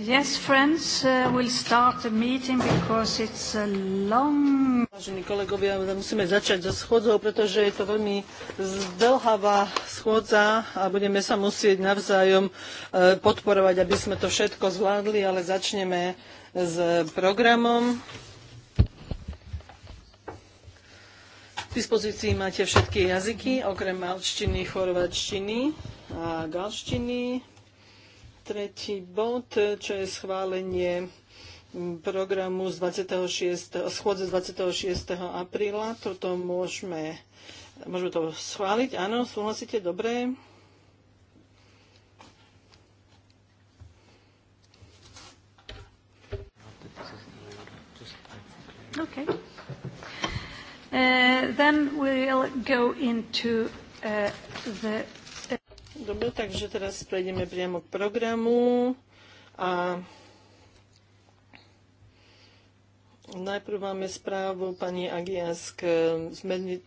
Yes, friends, uh, we'll start the meeting because it's a long... Vážení kolegovia, musíme začať so schôdzou, pretože je to veľmi zdlhavá schôdza a budeme sa musieť navzájom uh, podporovať, aby sme to všetko zvládli, ale začneme s programom. V dispozícii máte všetky jazyky, okrem malčtiny, chorvačtiny a galštiny Tretí bod, čo je schválenie programu z 26, schôdze z 26. apríla. Toto môžeme, môžeme to schváliť. Áno, súhlasíte? Dobre. Okay. Uh, then we'll go into uh, the Dobre, takže teraz prejdeme priamo k programu a Najprv máme správu pani Agias k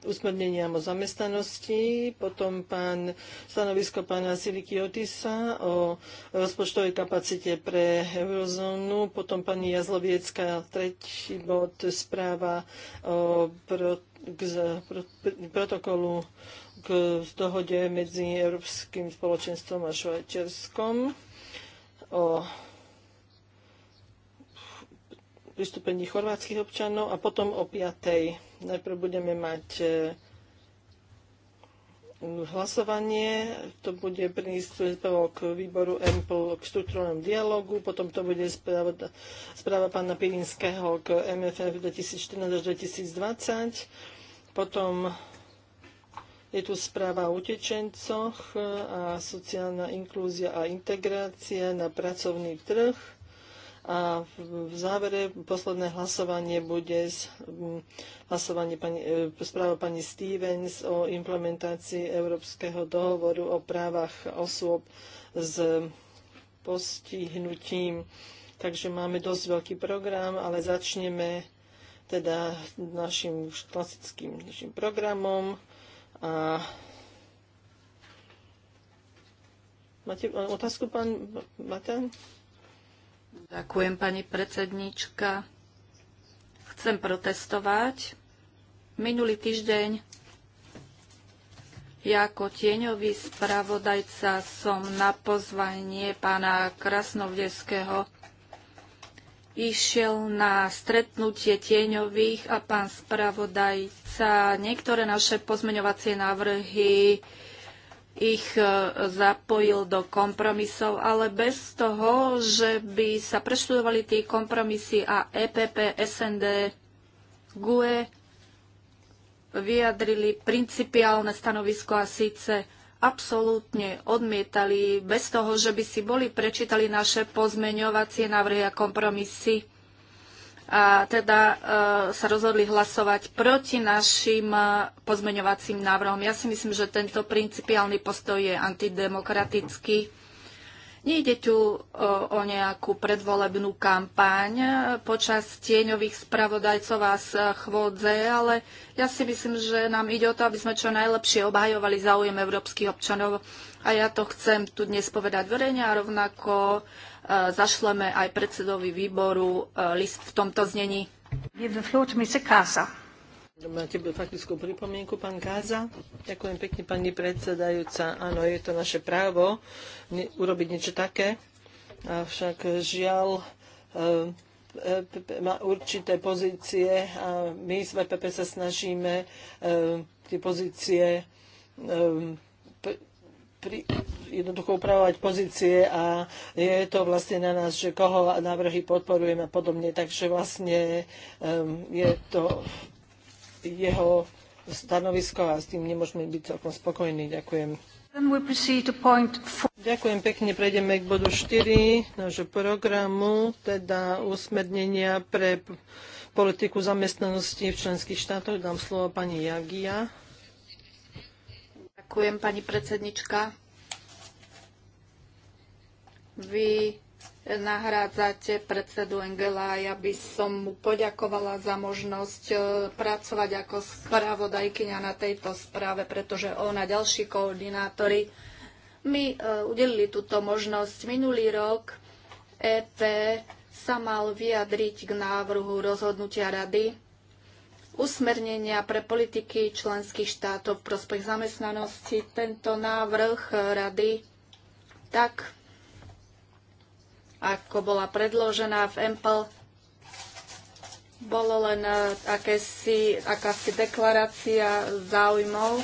usmerneniam o zamestnanosti, potom pán, stanovisko pána Siliky Otisa o rozpočtovej kapacite pre eurozónu, potom pani Jazloviecka, tretí bod správa o proti k protokolu k dohode medzi Európskym spoločenstvom a Švajčiarskom o pristúpení chorvátskych občanov a potom o 5. Najprv budeme mať e, hlasovanie, to bude prísť k výboru MPL k štruktúrnom dialogu, potom to bude správa, správa pána Pirinského k MFF 2014 až 2020 potom je tu správa o utečencoch a sociálna inklúzia a integrácia na pracovný trh. A v závere posledné hlasovanie bude hlasovanie pani, e, správa pani Stevens o implementácii Európskeho dohovoru o právach osôb s postihnutím. Takže máme dosť veľký program, ale začneme teda našim klasickým našim programom. A Máte otázku, pán Matan? Ďakujem, pani predsednička. Chcem protestovať. Minulý týždeň ja ako tieňový spravodajca som na pozvanie pána Krasnovdeského išiel na stretnutie tieňových a pán spravodajca niektoré naše pozmeňovacie návrhy ich e, zapojil do kompromisov, ale bez toho, že by sa preštudovali tie kompromisy a EPP, SND, GUE vyjadrili principiálne stanovisko a síce absolútne odmietali bez toho, že by si boli prečítali naše pozmeňovacie návrhy a kompromisy a teda e, sa rozhodli hlasovať proti našim e, pozmeňovacím návrhom. Ja si myslím, že tento principiálny postoj je antidemokratický Nejde tu o, o nejakú predvolebnú kampaň e, počas tieňových spravodajcov a chvôdze, ale ja si myslím, že nám ide o to, aby sme čo najlepšie obhajovali záujem európskych občanov. A ja to chcem tu dnes povedať verejne a rovnako e, zašleme aj predsedovi výboru e, list v tomto znení. Give the floor to Mr. Máte faktickú pripomienku, pán Káza? Ďakujem pekne, pani predsedajúca. Áno, je to naše právo ne, urobiť niečo také. Avšak žiaľ, e, e, e má určité pozície a my z VPP sa snažíme e, tie pozície e, pri, jednoducho upravovať pozície a je to vlastne na nás, že koho návrhy podporujeme a podobne. Takže vlastne e, je to jeho stanovisko a s tým nemôžeme byť celkom spokojní. Ďakujem. Ďakujem pekne. Prejdeme k bodu 4 nášho programu, teda usmernenia pre politiku zamestnanosti v členských štátoch. Dám slovo pani Jagia. Ďakujem, pani predsednička. Vy nahrádzate predsedu Engela. Ja by som mu poďakovala za možnosť e, pracovať ako spravodajkyňa na tejto správe, pretože ona a ďalší koordinátori mi e, udelili túto možnosť. Minulý rok EP sa mal vyjadriť k návrhu rozhodnutia rady usmernenia pre politiky členských štátov v prospech zamestnanosti. Tento návrh rady tak ako bola predložená v EMPL, bolo len e, akési, akási deklarácia záujmov. E,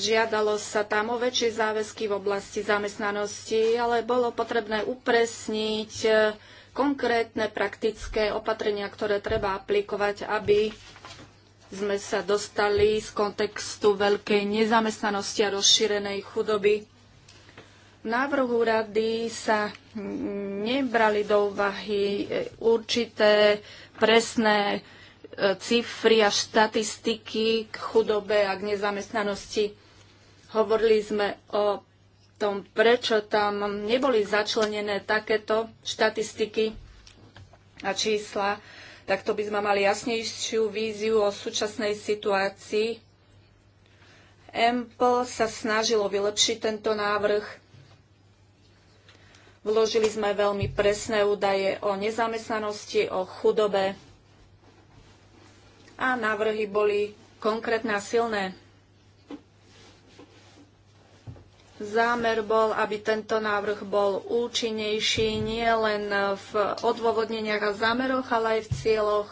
žiadalo sa tam o väčšie záväzky v oblasti zamestnanosti, ale bolo potrebné upresniť e, konkrétne praktické opatrenia, ktoré treba aplikovať, aby sme sa dostali z kontextu veľkej nezamestnanosti a rozšírenej chudoby návrhu rady sa nebrali do úvahy e, určité presné e, cifry a štatistiky k chudobe a k nezamestnanosti. Hovorili sme o tom, prečo tam neboli začlenené takéto štatistiky a čísla, tak to by sme mali jasnejšiu víziu o súčasnej situácii. EMPL sa snažilo vylepšiť tento návrh Vložili sme veľmi presné údaje o nezamestnanosti, o chudobe a návrhy boli konkrétne a silné. Zámer bol, aby tento návrh bol účinnejší nie len v odôvodneniach a zámeroch, ale aj v cieľoch.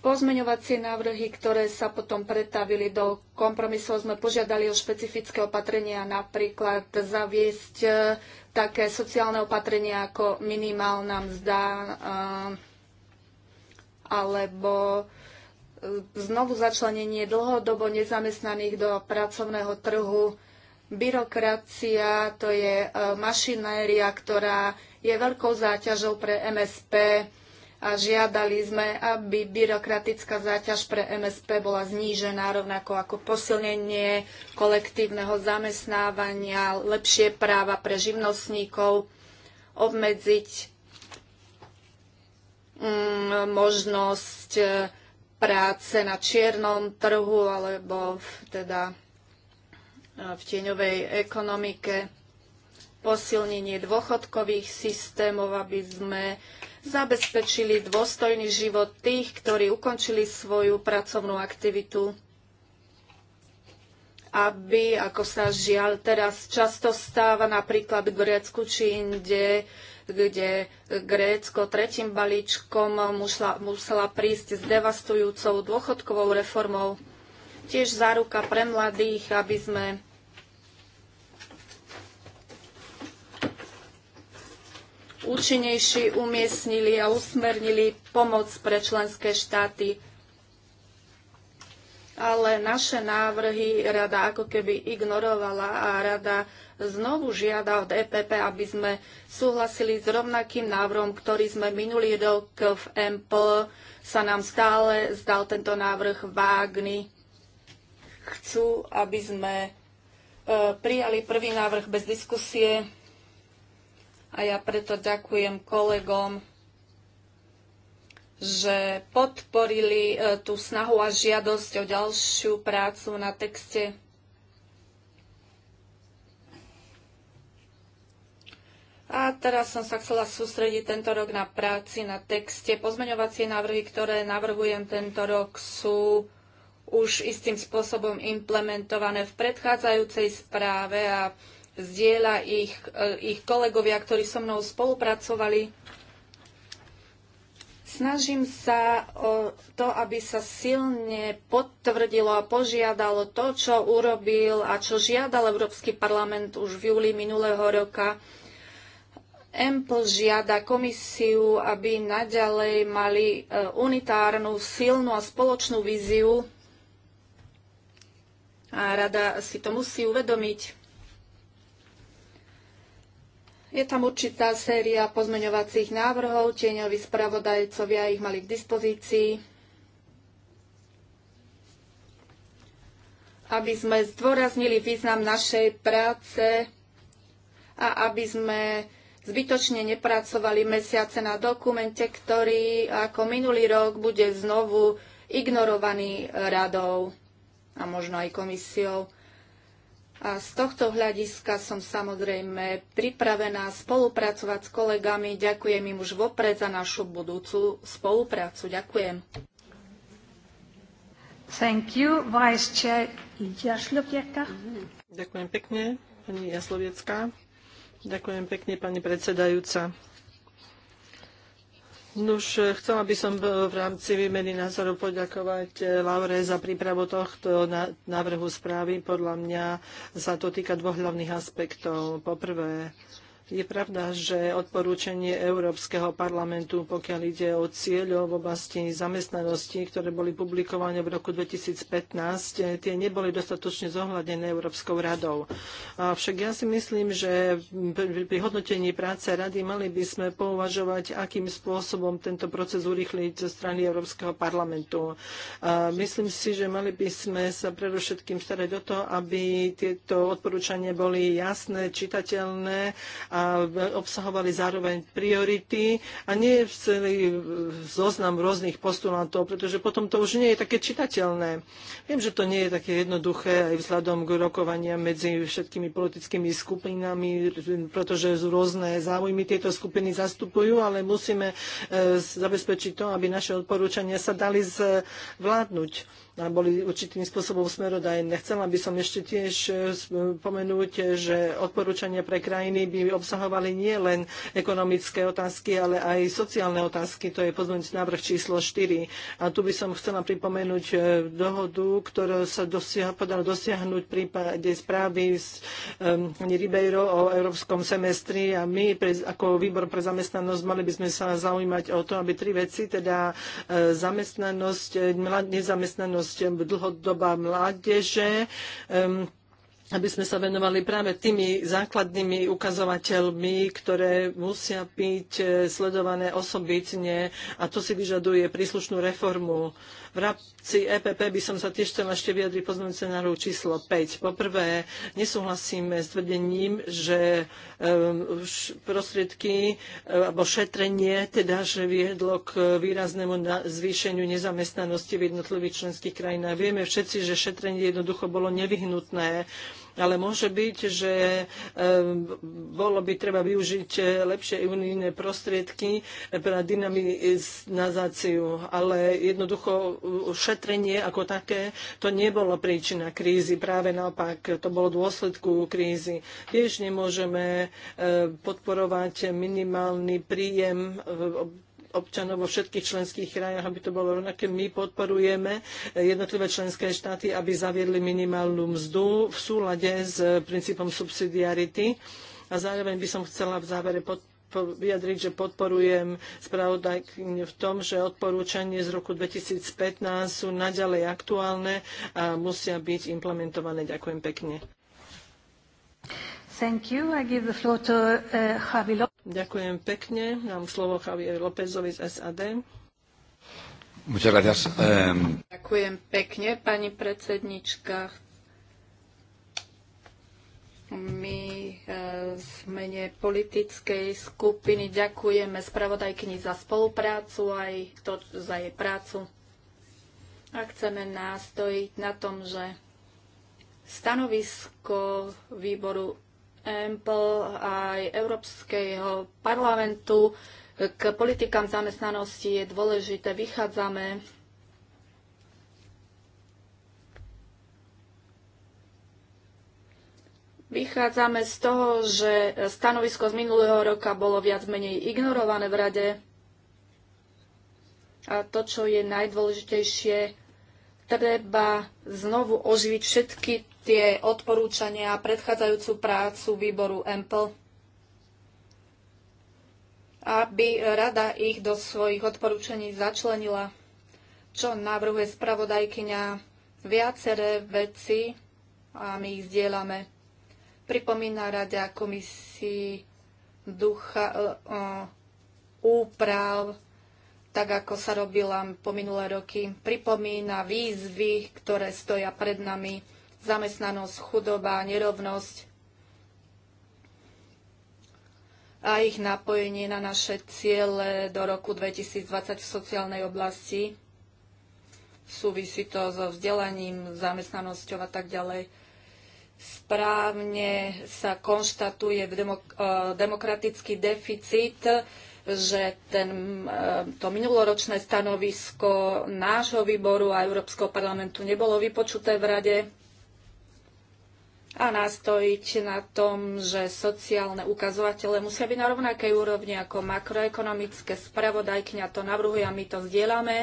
Pozmeňovacie návrhy, ktoré sa potom pretavili do kompromisov, sme požiadali o špecifické opatrenia, napríklad zaviesť e, také sociálne opatrenia ako minimálna mzda e, alebo e, znovu začlenenie dlhodobo nezamestnaných do pracovného trhu. Byrokracia to je mašinéria, ktorá je veľkou záťažou pre MSP a žiadali sme, aby byrokratická záťaž pre MSP bola znížená, rovnako ako posilnenie kolektívneho zamestnávania, lepšie práva pre živnostníkov, obmedziť mm, možnosť e, práce na čiernom trhu alebo v, teda e, v tieňovej ekonomike, posilnenie dôchodkových systémov, aby sme zabezpečili dôstojný život tých, ktorí ukončili svoju pracovnú aktivitu, aby, ako sa žiaľ teraz často stáva napríklad v Grécku či inde, kde Grécko tretím balíčkom musela, musela prísť s devastujúcou dôchodkovou reformou. Tiež záruka pre mladých, aby sme účinnejší umiestnili a usmernili pomoc pre členské štáty. Ale naše návrhy rada ako keby ignorovala a rada znovu žiada od EPP, aby sme súhlasili s rovnakým návrhom, ktorý sme minulý rok v MP sa nám stále zdal tento návrh vágny. Chcú, aby sme e, prijali prvý návrh bez diskusie a ja preto ďakujem kolegom, že podporili e, tú snahu a žiadosť o ďalšiu prácu na texte. A teraz som sa chcela sústrediť tento rok na práci na texte. Pozmeňovacie návrhy, ktoré navrhujem tento rok, sú už istým spôsobom implementované v predchádzajúcej správe a zdieľa ich, eh, ich kolegovia, ktorí so mnou spolupracovali. Snažím sa o to, aby sa silne potvrdilo a požiadalo to, čo urobil a čo žiadal Európsky parlament už v júli minulého roka. EMPL žiada komisiu, aby naďalej mali eh, unitárnu, silnú a spoločnú víziu a rada si to musí uvedomiť. Je tam určitá séria pozmeňovacích návrhov, tieňoví spravodajcovia ich mali k dispozícii, aby sme zdôraznili význam našej práce a aby sme zbytočne nepracovali mesiace na dokumente, ktorý ako minulý rok bude znovu ignorovaný radou a možno aj komisiou. A z tohto hľadiska som samozrejme pripravená spolupracovať s kolegami. Ďakujem im už vopred za našu budúcu spoluprácu. Ďakujem. Thank you, Vice Chair Ďakujem pekne, pani Jasloviecká. Ďakujem pekne, pani predsedajúca. Nuž, chcela by som v rámci výmeny názorov poďakovať eh, Laure za prípravu tohto návrhu správy. Podľa mňa sa to týka dvoch hlavných aspektov. Poprvé, je pravda, že odporúčanie Európskeho parlamentu, pokiaľ ide o cieľov v oblasti zamestnanosti, ktoré boli publikované v roku 2015, tie neboli dostatočne zohľadené Európskou radou. Avšak ja si myslím, že pri hodnotení práce rady mali by sme pouvažovať, akým spôsobom tento proces urýchliť zo strany Európskeho parlamentu. A myslím si, že mali by sme sa predovšetkým starať o to, aby tieto odporúčania boli jasné, čitateľné a a obsahovali zároveň priority a nie celý zoznam rôznych postulantov, pretože potom to už nie je také čitateľné. Viem, že to nie je také jednoduché aj vzhľadom k rokovania medzi všetkými politickými skupinami, pretože rôzne záujmy tieto skupiny zastupujú, ale musíme e, zabezpečiť to, aby naše odporúčania sa dali zvládnuť boli určitým spôsobom smerodajné. Chcela by som ešte tiež e, spomenúť, že odporúčania pre krajiny by obsahovali nie len ekonomické otázky, ale aj sociálne otázky. To je pozmeňujúci návrh číslo 4. A tu by som chcela pripomenúť e, dohodu, ktorú sa dosiah- podalo dosiahnuť v prípade správy z um, e, Ribeiro o európskom semestri a my pre, ako výbor pre zamestnanosť mali by sme sa zaujímať o to, aby tri veci, teda zamestnanosť, nezamestnanosť, dlhodobá mládeže. Um, aby sme sa venovali práve tými základnými ukazovateľmi, ktoré musia byť e, sledované osobitne a to si vyžaduje príslušnú reformu. V rámci EPP by som sa tiež chcela ešte vyjadriť pozmeňujúce scenáru číslo 5. Poprvé, nesúhlasíme s tvrdením, že prostriedky e, alebo šetrenie teda, že viedlo k výraznému zvýšeniu nezamestnanosti v jednotlivých členských krajinách. Vieme všetci, že šetrenie jednoducho bolo nevyhnutné ale môže byť, že eh, bolo by treba využiť eh, lepšie unijné prostriedky eh, pre dynamizáciu, ale jednoducho šetrenie ako také to nebolo príčina krízy, práve naopak to bolo dôsledku krízy. Tiež nemôžeme podporovať minimálny príjem občanov vo všetkých členských krajinách, aby to bolo rovnaké. My podporujeme jednotlivé členské štáty, aby zaviedli minimálnu mzdu v súlade s princípom subsidiarity. A zároveň by som chcela v závere pod vyjadriť, že podporujem spravodaj v tom, že odporúčanie z roku 2015 sú naďalej aktuálne a musia byť implementované. Ďakujem pekne. Uh, Ďakujem pekne. Dám slovo Javier Lópezovi z SAD. Ďakujem pekne, pani predsednička. My eh, v mene politickej skupiny ďakujeme spravodajkyni za spoluprácu aj to, za jej prácu. A chceme nástojiť na tom, že stanovisko výboru EMPL aj Európskeho parlamentu k politikám zamestnanosti je dôležité. Vychádzame Vychádzame z toho, že stanovisko z minulého roka bolo viac menej ignorované v rade. A to, čo je najdôležitejšie, treba znovu oživiť všetky tie odporúčania a predchádzajúcu prácu výboru EMPL, aby rada ich do svojich odporúčaní začlenila, čo navrhuje spravodajkyňa viaceré veci a my ich zdieľame. Pripomína rada komisii ducha e, úprav, tak ako sa robila po minulé roky. Pripomína výzvy, ktoré stoja pred nami zamestnanosť, chudoba, nerovnosť a ich napojenie na naše ciele do roku 2020 v sociálnej oblasti. Súvisí to so vzdelaním, zamestnanosťou a tak ďalej. Správne sa konštatuje demok- e, demokratický deficit, že ten, e, to minuloročné stanovisko nášho výboru a Európskeho parlamentu nebolo vypočuté v Rade a nastojiť na tom, že sociálne ukazovatele musia byť na rovnakej úrovni ako makroekonomické spravodajkňa. To navrhuje a my to zdieľame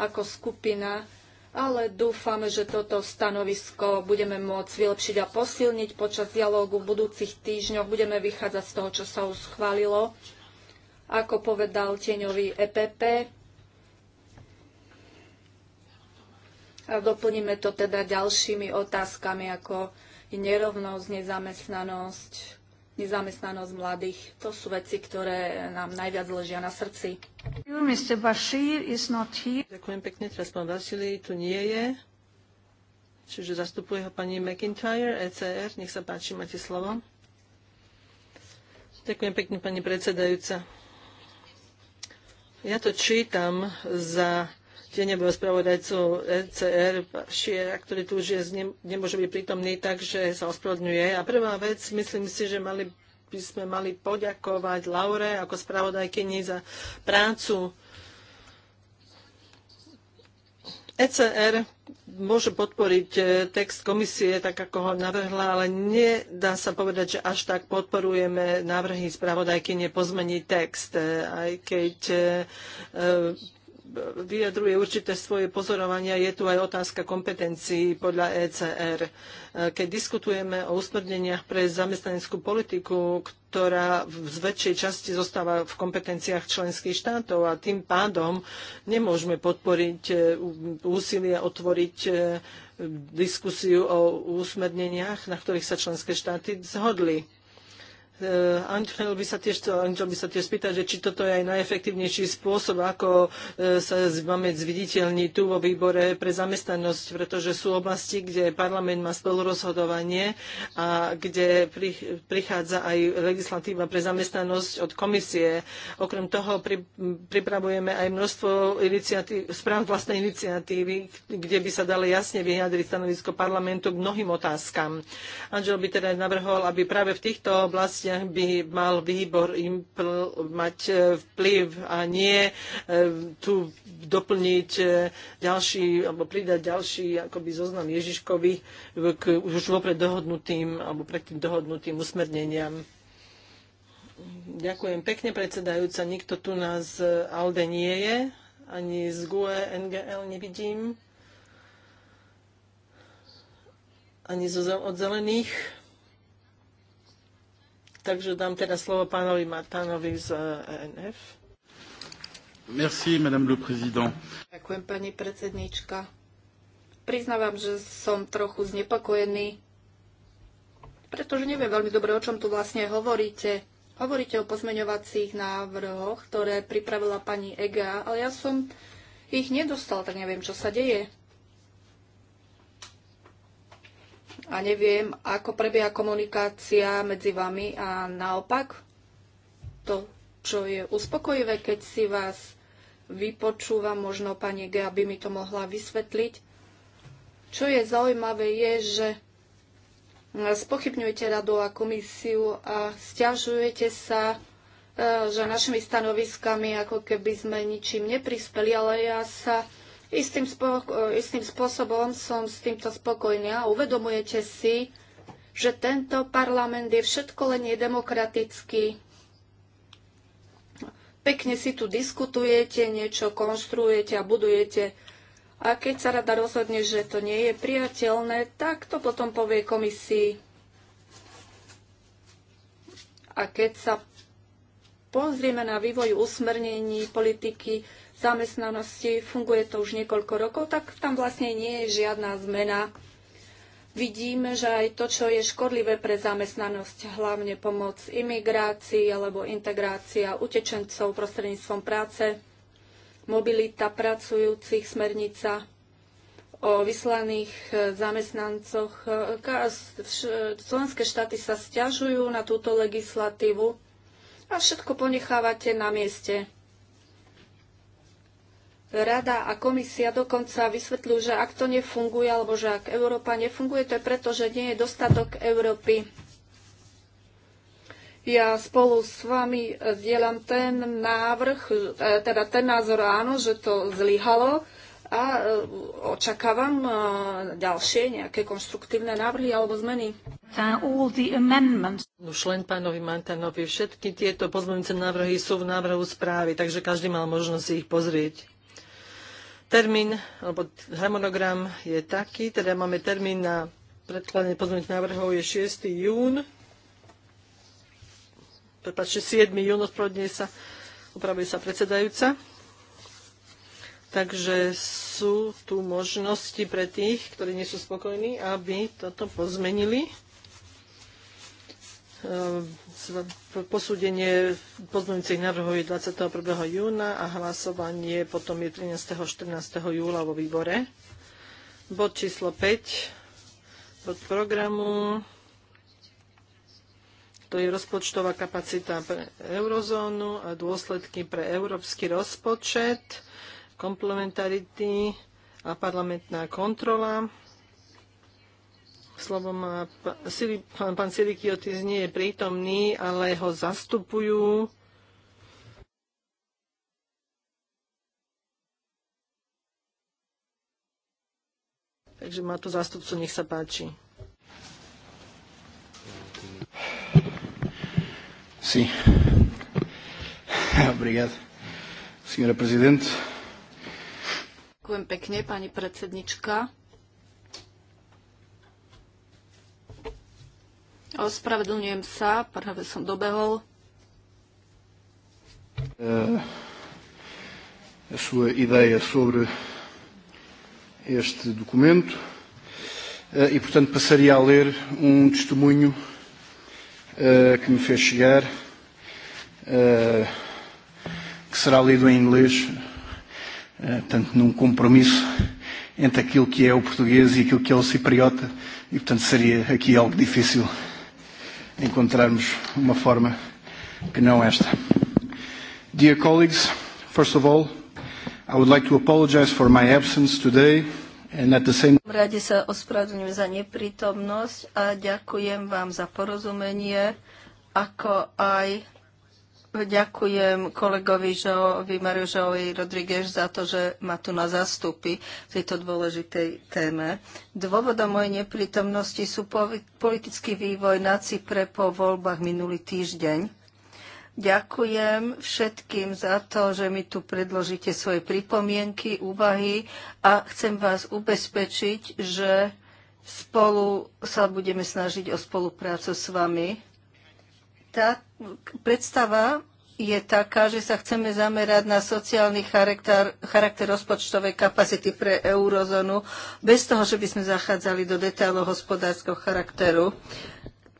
ako skupina, ale dúfame, že toto stanovisko budeme môcť vylepšiť a posilniť počas dialógu v budúcich týždňoch. Budeme vychádzať z toho, čo sa už schválilo. Ako povedal tieňový EPP, A doplníme to teda ďalšími otázkami, ako nerovnosť, nezamestnanosť, nezamestnanosť mladých. To sú veci, ktoré nám najviac ležia na srdci. Ďakujem pekne, teraz pán Vasily tu nie je. Čiže zastupuje ho pani McIntyre, ECR. Nech sa páči, máte slovo. Ďakujem pekne, pani predsedajúca. Ja to čítam za tieňového spravodajcu NCR e Šiera, ktorý tu už je, nemôže byť prítomný, takže sa ospravedlňuje. A prvá vec, myslím si, že mali, by sme mali poďakovať Laure ako spravodajkyni za prácu. ECR môže podporiť e, text komisie, tak ako ho navrhla, ale nedá sa povedať, že až tak podporujeme návrhy spravodajky nepozmeniť text, e, aj keď vyjadruje určité svoje pozorovania. Je tu aj otázka kompetencií podľa ECR. E, keď diskutujeme o usmerneniach pre zamestnaneckú politiku, ktorá z väčšej časti zostáva v kompetenciách členských štátov a tým pádom nemôžeme podporiť e, úsilie otvoriť e, diskusiu o úsmerneniach, na ktorých sa členské štáty zhodli Eh, Angel by sa tiež, Angel by sa tiež spýta, že či toto je aj najefektívnejší spôsob, ako eh, sa máme zviditeľní tu vo výbore pre zamestnanosť, pretože sú oblasti, kde parlament má spolurozhodovanie a kde prichádza aj legislatíva pre zamestnanosť od komisie. Okrem toho pripravujeme aj množstvo iniciatív, správ vlastnej iniciatívy, kde by sa dali jasne vyjadriť stanovisko parlamentu k mnohým otázkam. Angel by teda navrhol, aby práve v týchto oblastiach oblastiach by mal výbor impl- mať e, vplyv a nie e, tu doplniť e, ďalší alebo pridať ďalší akoby zoznam Ježiškovi k už vopred dohodnutým alebo predtým dohodnutým usmerneniam. Ďakujem pekne, predsedajúca. Nikto tu nás Alde nie je, ani z GUE NGL nevidím, ani zo, od zelených. Takže dám teda slovo pánovi Martánovi z ENF. Eh, e Merci, madame le président. Ďakujem, pani predsednička. Priznávam, že som trochu znepokojený, pretože neviem veľmi dobre, o čom tu vlastne hovoríte. Hovoríte o pozmeňovacích návrhoch, ktoré pripravila pani EGA, ale ja som ich nedostal, tak neviem, čo sa deje. a neviem, ako prebieha komunikácia medzi vami a naopak to, čo je uspokojivé, keď si vás vypočúvam, možno pani G, aby mi to mohla vysvetliť. Čo je zaujímavé, je, že spochybňujete radu a komisiu a stiažujete sa, e, že našimi stanoviskami ako keby sme ničím neprispeli, ale ja sa Istým, spoko- istým spôsobom som s týmto spokojná. Uvedomujete si, že tento parlament je všetko len nedemokratický. Pekne si tu diskutujete, niečo konštruujete a budujete. A keď sa rada rozhodne, že to nie je priateľné, tak to potom povie komisii. A keď sa pozrieme na vývoj usmernení politiky zamestnanosti, funguje to už niekoľko rokov, tak tam vlastne nie je žiadna zmena. Vidíme, že aj to, čo je škodlivé pre zamestnanosť, hlavne pomoc imigrácii alebo integrácia utečencov prostredníctvom práce, mobilita pracujúcich, smernica o vyslaných e, zamestnancoch. E, Slovenské e, štáty sa stiažujú na túto legislatívu a všetko ponechávate na mieste. Rada a komisia dokonca vysvetľujú, že ak to nefunguje, alebo že ak Európa nefunguje, to je preto, že nie je dostatok Európy. Ja spolu s vami zdieľam ten návrh, e, teda ten názor áno, že to zlyhalo a e, očakávam e, ďalšie nejaké konštruktívne návrhy alebo zmeny. Už len pánovi Mantanovi, všetky tieto pozmeňujúce návrhy sú v návrhu správy, takže každý mal možnosť ich pozrieť. Termín alebo harmonogram je taký, teda máme termín na predkladanie pozorných návrhov je 6. jún. Prepačte, 7. jún, odprodne sa, upravuje sa predsedajúca. Takže sú tu možnosti pre tých, ktorí nie sú spokojní, aby toto pozmenili. Ehm, posúdenie pozmeňujúcich návrhov je 21. júna a hlasovanie potom je 13. 14. júla vo výbore. Bod číslo 5 bod programu to je rozpočtová kapacita pre eurozónu a dôsledky pre európsky rozpočet, komplementarity a parlamentná kontrola. Slovo má pán, pán Sirikiotis nie je prítomný, ale ho zastupujú. Takže má tu zástupcu, nech sa páči. Sí. Obrigado. Senhora Presidente. Ďakujem pekne, pani predsednička. Ospravedlňujem sa, práve som dobehol. Uh, a sua ideia sobre este documento uh, e, portanto, passaria a ler um testemunho uh, que me fez chegar, que será lido em inglês, portanto, num compromisso entre aquilo que é o português e aquilo que é o cipriota, e, portanto, seria aqui algo difícil encontrarmos uma forma que não esta. Dear colleagues, first of all, I would like to apologize for my absence today and at the same Rade sa ospravedlňujem za neprítomnosť a ďakujem vám za porozumenie, ako aj Ďakujem kolegovi Žovi Mariu Žovi Rodríguez za to, že ma tu na zastupy v tejto dôležitej téme. Dôvodom mojej neprítomnosti sú politický vývoj na Cypre po voľbách minulý týždeň. Ďakujem všetkým za to, že mi tu predložíte svoje pripomienky, úvahy a chcem vás ubezpečiť, že spolu sa budeme snažiť o spoluprácu s vami. Tak predstava je taká, že sa chceme zamerať na sociálny charakter, charakter rozpočtovej kapacity pre eurozónu, bez toho, že by sme zachádzali do detailov hospodárskeho charakteru,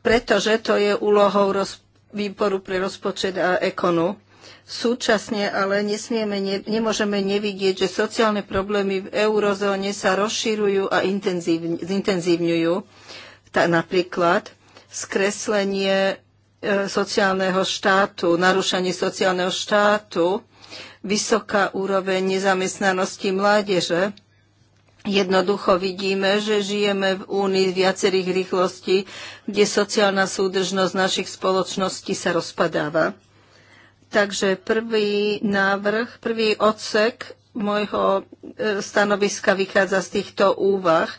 pretože to je úlohou roz, výboru pre rozpočet a ekonu. Súčasne ale nesmieme, ne, nemôžeme nevidieť, že sociálne problémy v eurozóne sa rozširujú a intenzívňujú. zintenzívňujú. Tá, napríklad skreslenie sociálneho štátu, narušanie sociálneho štátu, vysoká úroveň nezamestnanosti mládeže. Jednoducho vidíme, že žijeme v únii viacerých rýchlostí, kde sociálna súdržnosť našich spoločností sa rozpadáva. Takže prvý návrh, prvý odsek môjho e, stanoviska vychádza z týchto úvah.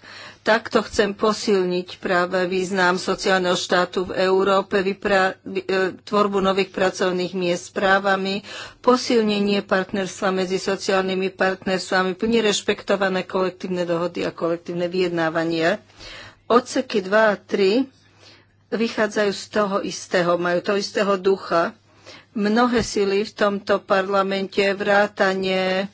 Takto chcem posilniť práve význam sociálneho štátu v Európe, vypra- e, tvorbu nových pracovných miest právami, posilnenie partnerstva medzi sociálnymi partnerstvami, plne rešpektované kolektívne dohody a kolektívne vyjednávanie. Odseky 2 a 3 vychádzajú z toho istého, majú toho istého ducha. Mnohé sily v tomto parlamente, vrátanie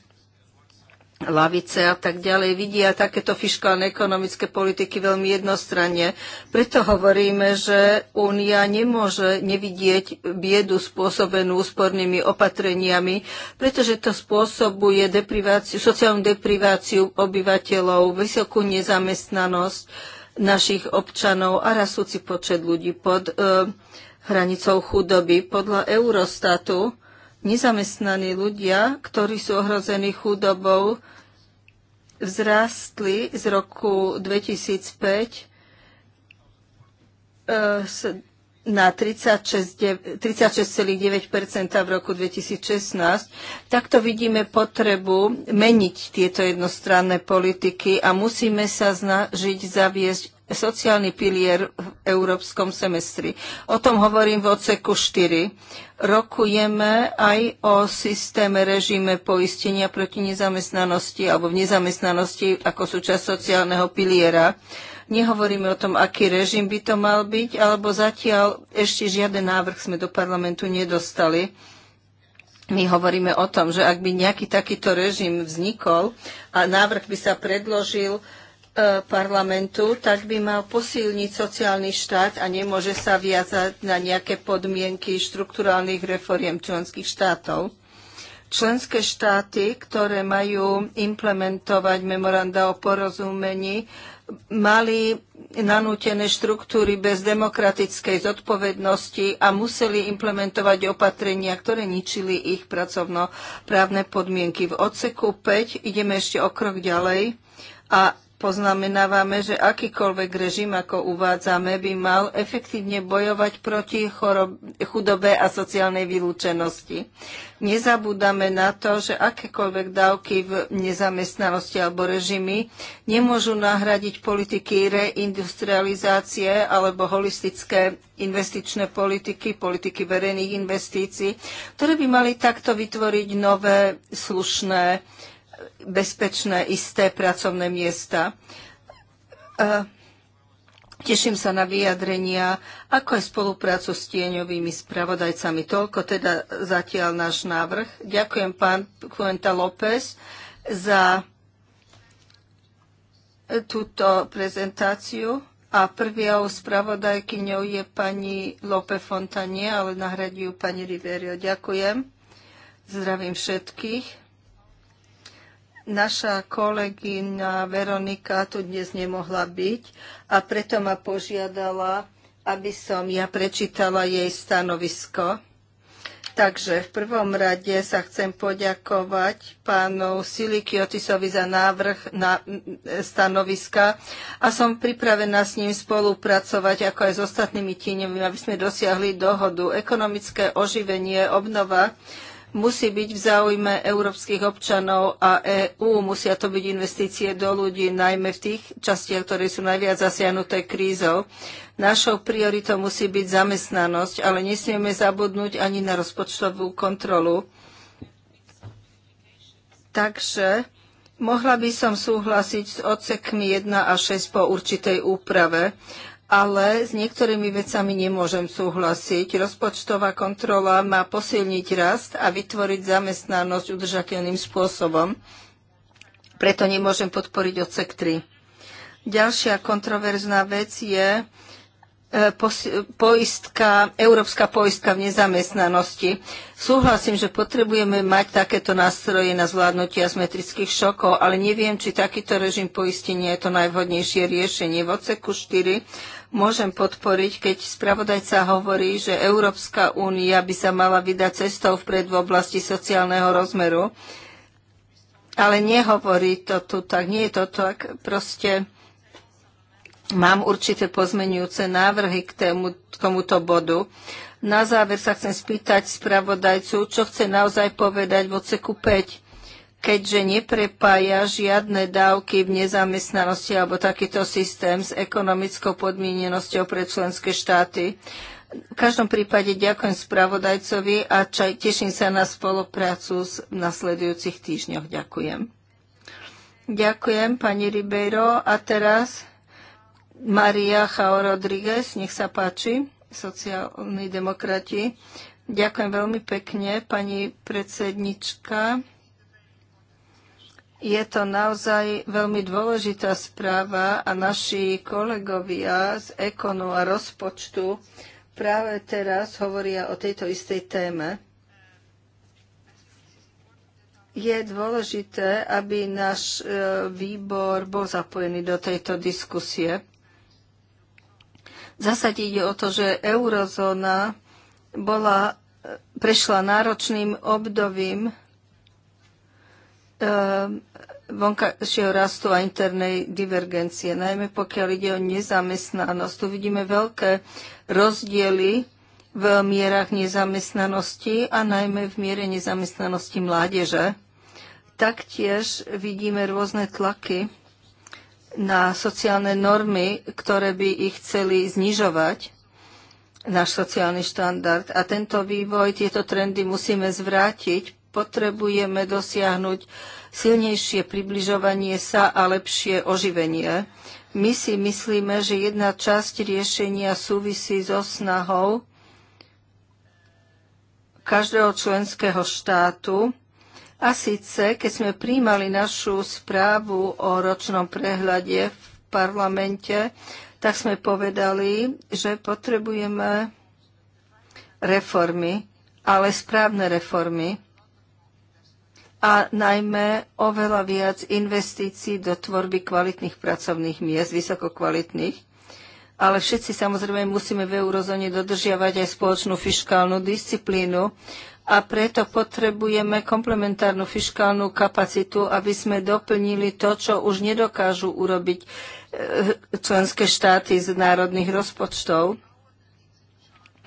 lavice a tak ďalej vidia takéto fiskálne ekonomické politiky veľmi jednostranne. Preto hovoríme, že Únia nemôže nevidieť biedu spôsobenú úspornými opatreniami, pretože to spôsobuje depriváciu, sociálnu depriváciu obyvateľov, vysokú nezamestnanosť našich občanov a rastúci počet ľudí pod e, hranicou chudoby. Podľa Eurostatu nezamestnaní ľudia, ktorí sú ohrození chudobou, vzrástli z roku 2005 e, na 36,9 v roku 2016. Takto vidíme potrebu meniť tieto jednostranné politiky a musíme sa snažiť zaviesť sociálny pilier v európskom semestri. O tom hovorím v odseku 4. Rokujeme aj o systéme režime poistenia proti nezamestnanosti alebo v nezamestnanosti ako súčasť sociálneho piliera. Nehovoríme o tom, aký režim by to mal byť, alebo zatiaľ ešte žiaden návrh sme do parlamentu nedostali. My hovoríme o tom, že ak by nejaký takýto režim vznikol a návrh by sa predložil, E, parlamentu, tak by mal posilniť sociálny štát a nemôže sa viazať na nejaké podmienky štrukturálnych reforiem členských štátov. Členské štáty, ktoré majú implementovať memoranda o porozumení, mali nanútené štruktúry bez demokratickej zodpovednosti a museli implementovať opatrenia, ktoré ničili ich pracovnoprávne podmienky. V odseku 5 ideme ešte o krok ďalej a poznamenávame, že akýkoľvek režim, ako uvádzame, by mal efektívne bojovať proti chudobe a sociálnej vylúčenosti. Nezabúdame na to, že akékoľvek dávky v nezamestnanosti alebo režimy nemôžu nahradiť politiky reindustrializácie alebo holistické investičné politiky, politiky verejných investícií, ktoré by mali takto vytvoriť nové slušné bezpečné, isté pracovné miesta. Teším sa na vyjadrenia, ako aj spoluprácu s tieňovými spravodajcami. Toľko teda zatiaľ náš návrh. Ďakujem pán Cuenta López za túto prezentáciu. A prvou spravodajkyňou je pani Lope Fontanie, ale nahradí ju pani Riverio. Ďakujem. Zdravím všetkých. Naša kolegyňa Veronika tu dnes nemohla byť a preto ma požiadala, aby som ja prečítala jej stanovisko. Takže v prvom rade sa chcem poďakovať pánu Silikiotisovi za návrh na stanoviska a som pripravená s ním spolupracovať ako aj s ostatnými tíňami, aby sme dosiahli dohodu. Ekonomické oživenie, obnova musí byť v záujme európskych občanov a EÚ. Musia to byť investície do ľudí, najmä v tých častiach, ktoré sú najviac zasiahnuté krízou. Našou prioritou musí byť zamestnanosť, ale nesmieme zabudnúť ani na rozpočtovú kontrolu. Takže mohla by som súhlasiť s odsekmi 1 a 6 po určitej úprave ale s niektorými vecami nemôžem súhlasiť. Rozpočtová kontrola má posilniť rast a vytvoriť zamestnanosť udržateľným spôsobom. Preto nemôžem podporiť odsek 3. Ďalšia kontroverzná vec je e, poistka, európska poistka v nezamestnanosti. Súhlasím, že potrebujeme mať takéto nástroje na zvládnutie asmetrických šokov, ale neviem, či takýto režim poistenia je to najvhodnejšie riešenie. V odseku 4 môžem podporiť, keď spravodajca hovorí, že Európska únia by sa mala vydať cestou vpred v oblasti sociálneho rozmeru. Ale nehovorí to tu tak, nie je to tak. Proste mám určité pozmenujúce návrhy k, tomuto bodu. Na záver sa chcem spýtať spravodajcu, čo chce naozaj povedať v odseku 5 keďže neprepája žiadne dávky v nezamestnanosti alebo takýto systém s ekonomickou podmienenosťou pre členské štáty. V každom prípade ďakujem spravodajcovi a čaj, teším sa na spoluprácu v nasledujúcich týždňoch. Ďakujem. Ďakujem, pani Ribeiro. A teraz Maria Chao Rodriguez, nech sa páči, sociálni demokrati. Ďakujem veľmi pekne, pani predsednička. Je to naozaj veľmi dôležitá správa a naši kolegovia z ekonu a rozpočtu práve teraz hovoria o tejto istej téme. Je dôležité, aby náš e, výbor bol zapojený do tejto diskusie. V zásade ide o to, že eurozóna bola, e, prešla náročným obdobím Ehm, vonkajšieho rastu a internej divergencie, najmä pokiaľ ide o nezamestnanosť. Tu vidíme veľké rozdiely v mierach nezamestnanosti a najmä v miere nezamestnanosti mládeže. Taktiež vidíme rôzne tlaky na sociálne normy, ktoré by ich chceli znižovať, náš sociálny štandard. A tento vývoj, tieto trendy musíme zvrátiť potrebujeme dosiahnuť silnejšie približovanie sa a lepšie oživenie. My si myslíme, že jedna časť riešenia súvisí so snahou každého členského štátu. A síce, keď sme príjmali našu správu o ročnom prehľade v parlamente, tak sme povedali, že potrebujeme reformy, ale správne reformy a najmä oveľa viac investícií do tvorby kvalitných pracovných miest, vysokokvalitných. Ale všetci samozrejme musíme v eurozóne dodržiavať aj spoločnú fiskálnu disciplínu a preto potrebujeme komplementárnu fiskálnu kapacitu, aby sme doplnili to, čo už nedokážu urobiť eh, členské štáty z národných rozpočtov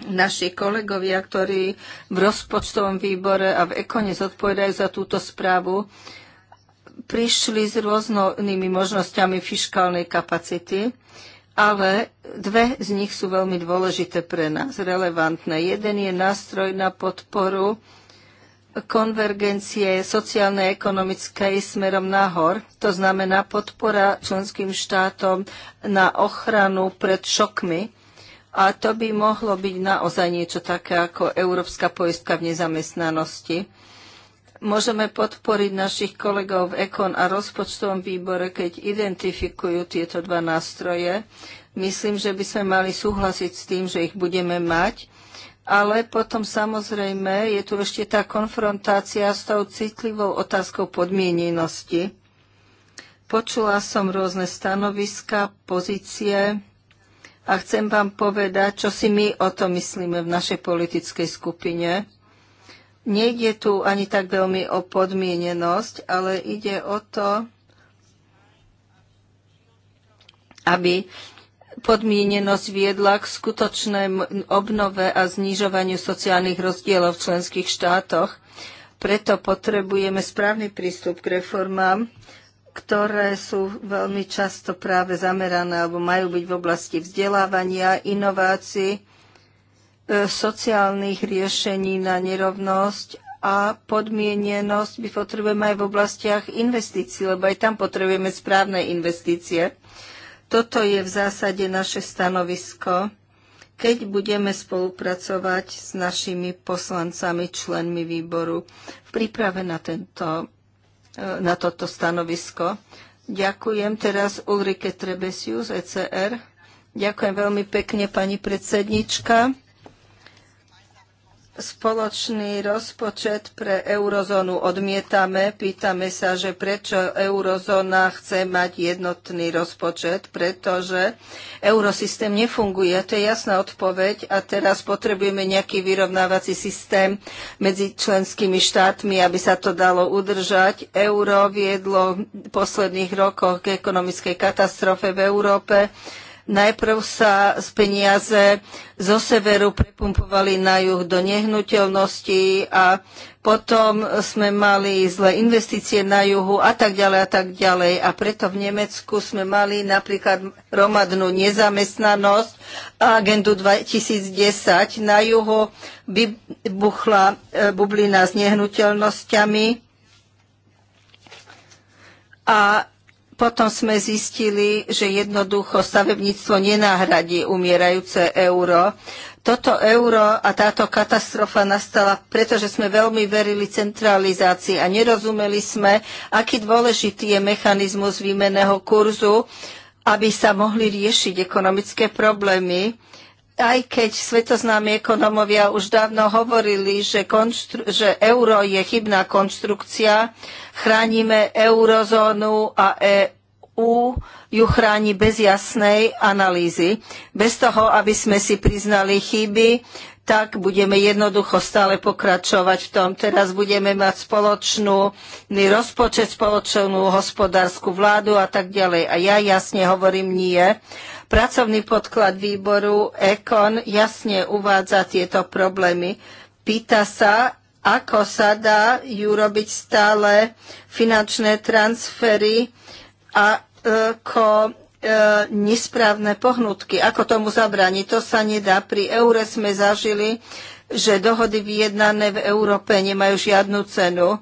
naši kolegovia, ktorí v rozpočtovom výbore a v ekone zodpovedajú za túto správu, prišli s rôznymi možnosťami fiskálnej kapacity, ale dve z nich sú veľmi dôležité pre nás, relevantné. Jeden je nástroj na podporu konvergencie sociálnej a ekonomickej smerom nahor, to znamená podpora členským štátom na ochranu pred šokmi, a to by mohlo byť naozaj niečo také ako Európska poistka v nezamestnanosti. Môžeme podporiť našich kolegov v Ekon a rozpočtovom výbore, keď identifikujú tieto dva nástroje. Myslím, že by sme mali súhlasiť s tým, že ich budeme mať. Ale potom samozrejme je tu ešte tá konfrontácia s tou citlivou otázkou podmienenosti. Počula som rôzne stanoviska, pozície, a chcem vám povedať, čo si my o to myslíme v našej politickej skupine. Nejde tu ani tak veľmi o podmienenosť, ale ide o to, aby podmienenosť viedla k skutočnej obnove a znižovaniu sociálnych rozdielov v členských štátoch. Preto potrebujeme správny prístup k reformám, ktoré sú veľmi často práve zamerané alebo majú byť v oblasti vzdelávania, inovácií, e, sociálnych riešení na nerovnosť a podmienenosť by potrebujeme aj v oblastiach investícií, lebo aj tam potrebujeme správne investície. Toto je v zásade naše stanovisko, keď budeme spolupracovať s našimi poslancami, členmi výboru v príprave na tento E, na toto stanovisko. Ďakujem teraz Ulrike Trebesius, ECR. Ďakujem veľmi pekne, pani predsednička spoločný rozpočet pre eurozónu odmietame. Pýtame sa, že prečo eurozóna chce mať jednotný rozpočet, pretože eurosystém nefunguje. To je jasná odpoveď a teraz potrebujeme nejaký vyrovnávací systém medzi členskými štátmi, aby sa to dalo udržať. Euro viedlo v posledných rokoch k ekonomickej katastrofe v Európe Najprv sa z peniaze zo severu prepumpovali na juh do nehnuteľnosti a potom sme mali zlé investície na juhu a tak ďalej a tak ďalej. A preto v Nemecku sme mali napríklad romadnú nezamestnanosť a agendu 2010. Na juhu vybuchla e, bublina s nehnuteľnosťami a potom sme zistili, že jednoducho stavebníctvo nenáhradí umierajúce euro. Toto euro a táto katastrofa nastala, pretože sme veľmi verili centralizácii a nerozumeli sme, aký dôležitý je mechanizmus výmenného kurzu, aby sa mohli riešiť ekonomické problémy aj keď svetoznámi ekonomovia už dávno hovorili, že, že euro je chybná konštrukcia, chránime eurozónu a EU ju chráni bez jasnej analýzy. Bez toho, aby sme si priznali chyby, tak budeme jednoducho stále pokračovať v tom. Teraz budeme mať spoločnú rozpočet, spoločnú hospodárskú vládu a tak ďalej. A ja jasne hovorím nie. Pracovný podklad výboru ECON jasne uvádza tieto problémy. Pýta sa, ako sa dá ju robiť stále finančné transfery a ako e, e, nesprávne pohnutky. Ako tomu zabrániť? To sa nedá. Pri eure sme zažili, že dohody vyjednané v Európe nemajú žiadnu cenu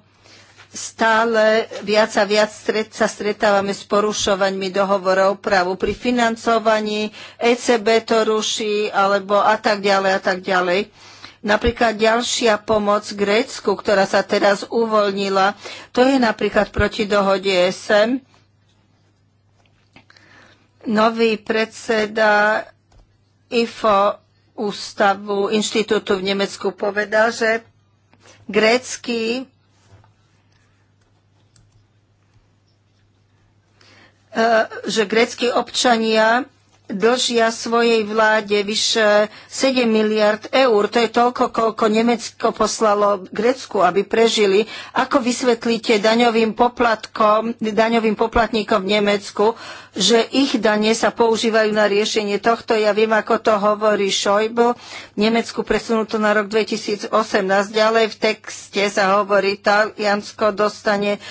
stále viac a viac stret, sa stretávame s porušovaním dohovorov právu pri financovaní, ECB to ruší, alebo a tak ďalej a tak ďalej. Napríklad ďalšia pomoc Grécku, ktorá sa teraz uvoľnila, to je napríklad proti dohode SM. Nový predseda IFO ústavu, inštitútu v Nemecku povedal, že grécky E, že grécky občania dlžia svojej vláde vyše 7 miliard eur. To je toľko, koľko Nemecko poslalo Grécku, aby prežili. Ako vysvetlíte daňovým, poplatkom, daňovým poplatníkom v Nemecku, že ich dane sa používajú na riešenie tohto? Ja viem, ako to hovorí Schäuble. V Nemecku presunuto na rok 2018. Ďalej v texte sa hovorí, Taliansko dostane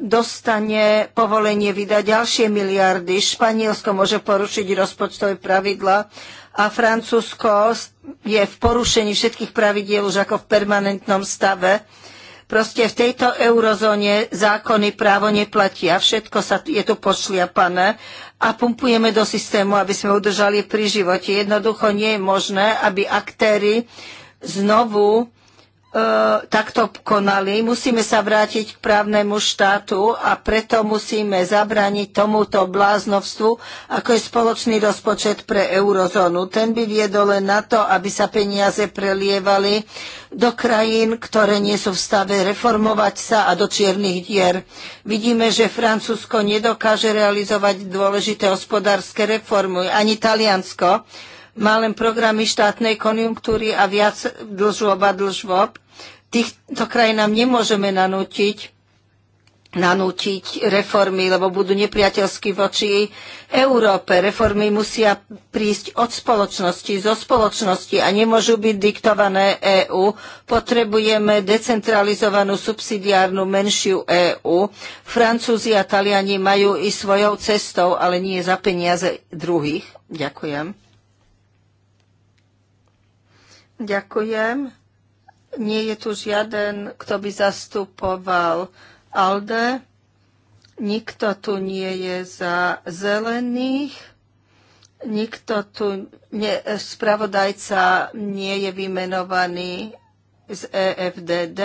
dostane povolenie vydať ďalšie miliardy. Španielsko môže porušiť rozpočtové pravidla a Francúzsko je v porušení všetkých pravidiel už ako v permanentnom stave. Proste v tejto eurozóne zákony právo neplatia. Všetko sa je tu pošliapané a pumpujeme do systému, aby sme udržali pri živote. Jednoducho nie je možné, aby aktéry znovu E, takto konali. Musíme sa vrátiť k právnemu štátu a preto musíme zabrániť tomuto bláznovstvu, ako je spoločný rozpočet pre eurozónu. Ten by viedol len na to, aby sa peniaze prelievali do krajín, ktoré nie sú v stave reformovať sa a do čiernych dier. Vidíme, že Francúzsko nedokáže realizovať dôležité hospodárske reformy, ani Taliansko má len programy štátnej konjunktúry a viac dlžôb a dlžôb. Týchto krajinám nemôžeme nanútiť nanútiť reformy, lebo budú nepriateľsky voči Európe. Reformy musia prísť od spoločnosti, zo spoločnosti a nemôžu byť diktované EÚ. Potrebujeme decentralizovanú subsidiárnu menšiu EÚ. Francúzi a Taliani majú i svojou cestou, ale nie za peniaze druhých. Ďakujem. Ďakujem. Nie je tu žiaden, kto by zastupoval ALDE. Nikto tu nie je za zelených. Nikto tu, nie, spravodajca nie je vymenovaný z EFDD.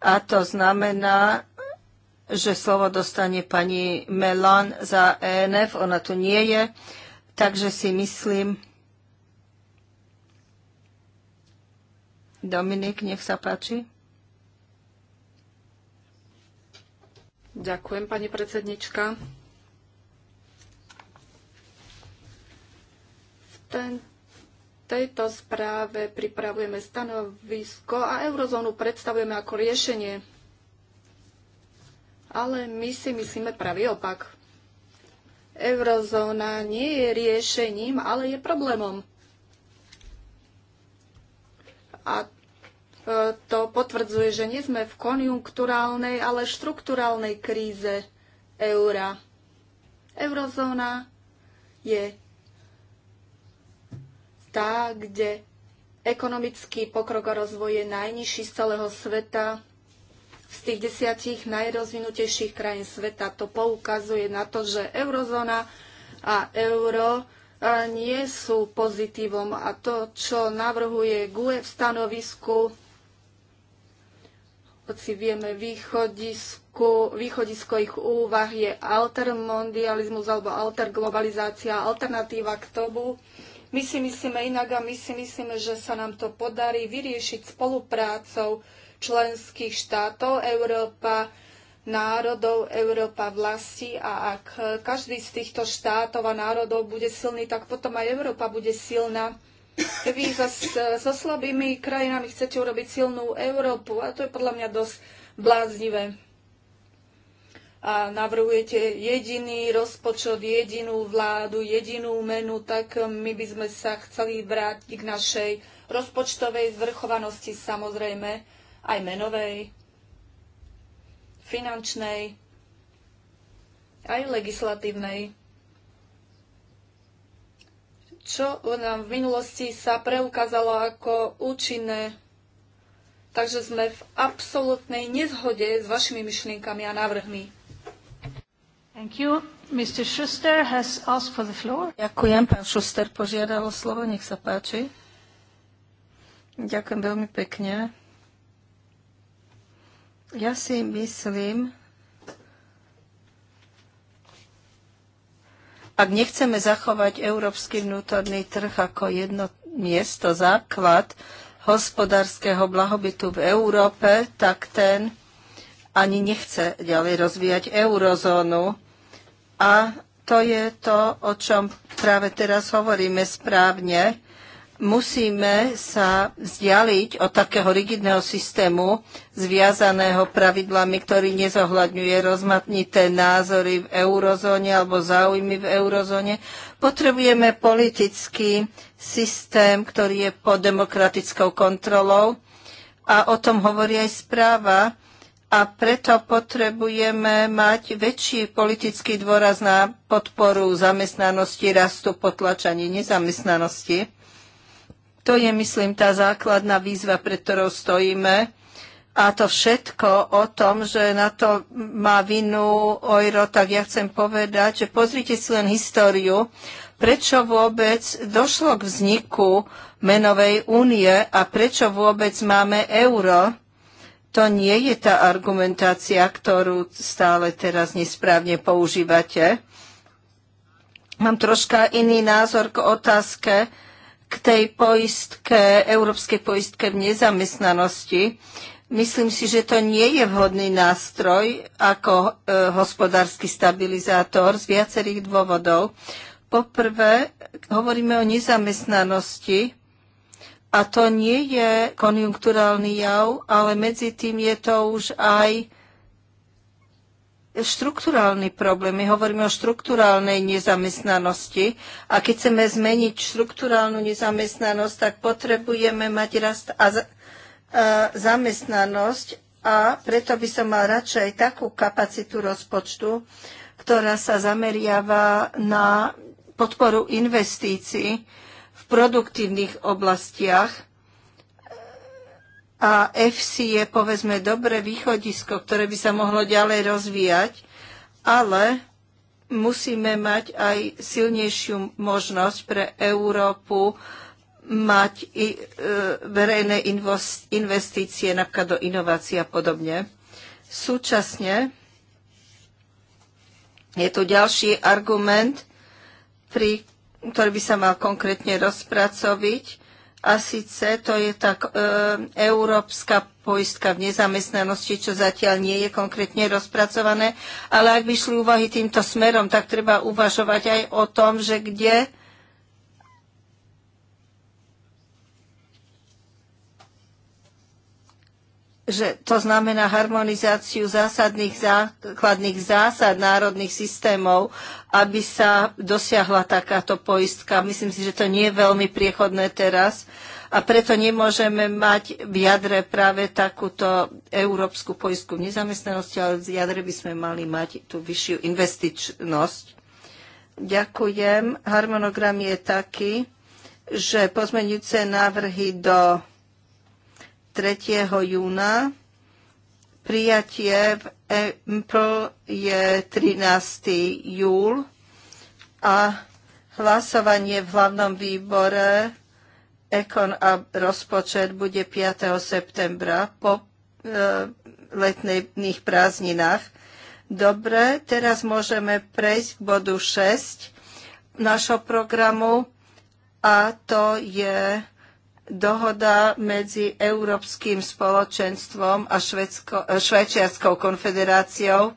A to znamená, že slovo dostane pani Melan za ENF, ona tu nie je, takže si myslím, Dominik, nech sa páči. Ďakujem, pani predsednička. V ten, tejto správe pripravujeme stanovisko a eurozónu predstavujeme ako riešenie. Ale my si myslíme pravý opak. Eurozóna nie je riešením, ale je problémom. A e, to potvrdzuje, že nie sme v konjunkturálnej, ale štrukturálnej kríze eura. Eurozóna je tá, kde ekonomický pokrok a rozvoj je najnižší z celého sveta. Z tých desiatich najrozvinutejších krajín sveta to poukazuje na to, že eurozóna a euro nie sú pozitívom a to, čo navrhuje GUE v stanovisku, hoci vieme východisku, východisko ich úvah je altermondializmus alebo alterglobalizácia, alternatíva k tomu. My si myslíme inak a my si myslíme, že sa nám to podarí vyriešiť spoluprácou členských štátov. Európa národov Európa vlasti a ak každý z týchto štátov a národov bude silný, tak potom aj Európa bude silná. Vy so slabými krajinami chcete urobiť silnú Európu a to je podľa mňa dosť bláznivé. A navrhujete jediný rozpočet, jedinú vládu, jedinú menu, tak my by sme sa chceli vrátiť k našej rozpočtovej zvrchovanosti samozrejme, aj menovej finančnej, aj legislatívnej. Čo nám v minulosti sa preukázalo ako účinné. Takže sme v absolútnej nezhode s vašimi myšlienkami a návrhmi. Thank you. Mr. Schuster has asked for the floor. Ďakujem. Pán Schuster požiadal slovo. Nech sa páči. Ďakujem veľmi pekne. Ja si myslím, ak nechceme zachovať európsky vnútorný trh ako jedno miesto, základ hospodárskeho blahobytu v Európe, tak ten ani nechce ďalej rozvíjať eurozónu. A to je to, o čom práve teraz hovoríme správne musíme sa vzdialiť od takého rigidného systému zviazaného pravidlami, ktorý nezohľadňuje rozmatnité názory v eurozóne alebo záujmy v eurozóne. Potrebujeme politický systém, ktorý je pod demokratickou kontrolou a o tom hovorí aj správa. A preto potrebujeme mať väčší politický dôraz na podporu zamestnanosti, rastu, potlačanie nezamestnanosti. To je, myslím, tá základná výzva, pred ktorou stojíme. A to všetko o tom, že na to má vinu Ojro, tak ja chcem povedať, že pozrite si len históriu, prečo vôbec došlo k vzniku menovej únie a prečo vôbec máme euro. To nie je tá argumentácia, ktorú stále teraz nesprávne používate. Mám troška iný názor k otázke, k tej poistke, európskej poistke v nezamestnanosti. Myslím si, že to nie je vhodný nástroj ako e, hospodársky stabilizátor z viacerých dôvodov. Poprvé, hovoríme o nezamestnanosti a to nie je konjunkturálny jav, ale medzi tým je to už aj štrukturálny problém. My hovoríme o štrukturálnej nezamestnanosti a keď chceme zmeniť štrukturálnu nezamestnanosť, tak potrebujeme mať rast a e, zamestnanosť a preto by som mal radšej takú kapacitu rozpočtu, ktorá sa zameriava na podporu investícií v produktívnych oblastiach a FC je povedzme dobré východisko, ktoré by sa mohlo ďalej rozvíjať, ale musíme mať aj silnejšiu možnosť pre Európu mať i, e, verejné investície napríklad do inovácií a podobne. Súčasne je tu ďalší argument, pri, ktorý by sa mal konkrétne rozpracoviť, a síce to je tak e, európska poistka v nezamestnanosti, čo zatiaľ nie je konkrétne rozpracované. Ale ak by šli úvahy týmto smerom, tak treba uvažovať aj o tom, že kde že to znamená harmonizáciu zásadných základných zásad národných systémov, aby sa dosiahla takáto poistka. Myslím si, že to nie je veľmi priechodné teraz a preto nemôžeme mať v jadre práve takúto európsku poistku v nezamestnanosti, ale v jadre by sme mali mať tú vyššiu investičnosť. Ďakujem. Harmonogram je taký, že pozmeňujúce návrhy do 3. júna. Prijatie v EMPL je 13. júl a hlasovanie v hlavnom výbore Ekon a rozpočet bude 5. septembra po e, letných prázdninách. Dobre, teraz môžeme prejsť k bodu 6 našho programu a to je dohoda medzi Európskym spoločenstvom a e, Švajčiarskou konfederáciou,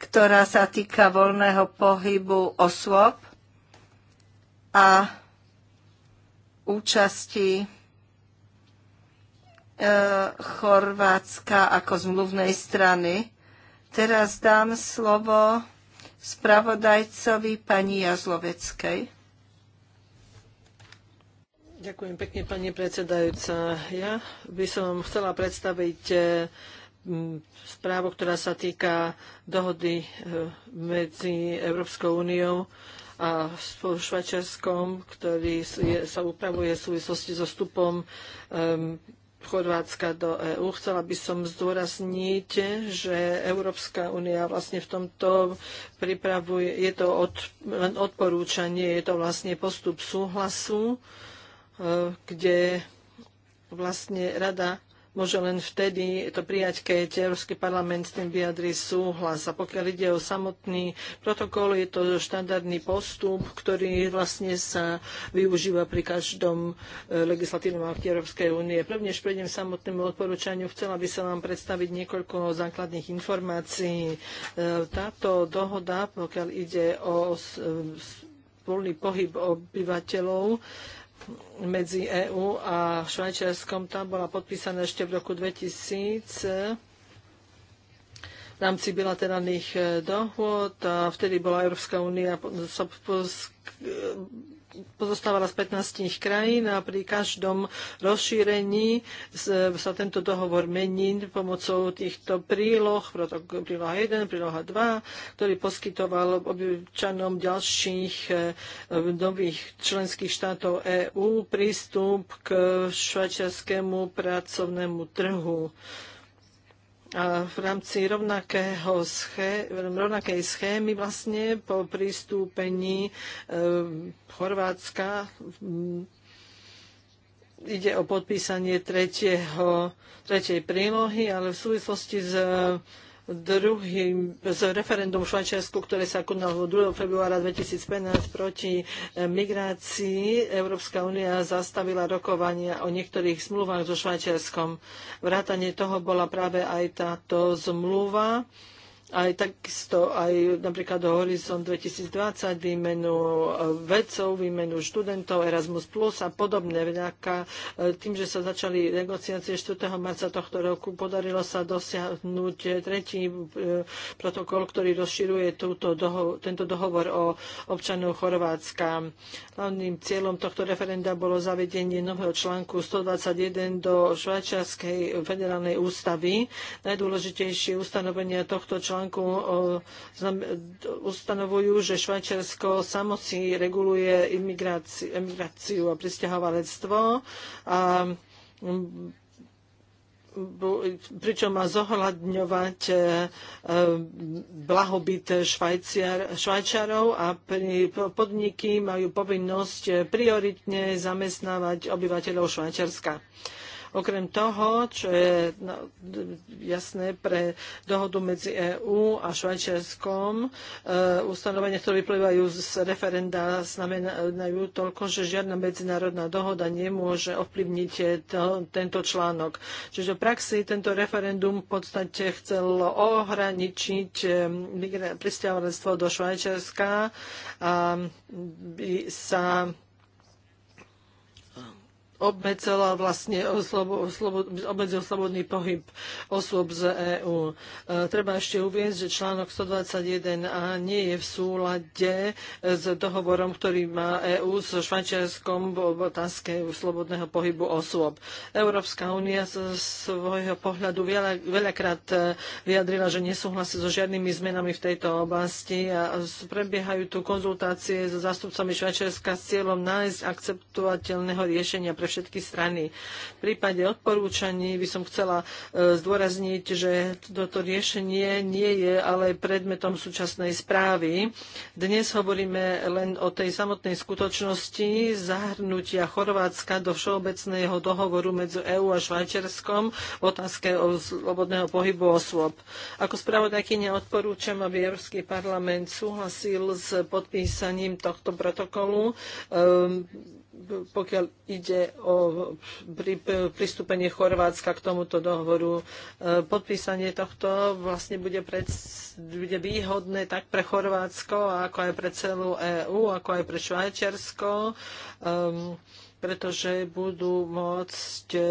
ktorá sa týka voľného pohybu osôb a účasti e, Chorvátska ako zmluvnej strany. Teraz dám slovo spravodajcovi pani Jazloveckej. Ďakujem pekne, pani predsedajúca. Ja by som chcela predstaviť eh, správu, ktorá sa týka dohody eh, medzi Európskou úniou a Švajčiarskom, ktorý sa upravuje v súvislosti so vstupom Chorvátska do EÚ. Chcela by som zdôrazniť, že Európska únia vlastne v tomto pripravuje, je to od, len odporúčanie, je to vlastne postup súhlasu. Uh, kde vlastne rada môže len vtedy to prijať, keď Európsky parlament s tým vyjadrí súhlas. A pokiaľ ide o samotný protokol, je to štandardný postup, ktorý vlastne sa využíva pri každom e, legislatívnom akte Európskej únie. Prvnež prejdem samotnému odporúčaniu, chcela by sa vám predstaviť niekoľko základných informácií. E, táto dohoda, pokiaľ ide o e, voľný pohyb obyvateľov, medzi EÚ a Švajčiarskom tam bola podpísaná ešte v roku 2000 v rámci bilaterálnych e, dohôd a vtedy bola Európska únia pozostávala z 15 krajín a pri každom rozšírení sa tento dohovor mení pomocou týchto príloh, príloha 1, príloha 2, ktorý poskytoval občanom ďalších e, nových členských štátov EÚ prístup k švajčiarskému pracovnému trhu v rámci rovnakého rovnakej schémy vlastne po pristúpení e, Chorvátska mm, ide o podpísanie tretieho, tretej prílohy, ale v súvislosti s druhým, z referendum v Švajčiarsku, ktoré sa konalo 2. februára 2015 proti eh, migrácii, Európska únia zastavila rokovania o niektorých zmluvách so Švajčiarskom. Vrátanie toho bola práve aj táto zmluva aj takisto aj napríklad do Horizon 2020, výmenu e, vedcov, výmenu študentov Erasmus Plus a podobne. Vďaka e, tým, že sa začali negociácie 4. marca tohto roku, podarilo sa dosiahnuť tretí e, protokol, ktorý rozširuje túto doho- tento dohovor o občanov Chorvátska. Hlavným cieľom tohto referenda bolo zavedenie nového článku 121 do Švajčiarskej federálnej ústavy. Najdôležitejšie ustanovenia tohto článku článku ustanovujú, že Švajčiarsko samo si reguluje imigráciu, imigráciu a pristahovalectvo. A pričom má zohľadňovať e, blahobyt Švajčarov a podniky majú povinnosť prioritne zamestnávať obyvateľov Švajčarska. Okrem toho, čo je no, jasné pre dohodu medzi EÚ a Švajčiarskom, e, ustanovenia, ktoré vyplývajú z referenda, znamenajú toľko, že žiadna medzinárodná dohoda nemôže ovplyvniť e, to, tento článok. Čiže v praxi tento referendum v podstate chcelo ohraničiť e, pristiavanstvo do Švajčiarska a by sa obmedzila vlastne obmedzil slobodný pohyb osôb z EÚ. E, treba ešte uviezť, že článok 121a nie je v súlade e, s dohovorom, ktorý má EÚ so Švajčiarskom v otázke slobodného pohybu osôb. Európska únia z svojho pohľadu veľa, veľakrát e, vyjadrila, že nesúhlasí so žiadnymi zmenami v tejto oblasti a prebiehajú tu konzultácie so zástupcami Švajčiarska s cieľom nájsť akceptovateľného riešenia pre všetky strany. V prípade odporúčaní by som chcela e, zdôrazniť, že toto riešenie nie je ale predmetom súčasnej správy. Dnes hovoríme len o tej samotnej skutočnosti zahrnutia Chorvátska do všeobecného dohovoru medzi EÚ a Švajčerskom v otázke o slobodného pohybu osôb. Ako spravodajkynia odporúčam, aby Európsky parlament súhlasil s podpísaním tohto protokolu. Um, pokiaľ ide o pristúpenie Chorvátska k tomuto dohovoru. E, podpísanie tohto vlastne bude, pred, bude výhodné tak pre Chorvátsko, ako aj pre celú EÚ, ako aj pre Švajčiarsko. Ehm, pretože budú môcť e,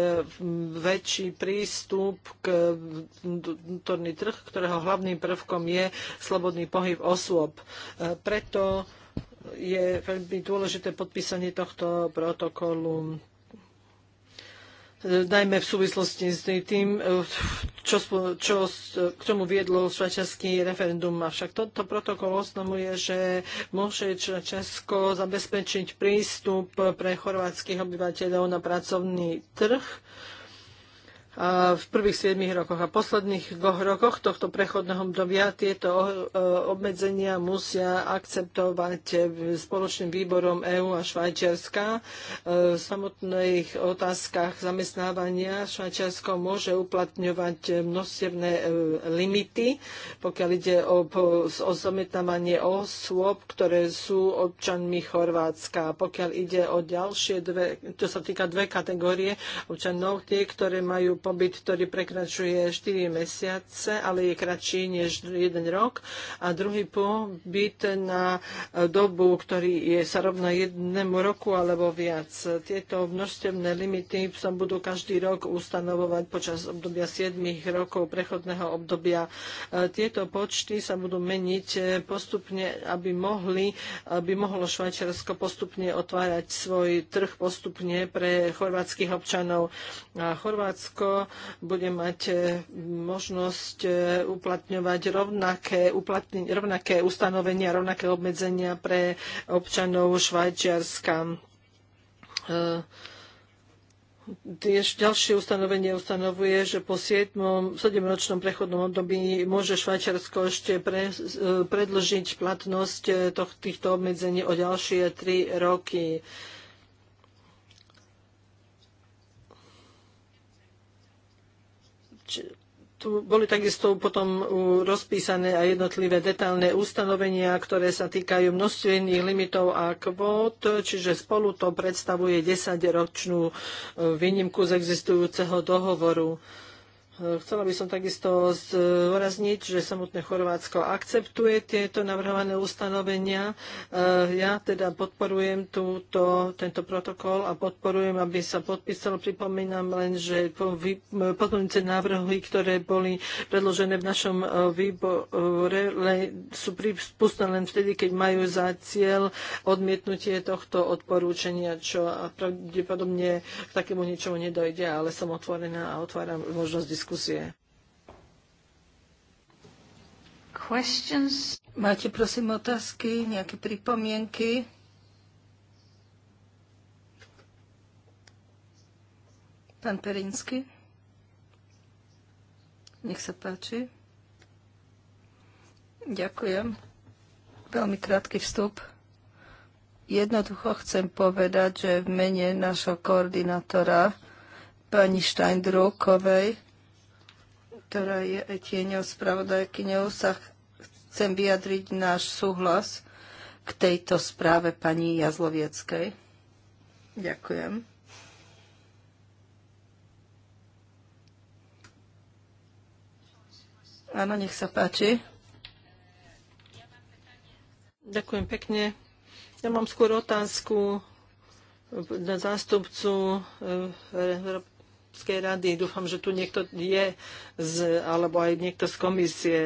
väčší prístup k vnútorný trh, ktorého hlavným prvkom je slobodný pohyb osôb. E, preto je veľmi dôležité podpísanie tohto protokolu najmä v súvislosti s tým, čo, čo k tomu viedlo švajčiarsky referendum. Avšak toto protokol oznamuje, že môže Česko zabezpečiť prístup pre chorvátskych obyvateľov na pracovný trh v prvých 7 rokoch a posledných dvoch rokoch tohto prechodného obdobia tieto eh, obmedzenia musia akceptovať spoločným výborom EÚ a Švajčiarska. Eh, v samotných otázkach zamestnávania Švajčiarsko môže uplatňovať množstevné eh, limity, pokiaľ ide o, o zamestnávanie osôb, ktoré sú občanmi Chorvátska. Pokiaľ ide o ďalšie dve, čo sa týka dve kategórie občanov, tie, ktoré majú pobyt, ktorý prekračuje 4 mesiace, ale je kratší než 1 rok. A druhý pobyt na e, dobu, ktorý je sa rovná jednému roku alebo viac. Tieto množstevné limity sa budú každý rok ustanovovať počas obdobia 7 rokov prechodného obdobia. E, tieto počty sa budú meniť e, postupne, aby, mohli, aby mohlo Švajčiarsko postupne otvárať svoj trh postupne pre chorvátskych občanov. Chorvátsko bude mať e, možnosť e, uplatňovať rovnaké, uplatni, rovnaké ustanovenia, rovnaké obmedzenia pre občanov Švajčiarska. E, tiež ďalšie ustanovenie ustanovuje, že po 7, 7-ročnom prechodnom období môže Švajčiarsko ešte pre, predlžiť platnosť toh, týchto obmedzení o ďalšie 3 roky. Uh, tu boli takisto potom rozpísané aj jednotlivé detailné ustanovenia, ktoré sa týkajú množstvených limitov a kvót, čiže spolu to predstavuje 10-ročnú e, výnimku z existujúceho dohovoru. Chcela by som takisto zdôrazniť, že samotné Chorvátsko akceptuje tieto navrhované ustanovenia. Eh, ja teda podporujem túto, tento protokol a podporujem, aby sa podpísalo. Pripomínam len, že podporujúce návrhy, ktoré boli predložené v našom eh, výbore, sú prípustné len vtedy, keď majú za cieľ odmietnutie tohto odporúčania, čo pravdepodobne k takému ničomu nedojde, ale som otvorená a otváram možnosť diskusie diskusie. Questions? Máte prosím otázky, nejaké pripomienky? Pán Perinsky? Nech sa páči. Ďakujem. Veľmi krátky vstup. Jednoducho chcem povedať, že v mene našho koordinátora pani Steindrukovej ktorá je tieňou spravodajkyňou, sa chcem vyjadriť náš súhlas k tejto správe pani Jazlovieckej. Ďakujem. Áno, nech sa páči. Ďakujem pekne. Ja mám skôr otázku na zástupcu eh, Európskej rady. Dúfam, že tu niekto je, z, alebo aj niekto z komisie.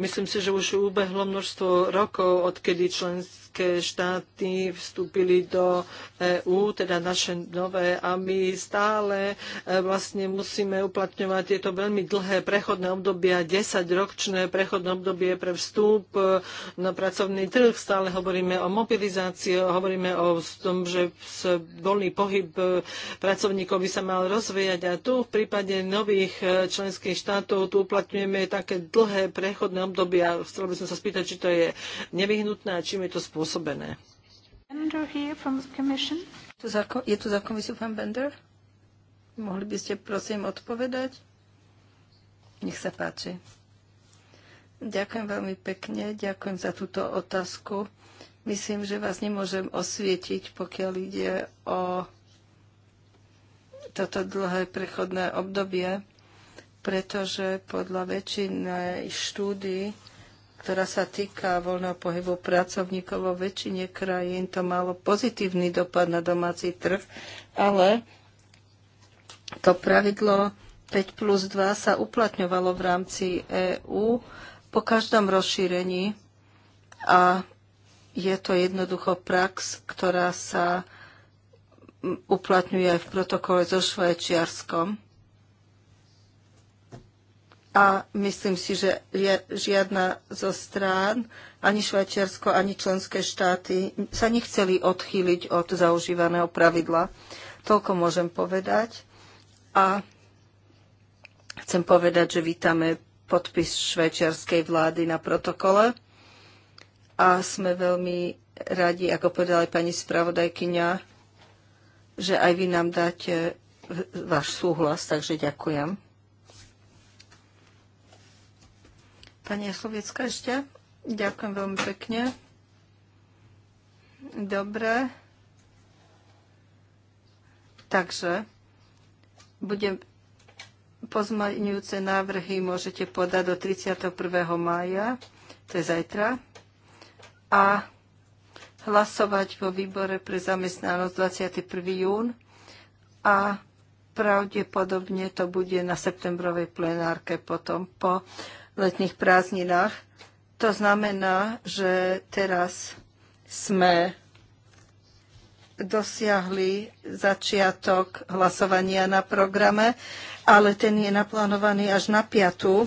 Myslím si, že už ubehlo množstvo rokov, odkedy členské štáty vstúpili do EÚ, teda naše nové, a my stále e, vlastne musíme uplatňovať tieto veľmi dlhé prechodné obdobia, 10-ročné prechodné obdobie pre vstup e, na pracovný trh. Stále hovoríme o mobilizácii, hovoríme o tom, že voľný pohyb e, pracovníkov by sa mal rozvíjať teda tu v prípade nových e, členských štátov tu uplatňujeme také dlhé prechodné obdobia. Chcel by som sa spýtať, či to je nevyhnutné a čím je to spôsobené. Je tu za komisiu pán Bender? Mohli by ste prosím odpovedať? Nech sa páči. Ďakujem veľmi pekne, ďakujem za túto otázku. Myslím, že vás nemôžem osvietiť, pokiaľ ide o toto dlhé prechodné obdobie, pretože podľa väčšiny štúdy, ktorá sa týka voľného pohybu pracovníkov vo väčšine krajín, to malo pozitívny dopad na domáci trh, ale to pravidlo 5 plus 2 sa uplatňovalo v rámci EÚ po každom rozšírení a je to jednoducho prax, ktorá sa uplatňuje aj v protokole so Švajčiarskom. A myslím si, že žiadna zo strán, ani Švajčiarsko, ani členské štáty sa nechceli odchýliť od zaužívaného pravidla. Toľko môžem povedať. A chcem povedať, že vítame podpis švajčiarskej vlády na protokole a sme veľmi radi, ako povedala aj pani spravodajkyňa, že aj vy nám dáte e, váš súhlas, takže ďakujem. Pani Sloviecka ešte? Ďakujem veľmi pekne. Dobre. Takže budem pozmaňujúce návrhy môžete podať do 31. mája, to je zajtra. A hlasovať vo výbore pre zamestnanosť 21. jún a pravdepodobne to bude na septembrovej plenárke potom po letných prázdninách. To znamená, že teraz sme dosiahli začiatok hlasovania na programe, ale ten je naplánovaný až na piatu.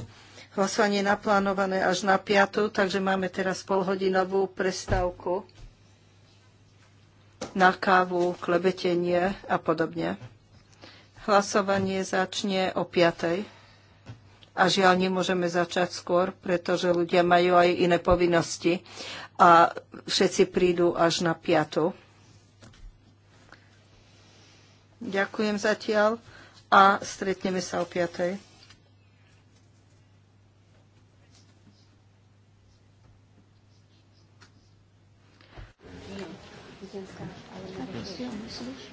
Hlasovanie je naplánované až na piatu, takže máme teraz polhodinovú prestávku na kávu, klebetenie a podobne. Hlasovanie začne o 5. A žiaľ, nemôžeme začať skôr, pretože ľudia majú aj iné povinnosti a všetci prídu až na 5. Ďakujem zatiaľ a stretneme sa o 5. Gracias.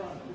fun.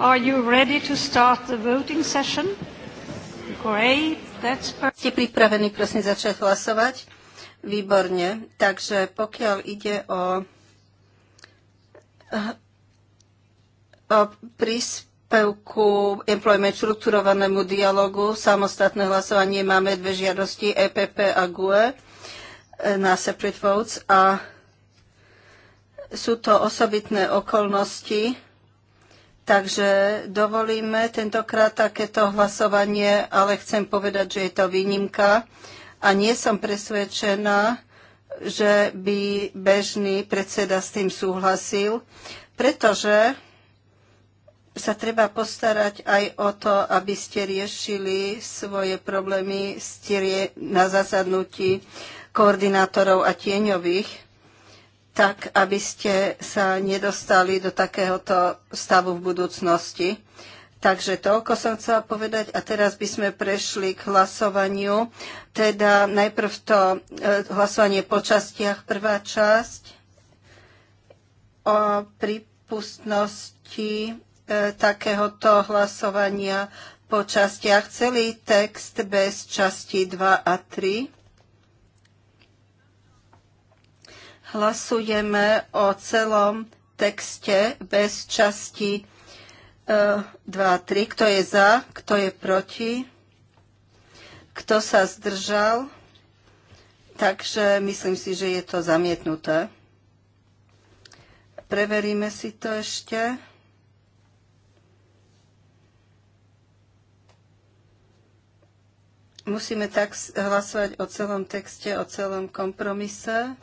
Are you ready to start the voting session? Great, that's perfect. Ste pripravení presne začať hlasovať? Výborne. Takže pokiaľ ide o, o príspevku employment štruktúrovanému dialogu, samostatné hlasovanie, máme dve žiadosti EPP a GUE e, na separate votes a sú to osobitné okolnosti, Takže dovolíme tentokrát takéto hlasovanie, ale chcem povedať, že je to výnimka a nie som presvedčená, že by bežný predseda s tým súhlasil, pretože sa treba postarať aj o to, aby ste riešili svoje problémy na zasadnutí koordinátorov a tieňových tak aby ste sa nedostali do takéhoto stavu v budúcnosti. Takže toľko som chcela povedať a teraz by sme prešli k hlasovaniu. Teda najprv to e, hlasovanie po častiach, prvá časť o prípustnosti e, takéhoto hlasovania po častiach. Celý text bez časti 2 a 3. Hlasujeme o celom texte bez časti 2 a 3. Kto je za, kto je proti, kto sa zdržal. Takže myslím si, že je to zamietnuté. Preveríme si to ešte. Musíme tak hlasovať o celom texte, o celom kompromise.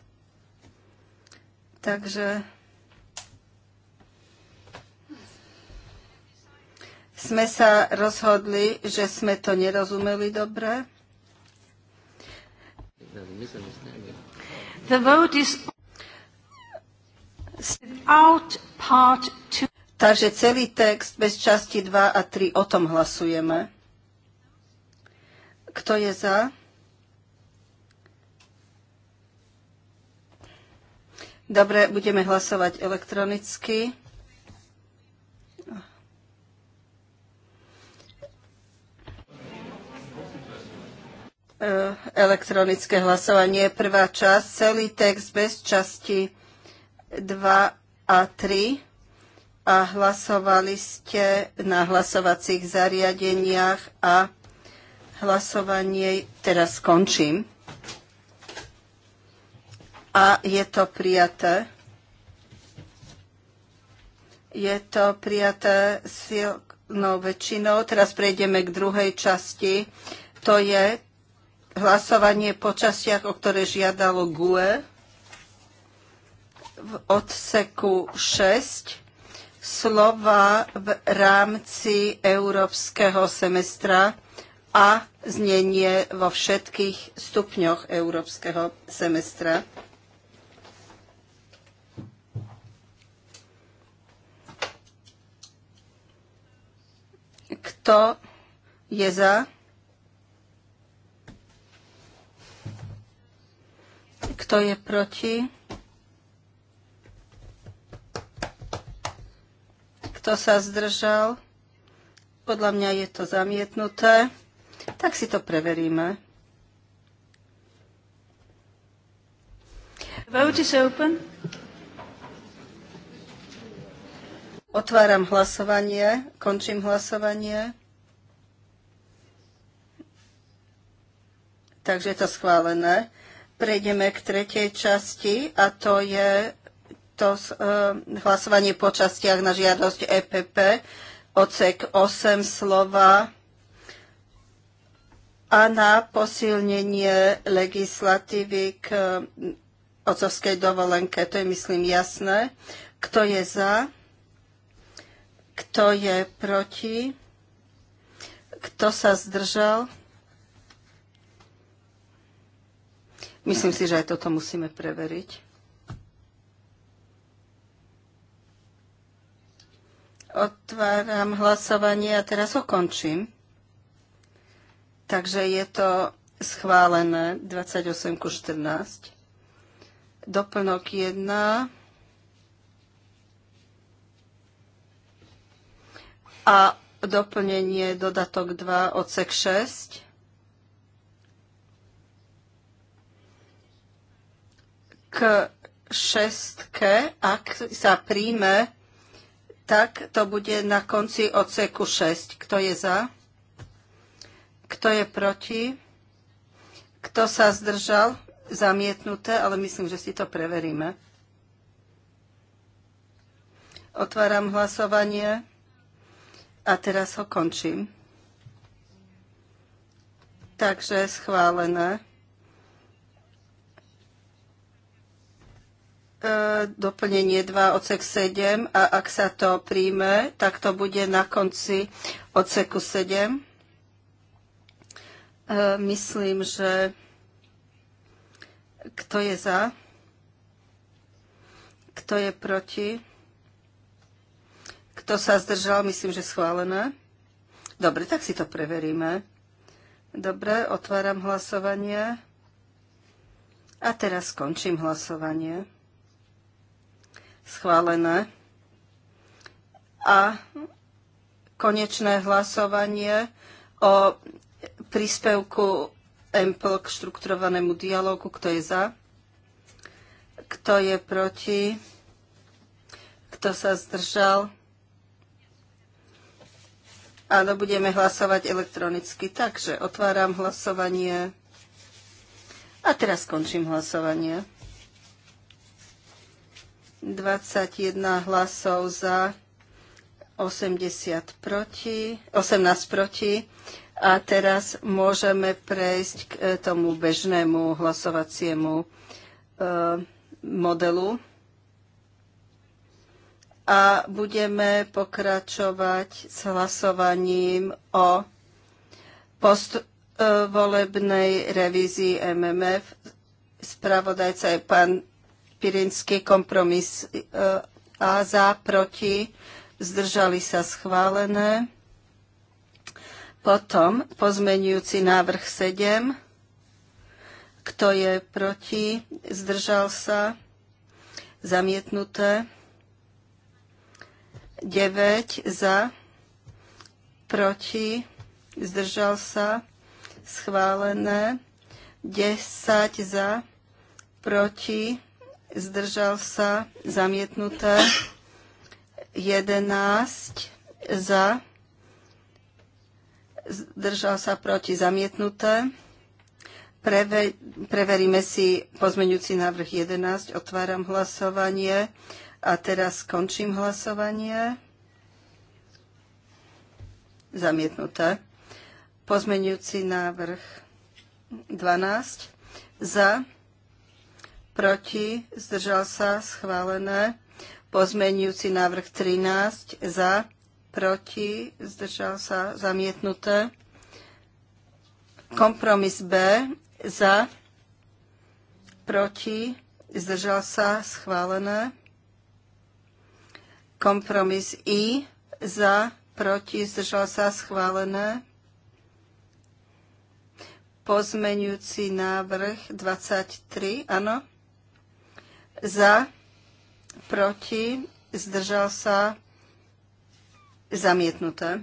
Takže sme sa rozhodli, že sme to nerozumeli dobre. The vote is out part two. Takže celý text bez časti 2 a 3 o tom hlasujeme. Kto je za? Dobre, budeme hlasovať elektronicky. Eh, elektronické hlasovanie. Prvá časť, celý text bez časti 2 a 3 a hlasovali ste na hlasovacích zariadeniach a hlasovanie teraz skončím a je to prijaté. Je to prijaté silnou väčšinou. Teraz prejdeme k druhej časti. To je hlasovanie po častiach, o ktoré žiadalo GUE v odseku 6 slova v rámci európskeho semestra a znenie vo všetkých stupňoch európskeho semestra. Kto je za? Kto je proti? Kto sa zdržal? Podľa mňa je to zamietnuté. Tak si to preveríme. vote is open. Otváram hlasovanie, končím hlasovanie. Takže je to schválené. Prejdeme k tretej časti a to je to e, hlasovanie po častiach na žiadosť EPP. Ocek 8 slova a na posilnenie legislatívy k e, ocovskej dovolenke. To je, myslím, jasné. Kto je za? Kto je proti? Kto sa zdržal? Myslím si, že aj toto musíme preveriť. Otváram hlasovanie a teraz ho končím. Takže je to schválené 28 ku 14. Doplnok 1 a doplnenie dodatok 2 odsek 6. K šestke, ak sa príjme, tak to bude na konci odseku 6. Kto je za? Kto je proti? Kto sa zdržal? Zamietnuté, ale myslím, že si to preveríme. Otváram hlasovanie. A teraz ho končím. Takže schválené. E, doplnenie 2 odsek 7 a ak sa to príjme, tak to bude na konci odseku 7. E, myslím, že kto je za, kto je proti, kto sa zdržal, myslím, že schválené. Dobre, tak si to preveríme. Dobre, otváram hlasovanie. A teraz skončím hlasovanie. Schválené. A konečné hlasovanie o príspevku EMPL k štrukturovanému dialogu. Kto je za? Kto je proti? Kto sa zdržal? Áno, budeme hlasovať elektronicky. Takže otváram hlasovanie. A teraz končím hlasovanie. 21 hlasov za, 80 proti, 18 proti. A teraz môžeme prejsť k e, tomu bežnému hlasovaciemu e, modelu a budeme pokračovať s hlasovaním o postvolebnej e, revízii MMF. Spravodajca je pán Pirinský kompromis e, a za, proti, zdržali sa schválené. Potom pozmenujúci návrh 7. Kto je proti, zdržal sa, zamietnuté. 9 za, proti, zdržal sa, schválené. 10 za, proti, zdržal sa, zamietnuté. 11 za, zdržal sa proti zamietnuté. Preve, preveríme si pozmeňujúci návrh 11. Otváram hlasovanie. A teraz skončím hlasovanie. Zamietnuté. Pozmenujúci návrh 12. Za. Proti. Zdržal sa. Schválené. Pozmenujúci návrh 13. Za. Proti. Zdržal sa. Zamietnuté. Kompromis B. Za. Proti. Zdržal sa. Schválené Kompromis I za, proti, zdržal sa schválené. Pozmeňujúci návrh 23, áno. Za, proti, zdržal sa zamietnuté.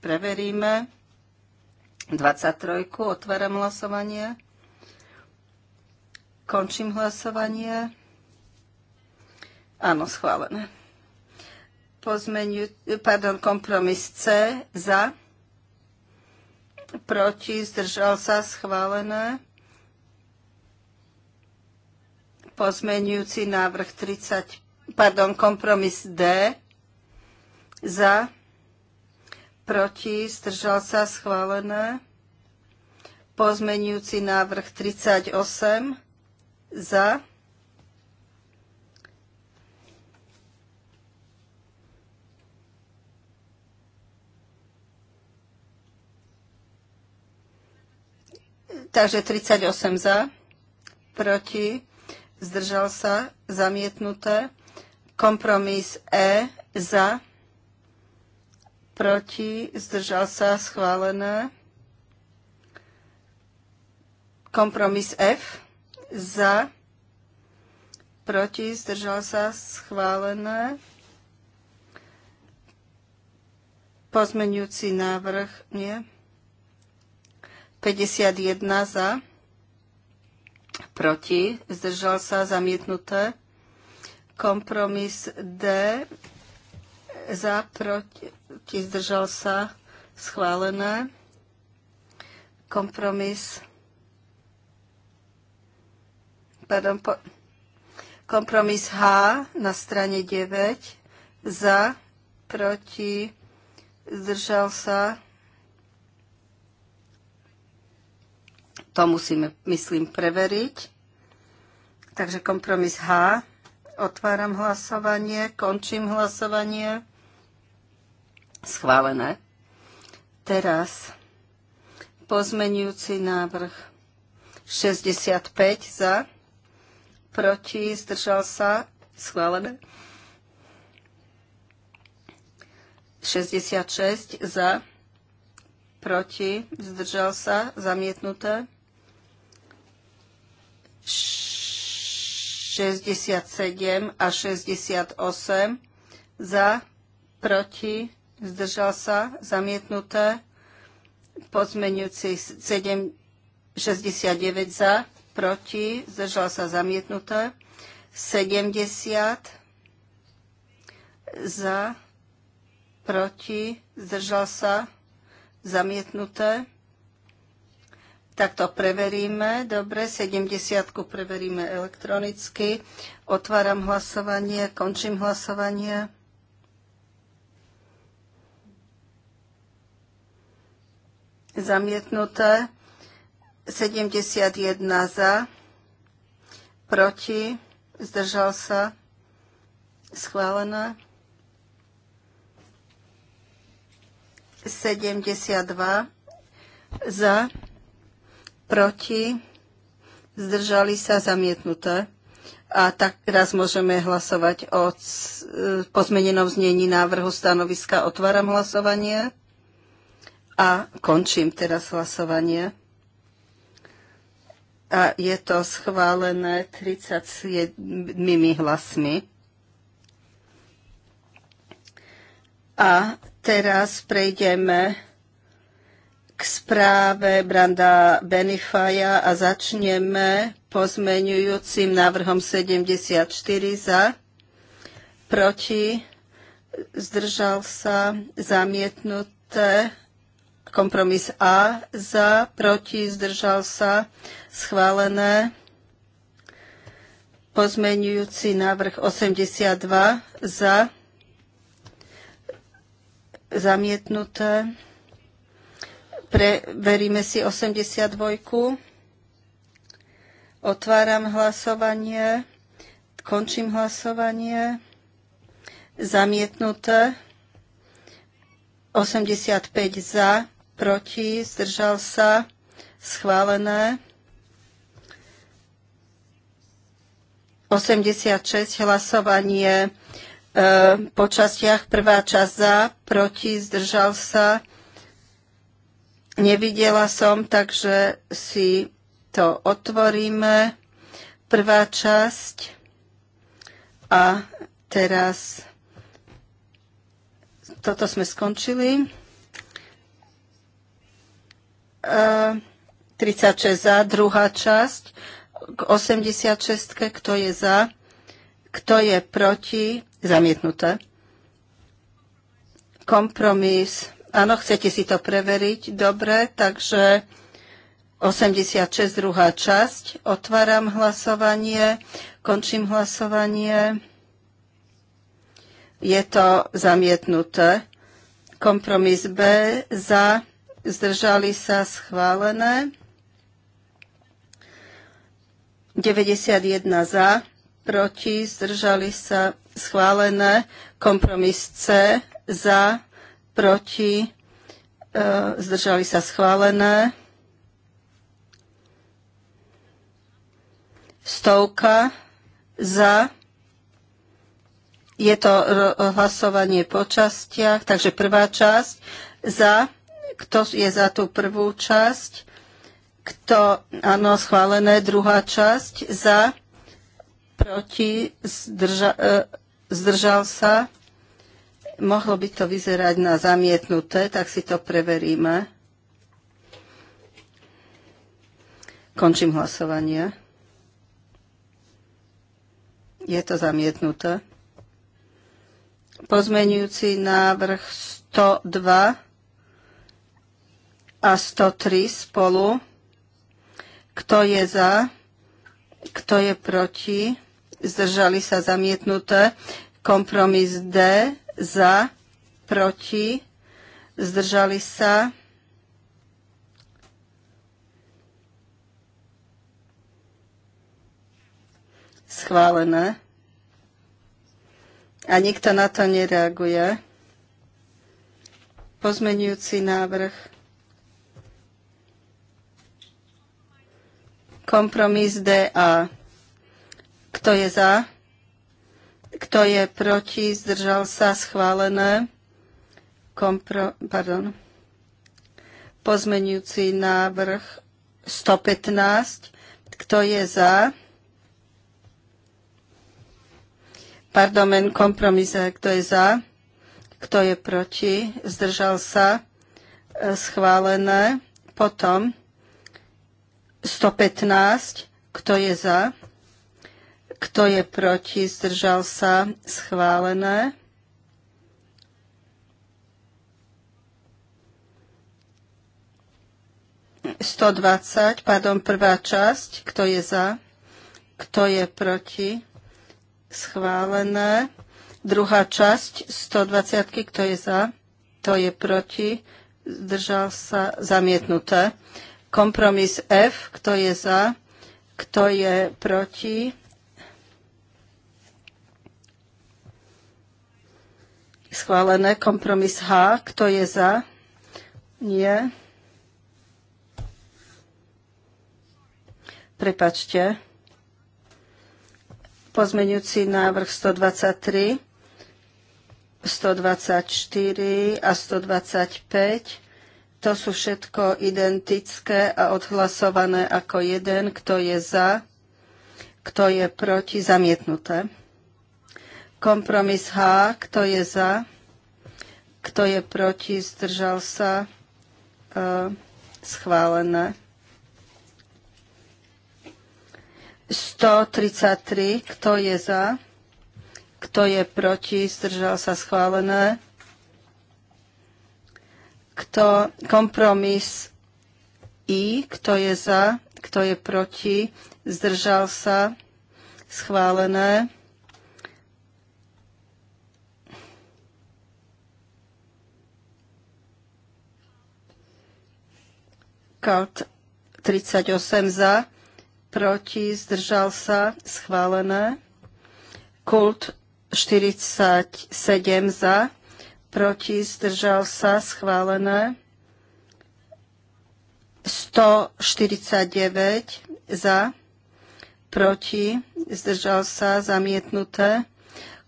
Preveríme. 23. Otváram hlasovanie. Končím hlasovanie. Áno, schválené. Pozmeniu, pardon, kompromis C za, proti, zdržal sa, schválené. Pozmenujúci návrh 30, pardon, kompromis D za, proti, zdržal sa, schválené. Pozmenujúci návrh 38 za, Takže 38 za, proti, zdržal sa, zamietnuté. Kompromis E za, proti, zdržal sa, schválené. Kompromis F za, proti, zdržal sa, schválené. Pozmeňujúci návrh nie. 51 za, proti, zdržal sa, zamietnuté. Kompromis D za, proti, zdržal sa, schválené. Kompromis pardon, po, kompromis H na strane 9 za, proti, zdržal sa, to musíme, myslím, preveriť. Takže kompromis H. Otváram hlasovanie, končím hlasovanie. Schválené. Teraz pozmenujúci návrh 65 za, proti, zdržal sa, schválené. 66 za, proti, zdržal sa, zamietnuté. 67 a 68 za, proti, zdržal sa, zamietnuté, pozmeňujúci 7, 69 za, proti, zdržal sa, zamietnuté, 70 za, proti, zdržal sa, zamietnuté, tak to preveríme. Dobre, 70 preveríme elektronicky. Otváram hlasovanie, končím hlasovanie. Zamietnuté. 71 za. Proti. Zdržal sa. Schválené. 72 za proti, zdržali sa zamietnuté. A tak teraz môžeme hlasovať o e, pozmenenom znení návrhu stanoviska. Otváram hlasovanie a končím teraz hlasovanie. A je to schválené 37 hlasmi. A teraz prejdeme k správe Branda Benifaja a začneme pozmenujúcim návrhom 74 za, proti, zdržal sa, zamietnuté, kompromis A za, proti, zdržal sa, schválené, pozmenujúci návrh 82 za, zamietnuté, Preveríme si 82. Otváram hlasovanie. Končím hlasovanie. Zamietnuté. 85 za, proti, zdržal sa, schválené. 86 hlasovanie e, po častiach, prvá časť za, proti, zdržal sa, nevidela som, takže si to otvoríme. Prvá časť a teraz toto sme skončili. 36 e, za, druhá časť k 86, kto je za, kto je proti, zamietnuté. Kompromis Áno, chcete si to preveriť? Dobre, takže 86, druhá časť. Otváram hlasovanie, končím hlasovanie. Je to zamietnuté. Kompromis B za, zdržali sa schválené. 91 za, proti, zdržali sa schválené. Kompromis C za, proti, e, zdržali sa schválené. Stovka za. Je to hlasovanie po častiach, takže prvá časť za. Kto je za tú prvú časť? Kto, áno, schválené, druhá časť za, proti, zdrža, e, zdržal sa. Mohlo by to vyzerať na zamietnuté, tak si to preveríme. Končím hlasovanie. Je to zamietnuté. Pozmenujúci návrh 102 a 103 spolu. Kto je za? Kto je proti? Zdržali sa zamietnuté. Kompromis D za, proti, zdržali sa. Schválené. A nikto na to nereaguje. Pozmenujúci návrh. Kompromis DA. Kto je za? Kto je proti? Zdržal sa? Schválené. Kompro, pardon. Pozmenujúci návrh 115. Kto je za? Pardon, kompromise. Kto je za? Kto je proti? Zdržal sa? E, schválené. Potom 115. Kto je za? Kto je proti? Zdržal sa? Schválené. Sto dvadsať, pardon, prvá časť. Kto je za? Kto je proti? Schválené. Druhá časť 120. Kto je za? Kto je proti? Zdržal sa? Zamietnuté. Kompromis F. Kto je za? Kto je proti? Schválené. Kompromis H. Kto je za? Nie. Prepačte. Pozmeňujúci návrh 123, 124 a 125. To sú všetko identické a odhlasované ako jeden. Kto je za? Kto je proti? Zamietnuté. Kompromis H, kto je za, kto je proti, zdržal sa, schválené. 133, kto je za, kto je proti, zdržal sa, schválené. Kto, kompromis I, kto je za, kto je proti, zdržal sa, schválené. Kaut 38 za, proti, zdržal sa, schválené. Kult 47 za, proti, zdržal sa, schválené. 149 za, proti, zdržal sa, zamietnuté.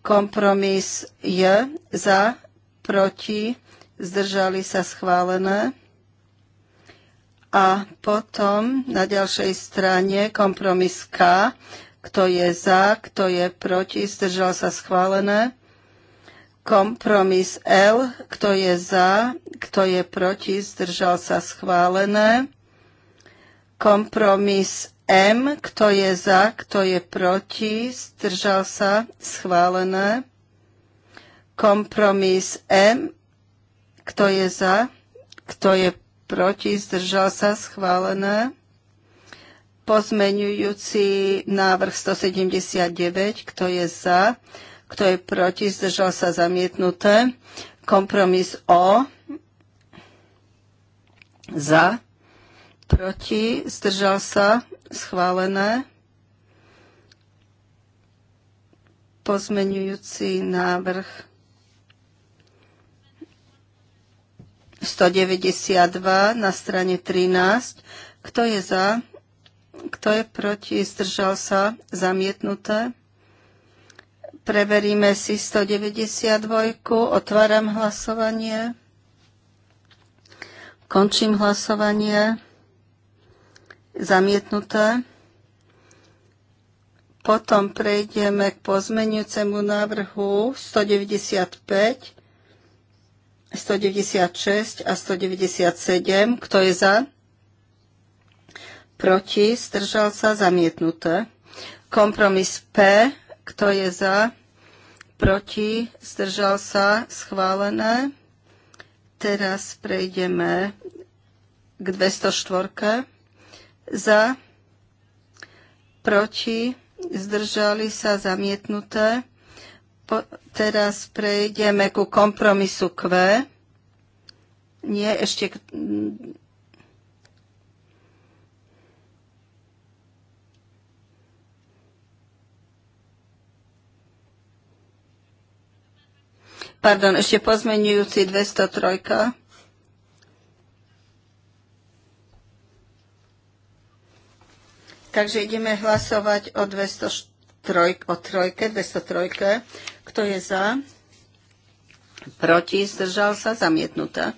Kompromis je za, proti, zdržali sa schválené. A potom na ďalšej strane kompromis K, kto je za, kto je proti, zdržal sa schválené. Kompromis L, kto je za, kto je proti, zdržal sa schválené. Kompromis M, kto je za, kto je proti, zdržal sa schválené. Kompromis M, kto je za, kto je proti, proti, zdržal sa, schválené. Pozmeňujúci návrh 179, kto je za, kto je proti, zdržal sa, zamietnuté. Kompromis O, za, proti, zdržal sa, schválené. Pozmeňujúci návrh 192 na strane 13. Kto je za? Kto je proti? Zdržal sa? Zamietnuté? Preveríme si 192. Otváram hlasovanie. Končím hlasovanie. Zamietnuté. Potom prejdeme k pozmenujúcemu návrhu 195 196 a 197. Kto je za? Proti? Zdržal sa? Zamietnuté. Kompromis P. Kto je za? Proti? Zdržal sa? Schválené. Teraz prejdeme k 204. Za? Proti? Zdržali sa? Zamietnuté. Po, teraz prejdeme ku kompromisu Q. Nie, ešte... Pardon, ešte pozmenujúci 203. Takže ideme hlasovať o 203, o trojke, 203. Kto je za? Proti, zdržal sa, zamietnuté.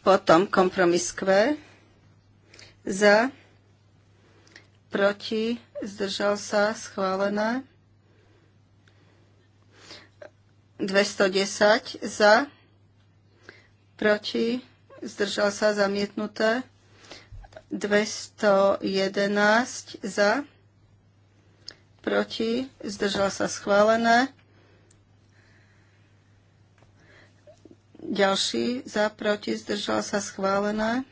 Potom kompromis Q. Za, proti, zdržal sa, schválené. 210 za, proti, zdržal sa, zamietnuté. 211 za, proti, zdržal sa schválené, Ďalší za, proti, zdržala sa schválená.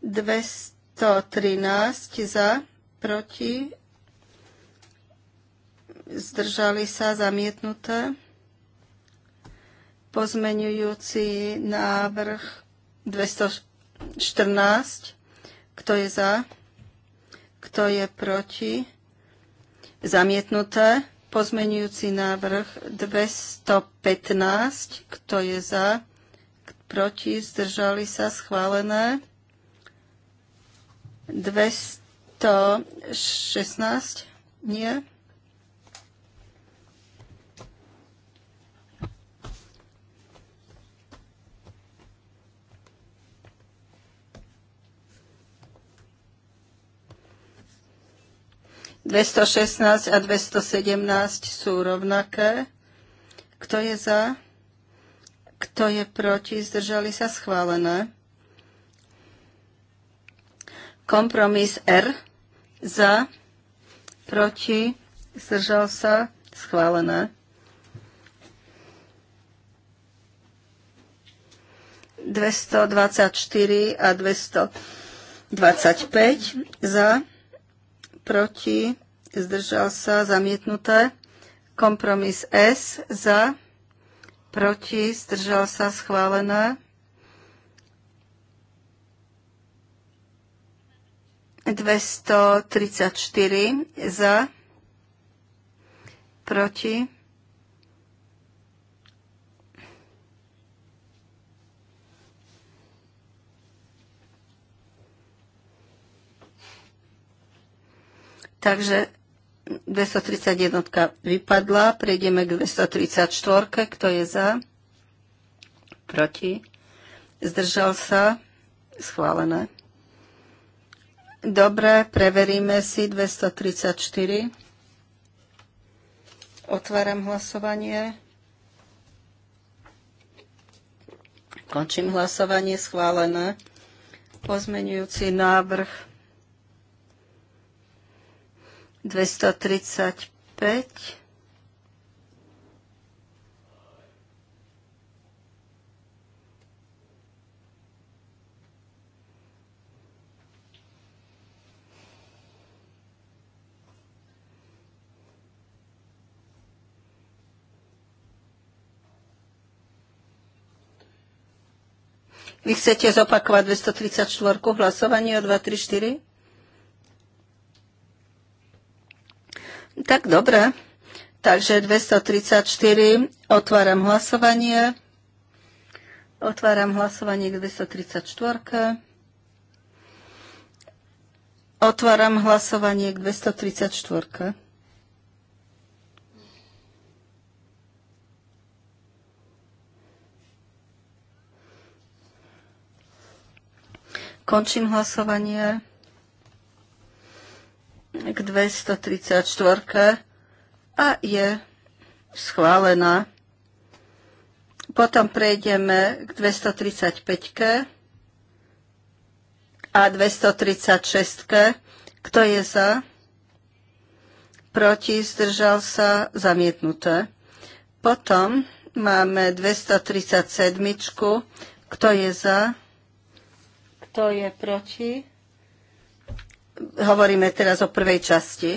213 za, proti, zdržali sa zamietnuté. Pozmenujúci návrh 214. Kto je za? Kto je proti? Zamietnuté. Pozmenujúci návrh 215, kto je za, proti, zdržali sa, schválené. 216, nie. 216 a 217 sú rovnaké. Kto je za? Kto je proti? Zdržali sa schválené. Kompromis R za, proti, zdržal sa, schválené. Dvesto dvadsaťštyri a dvesto dvadsaťpäť za, proti, zdržal sa, zamietnuté. Kompromis S za, proti, zdržal sa, schválené. 234 za, proti, Takže 231 vypadla, prejdeme k 234, kto je za, proti, zdržal sa, schválené. Dobre, preveríme si 234. Otváram hlasovanie. Končím hlasovanie schválené. Pozmenujúci návrh 235. Vy chcete zopakovať 234 hlasovanie o 234? Tak dobre. Takže 234. Otváram hlasovanie. Otváram hlasovanie k 234. Otváram hlasovanie k 234. Končím hlasovanie k 234 a je schválená. Potom prejdeme k 235 a 236. Kto je za? Proti, zdržal sa, zamietnuté. Potom máme 237. Kto je za? Kto je proti? Hovoríme teraz o prvej časti.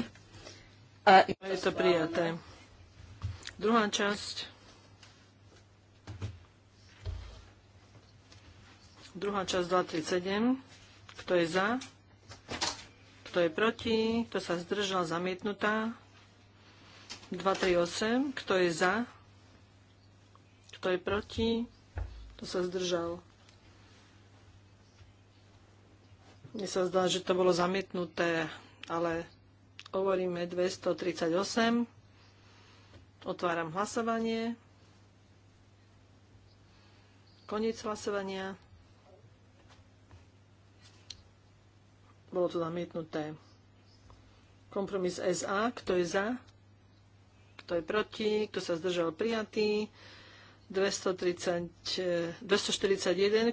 A je to prijaté. Druhá časť. Druhá časť 237. Kto je za? Kto je proti? Kto sa zdržal? Zamietnutá. 238. Kto je za? Kto je proti? Kto sa zdržal? Mne sa zdá, že to bolo zamietnuté, ale hovoríme 238. Otváram hlasovanie. Koniec hlasovania. Bolo to zamietnuté. Kompromis SA. Kto je za? Kto je proti? Kto sa zdržal prijatý? 230, 241.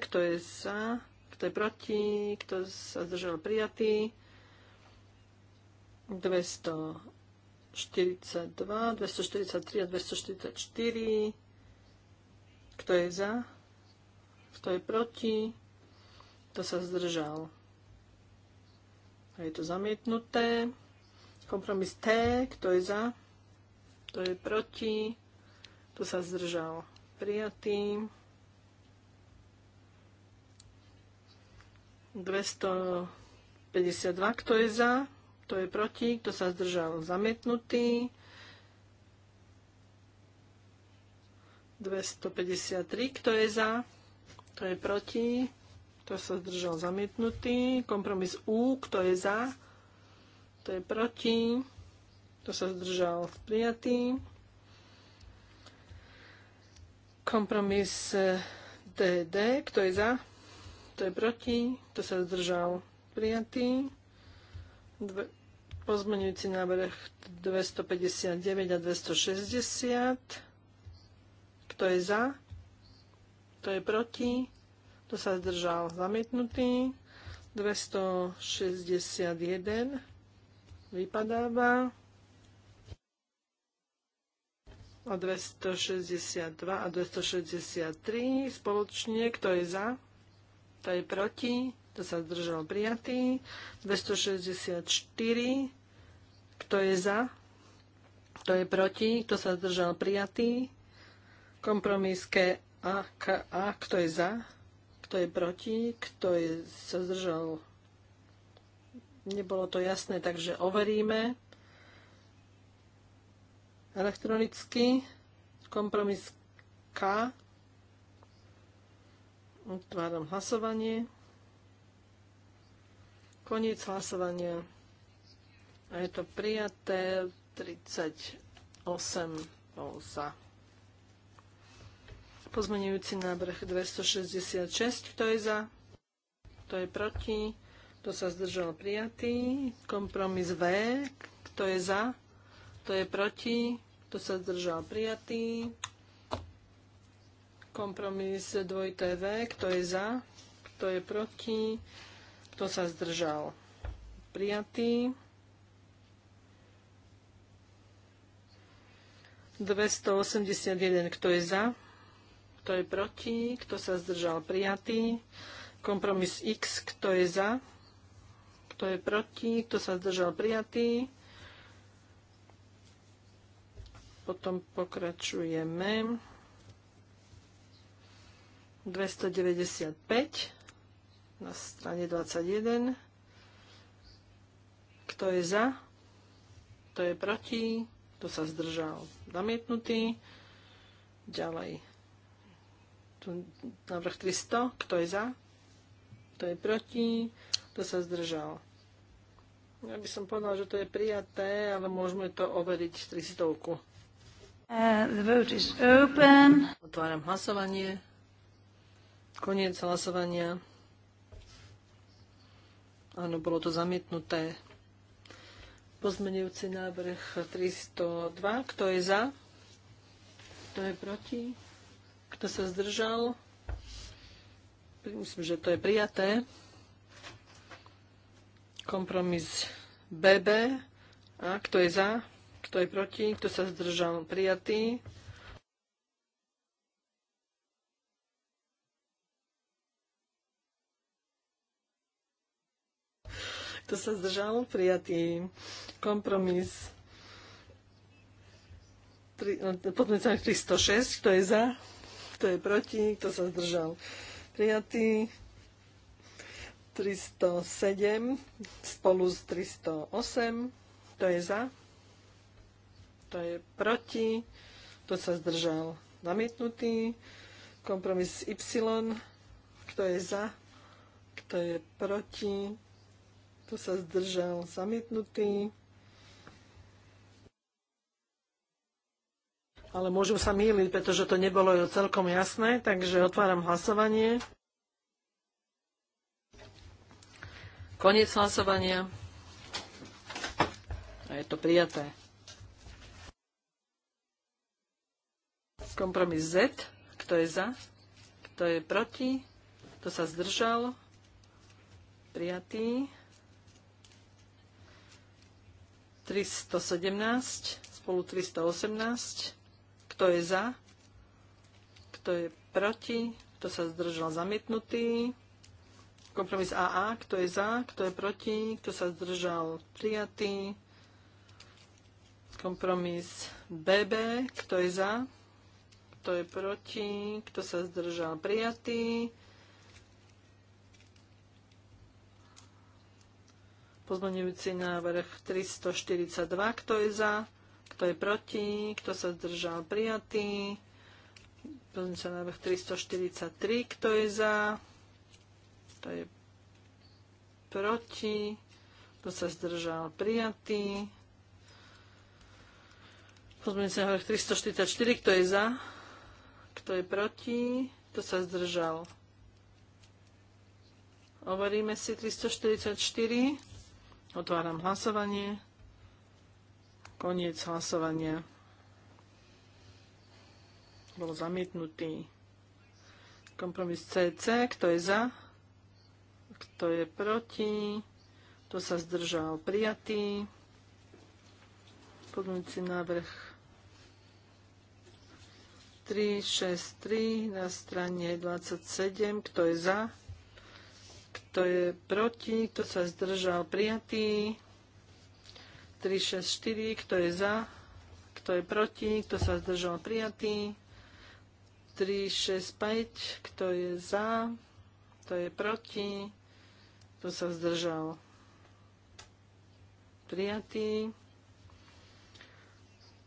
Kto je za? Kto je proti? Kto sa zdržal prijatý? 242, 243 a 244. Kto je za? Kto je proti? Kto sa zdržal? A je to zamietnuté. Kompromis T. Kto je za? Kto je proti? Kto sa zdržal? Prijatý. 252, kto je za, kto je proti, kto sa zdržal zamietnutý. 253, kto je za, kto je proti, kto sa zdržal zamietnutý. Kompromis U, kto je za, kto je proti, kto sa zdržal prijatý. Kompromis DD, kto je za, kto je proti? Kto sa zdržal? Prijatý. Dve, pozmenujúci návrh 259 a 260. Kto je za? Kto je proti? Kto sa zdržal? Zamietnutý. 261 vypadáva a 262 a 263 spoločne, kto je za, to je proti, to sa zdržal prijatý. 264, kto je za, kto je proti, kto sa zdržal prijatý. Kompromis K A, K, A, kto je za, kto je proti, kto je, sa zdržal. Nebolo to jasné, takže overíme elektronicky. Kompromis K Otváram hlasovanie. Koniec hlasovania. A je to prijaté 38 bol za. Pozmenujúci návrh 266. Kto je za? Kto je proti? Kto sa zdržal prijatý? Kompromis V. Kto je za? Kto je proti? Kto sa zdržal prijatý? Kompromis 2, tv kto je za, kto je proti, kto sa zdržal. Prijatý. 281, kto je za, kto je proti, kto sa zdržal prijatý. Kompromis X, kto je za, kto je proti, kto sa zdržal prijatý. Potom pokračujeme. 295 na strane 21. Kto je za? Kto je proti? Kto sa zdržal? Zamietnutý. Ďalej. Tu návrh 300. Kto je za? Kto je proti? Kto sa zdržal? Ja by som povedal, že to je prijaté, ale môžeme to overiť 300. Uh, the vote is open. Otváram hlasovanie. Koniec hlasovania. Áno, bolo to zamietnuté. Pozmenujúci návrh 302. Kto je za? Kto je proti? Kto sa zdržal? Myslím, že to je prijaté. Kompromis BB. A kto je za? Kto je proti? Kto sa zdržal? Prijatý. Kto sa zdržal? Prijatý. Kompromis. Pri, 306. No, Kto je za? Kto je proti? Kto sa zdržal? Prijatý. 307 spolu s 308. Kto je za? Kto je proti? Kto sa zdržal? Namietnutý. Kompromis Y. Kto je za? Kto je proti? Tu sa zdržal zamietnutý. Ale môžem sa mýliť, pretože to nebolo celkom jasné, takže otváram hlasovanie. Koniec hlasovania. A je to prijaté. Kompromis Z. Kto je za? Kto je proti? Kto sa zdržal? Prijatý. 317 spolu 318. Kto je za? Kto je proti? Kto sa zdržal zamietnutý? Kompromis AA. Kto je za? Kto je proti? Kto sa zdržal prijatý? Kompromis BB. Kto je za? Kto je proti? Kto sa zdržal prijatý? Pozmeňujúci návrh 342. Kto je za? Kto je proti? Kto sa zdržal? Prijatý. Pozmeňujúci návrh 343. Kto je za? Kto je proti? Kto sa zdržal? Prijatý. Pozmeňujúci návrh 344. Kto je za? Kto je proti? Kto sa zdržal? Overíme si 344. Otváram hlasovanie. Koniec hlasovania. Bol zamietnutý kompromis CC. Kto je za? Kto je proti? Kto sa zdržal? Prijatý. Podľujúci návrh 363 na strane 27. Kto je za? Kto je proti? Kto sa zdržal? Prijatý. 4, Kto je za? Kto je proti? Kto sa zdržal? Prijatý. 5, Kto je za? Kto je proti? Kto sa zdržal? Prijatý.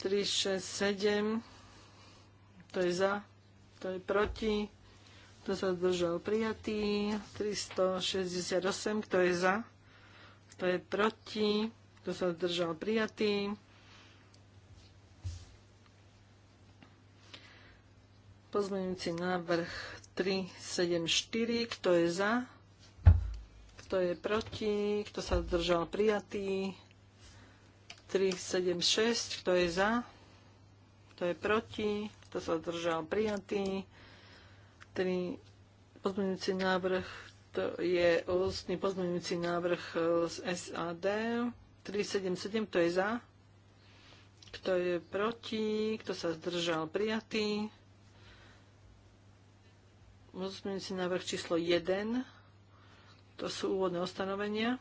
367. Kto je za? Kto je proti? Kto sa zdržal? Prijatý. 368. Kto je za? Kto je proti? Kto sa zdržal? Prijatý. Pozmeňujúci návrh 374. Kto je za? Kto je proti? Kto sa zdržal? Prijatý. 376. Kto je za? Kto je proti? Kto sa zdržal? Prijatý. Ten pozmeňujúci návrh to je ústny pozmeňujúci návrh e, z SAD 377, kto je za, kto je proti, kto sa zdržal prijatý. Pozmeňujúci návrh číslo 1, to sú úvodné ustanovenia.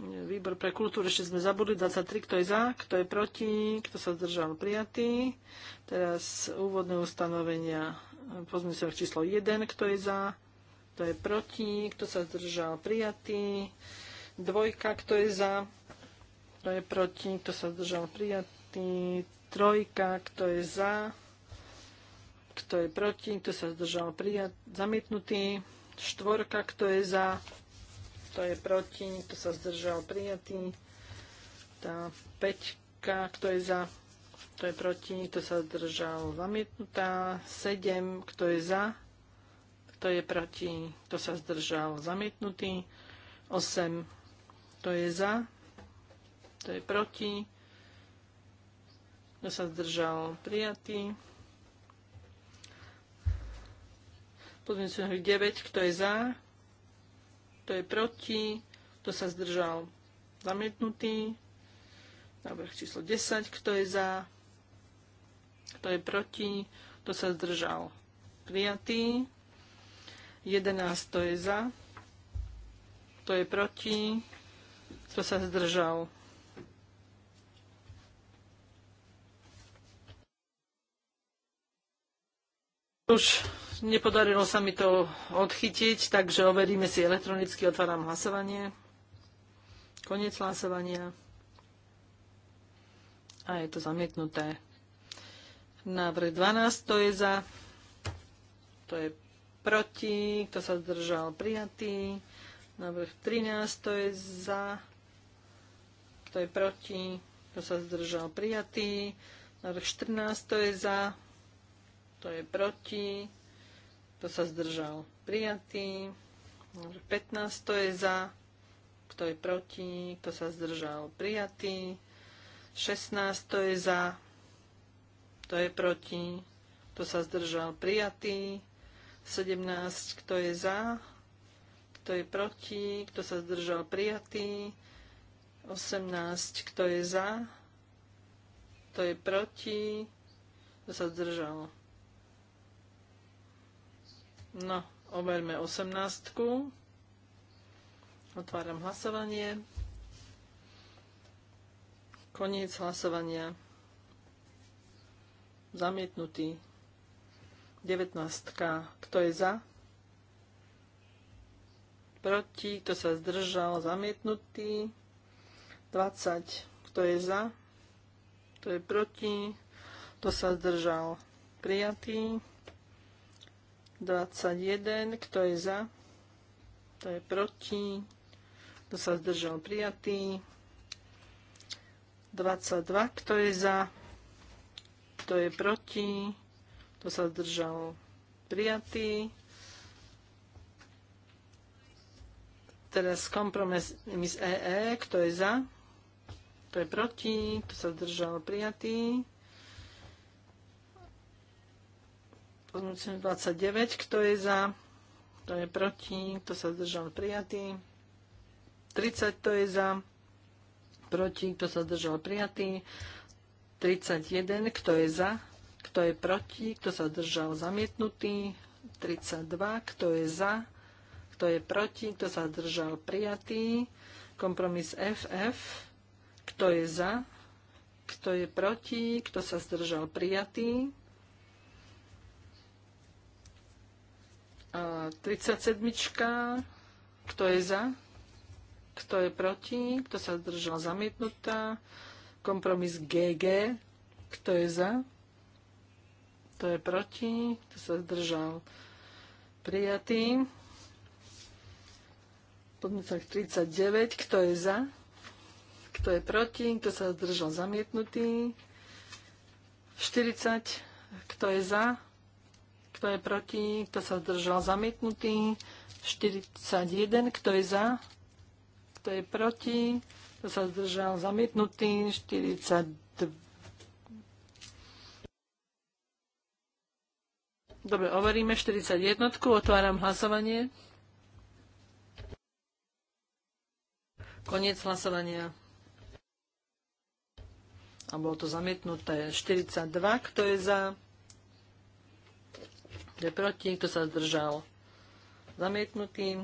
Výbor pre kultúru, ešte sme zabudli, 23, kto je za, kto je proti, kto sa zdržal prijatý. Teraz úvodné ustanovenia Pozmeňujúci číslo 1, kto je za, kto je proti, kto sa zdržal prijatý. Dvojka, kto je za, kto je proti, kto sa zdržal prijatý. Trojka, kto je za, kto je proti, kto sa zdržal prijat, zamietnutý. Štvorka, kto je za, kto je proti, kto sa zdržal prijatý. Tá peťka, kto je za, kto je proti, kto sa zdržal, zamietnutá. 7, kto je za, kto je proti, kto sa zdržal, zamietnutý. 8, kto je za, kto je proti, kto sa zdržal, prijatý. Pozmeňujúci 9, kto je za, kto je proti, kto sa zdržal, zamietnutý. Návrh číslo 10, kto je za, kto je proti? Kto sa zdržal? Prijatý. 11. To je za. Kto je proti? Kto sa zdržal? Už nepodarilo sa mi to odchytiť, takže overíme si elektronicky, otváram hlasovanie. Koniec hlasovania. A je to zamietnuté. Návrh 12, to je za, to je proti, kto sa zdržal prijatý. Návrh 13, to je za, to je proti, kto sa zdržal prijatý. Návrh 14, to je za, to je proti, kto sa zdržal prijatý. Návrh 15, to je za, kto je proti, kto sa zdržal prijatý. 16, to je za, kto je proti, kto sa zdržal prijatý, 17, kto je za, kto je proti, kto sa zdržal prijatý, 18, kto je za, kto je proti, kto sa zdržal. No, overme 18. Otváram hlasovanie. Koniec hlasovania. Zamietnutý. 19. Kto je za? Proti. Kto sa zdržal? Zamietnutý. 20. Kto je za? Kto je proti? Kto sa zdržal? Prijatý. 21. Kto je za? Kto je proti? Kto sa zdržal? Prijatý. 22. Kto je za? Kto je proti? Kto sa zdržal? Prijatý. Teraz kompromis EE. E. Kto je za? Kto je proti? Kto sa zdržal? Prijatý. Pozmúcim 29. Kto je za? Kto je proti? Kto sa zdržal? Prijatý. 30. Kto je za? Proti? Kto sa zdržal? Prijatý. 31, kto je za, kto je proti, kto sa držal, zamietnutý, 32, kto je za, kto je proti, kto sa držal prijatý, kompromis FF, kto je za, kto je proti, kto sa zdržal prijatý. 37, kto je za, kto je proti, kto sa zdržal zamietnutá. Kompromis GG. Kto je za? Kto je proti? Kto sa zdržal? Prijatý. Podmienok 39. Kto je za? Kto je proti? Kto sa zdržal? Zamietnutý. 40. Kto je za? Kto je proti? Kto sa zdržal? Zamietnutý. 41. Kto je za? Kto je proti? Kto sa zdržal? Zamietnutý. 42. Dobre, overíme 41. Otváram hlasovanie. Koniec hlasovania. A bolo to zamietnuté. 42. Kto je za? Kto je proti? Kto sa zdržal? Zamietnutý.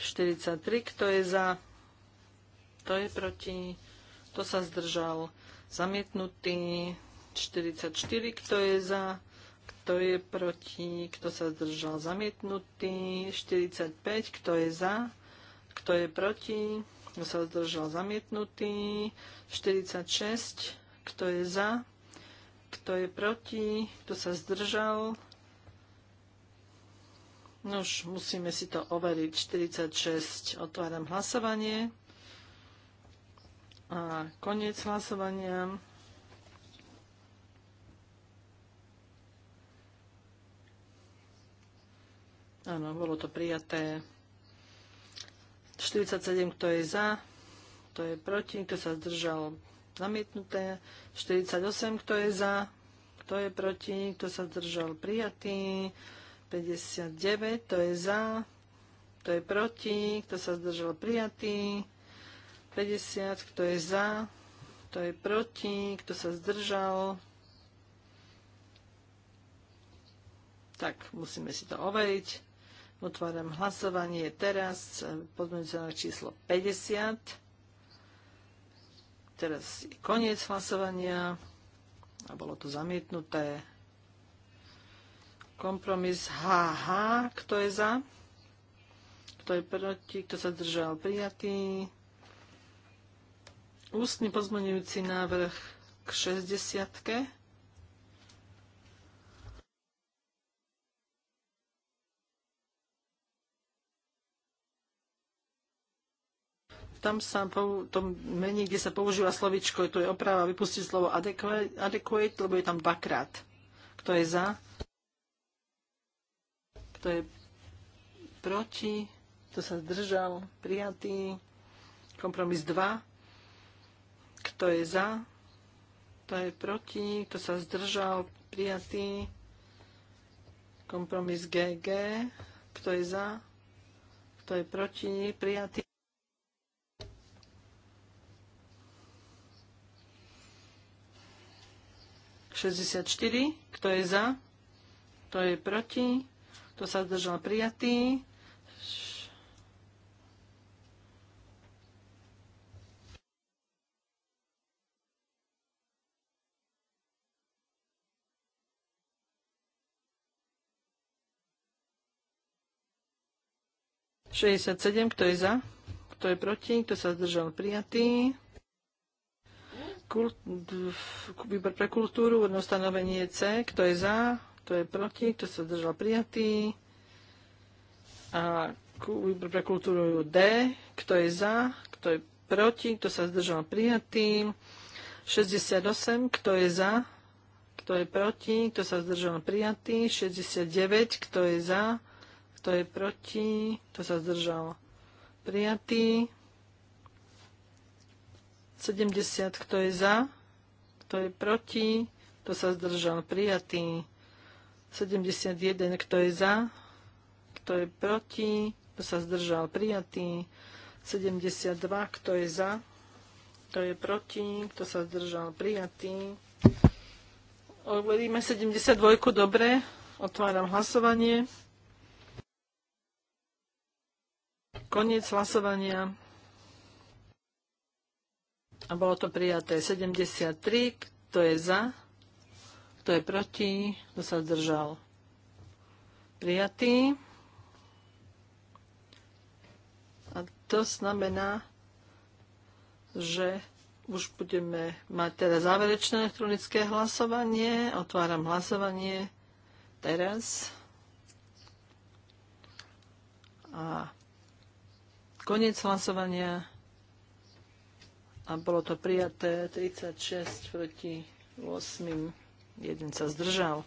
43. Kto je za? Kto je proti? Kto sa zdržal? Zamietnutý. 44. Kto je za? Kto je proti? Kto sa zdržal? Zamietnutý. 45. Kto je za? Kto je proti? Kto sa zdržal? Zamietnutý. 46. Kto je za? Kto je proti? Kto sa zdržal? No už musíme si to overiť. 46. Otváram hlasovanie. A koniec hlasovania. Áno, bolo to prijaté. 47, kto je za, kto je proti, kto sa zdržal zamietnuté. 48, kto je za, kto je proti, kto sa zdržal prijatý. 59, kto je za, kto je proti, kto sa zdržal prijatý. 50, kto je za, kto je proti, kto sa zdržal. Tak, musíme si to overiť. Otváram hlasovanie teraz. sa na číslo 50. Teraz je koniec hlasovania a bolo to zamietnuté. Kompromis HH, kto je za? Kto je proti? Kto sa držal Prijatý. Ústny pozmenujúci návrh k 60. tam sa po, to mení, kde sa používa slovičko, to je oprava vypustiť slovo adequate, adequate, lebo je tam dvakrát. Kto je za? Kto je proti? Kto sa zdržal? Prijatý? Kompromis 2. Kto je za? Kto je proti? Kto sa zdržal? Prijatý. Kompromis GG. Kto je za? Kto je proti? Prijatý. Kto je za? Kto je proti? Kto sa zdržal? Prijatý. 67, kto je za? Kto je proti? Kto sa zdržal? Prijatý. Kult, výbor pre kultúru, stanovenie C. Kto je za? Kto je proti? Kto sa zdržal? Prijatý. A výbor pre kultúru D. Kto je za? Kto je proti? Kto sa zdržal? Prijatý. 68. Kto je za? Kto je proti? Kto sa zdržal? Prijatý. 69. Kto je za? Kto je proti? Kto sa zdržal? Prijatý. 70. Kto je za? Kto je proti? Kto sa zdržal? Prijatý. 71. Kto je za? Kto je proti? Kto sa zdržal? Prijatý. 72. Kto je za? Kto je proti? Kto sa zdržal? Prijatý. Overíme 72. Dobre. Otváram hlasovanie. Koniec hlasovania. A bolo to prijaté 73. Kto je za? Kto je proti? Kto sa zdržal? Prijatý. A to znamená, že už budeme mať teraz záverečné elektronické hlasovanie. Otváram hlasovanie teraz. A Konec hlasovania a bolo to prijaté 36 proti 8. Jeden sa zdržal.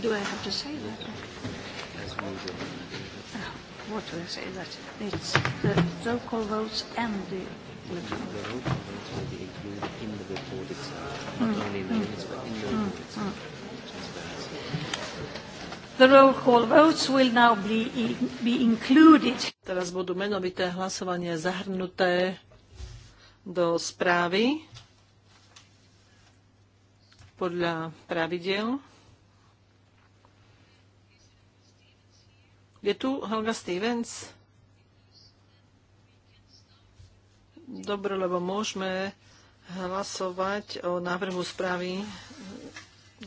Do I have to say that? As usual. Oh, what do I say that? It's the local votes and the The local votes will be included in the report itself, not mm, only in the mm, minutes, but in the report mm, itself. The roll call votes will now be, be included. Teraz budú menovité hlasovanie zahrnuté do správy podľa pravidel. Je tu Helga Stevens? Dobre, lebo môžeme hlasovať o návrhu správy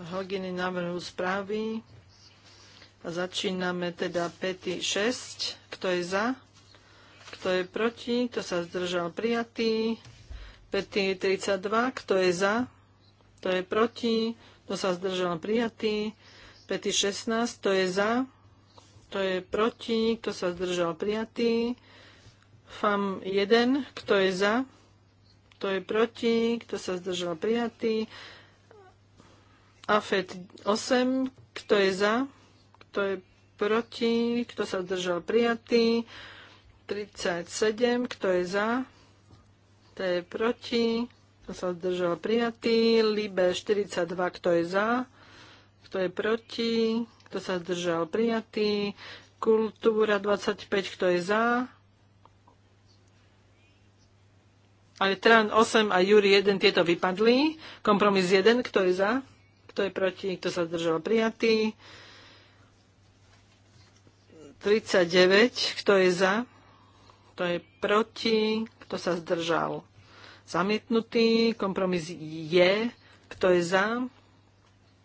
hodiny návrhu správy. A začíname teda 5. 6. Kto je za? Kto je proti? to sa zdržal prijatý? 5. 32. Kto je za? Kto je proti? to sa zdržal prijatý? 5. 16. Kto je za? Kto je proti? Kto sa zdržal prijatý? FAM 1. Kto je za? Kto je proti? Kto sa zdržal prijatý? AFET 8, kto je za, kto je proti, kto sa držal prijatý, 37, kto je za, kto je proti, kto sa držal prijatý, Libe 42, kto je za, kto je proti, kto sa držal prijatý, Kultúra 25, kto je za, Ale Tran 8 a Júri 1 tieto vypadli. Kompromis 1, kto je za? Kto je proti? Kto sa zdržal? Prijatý. 39. Kto je za? Kto je proti? Kto sa zdržal? Zamietnutý. Kompromis je. Kto je za?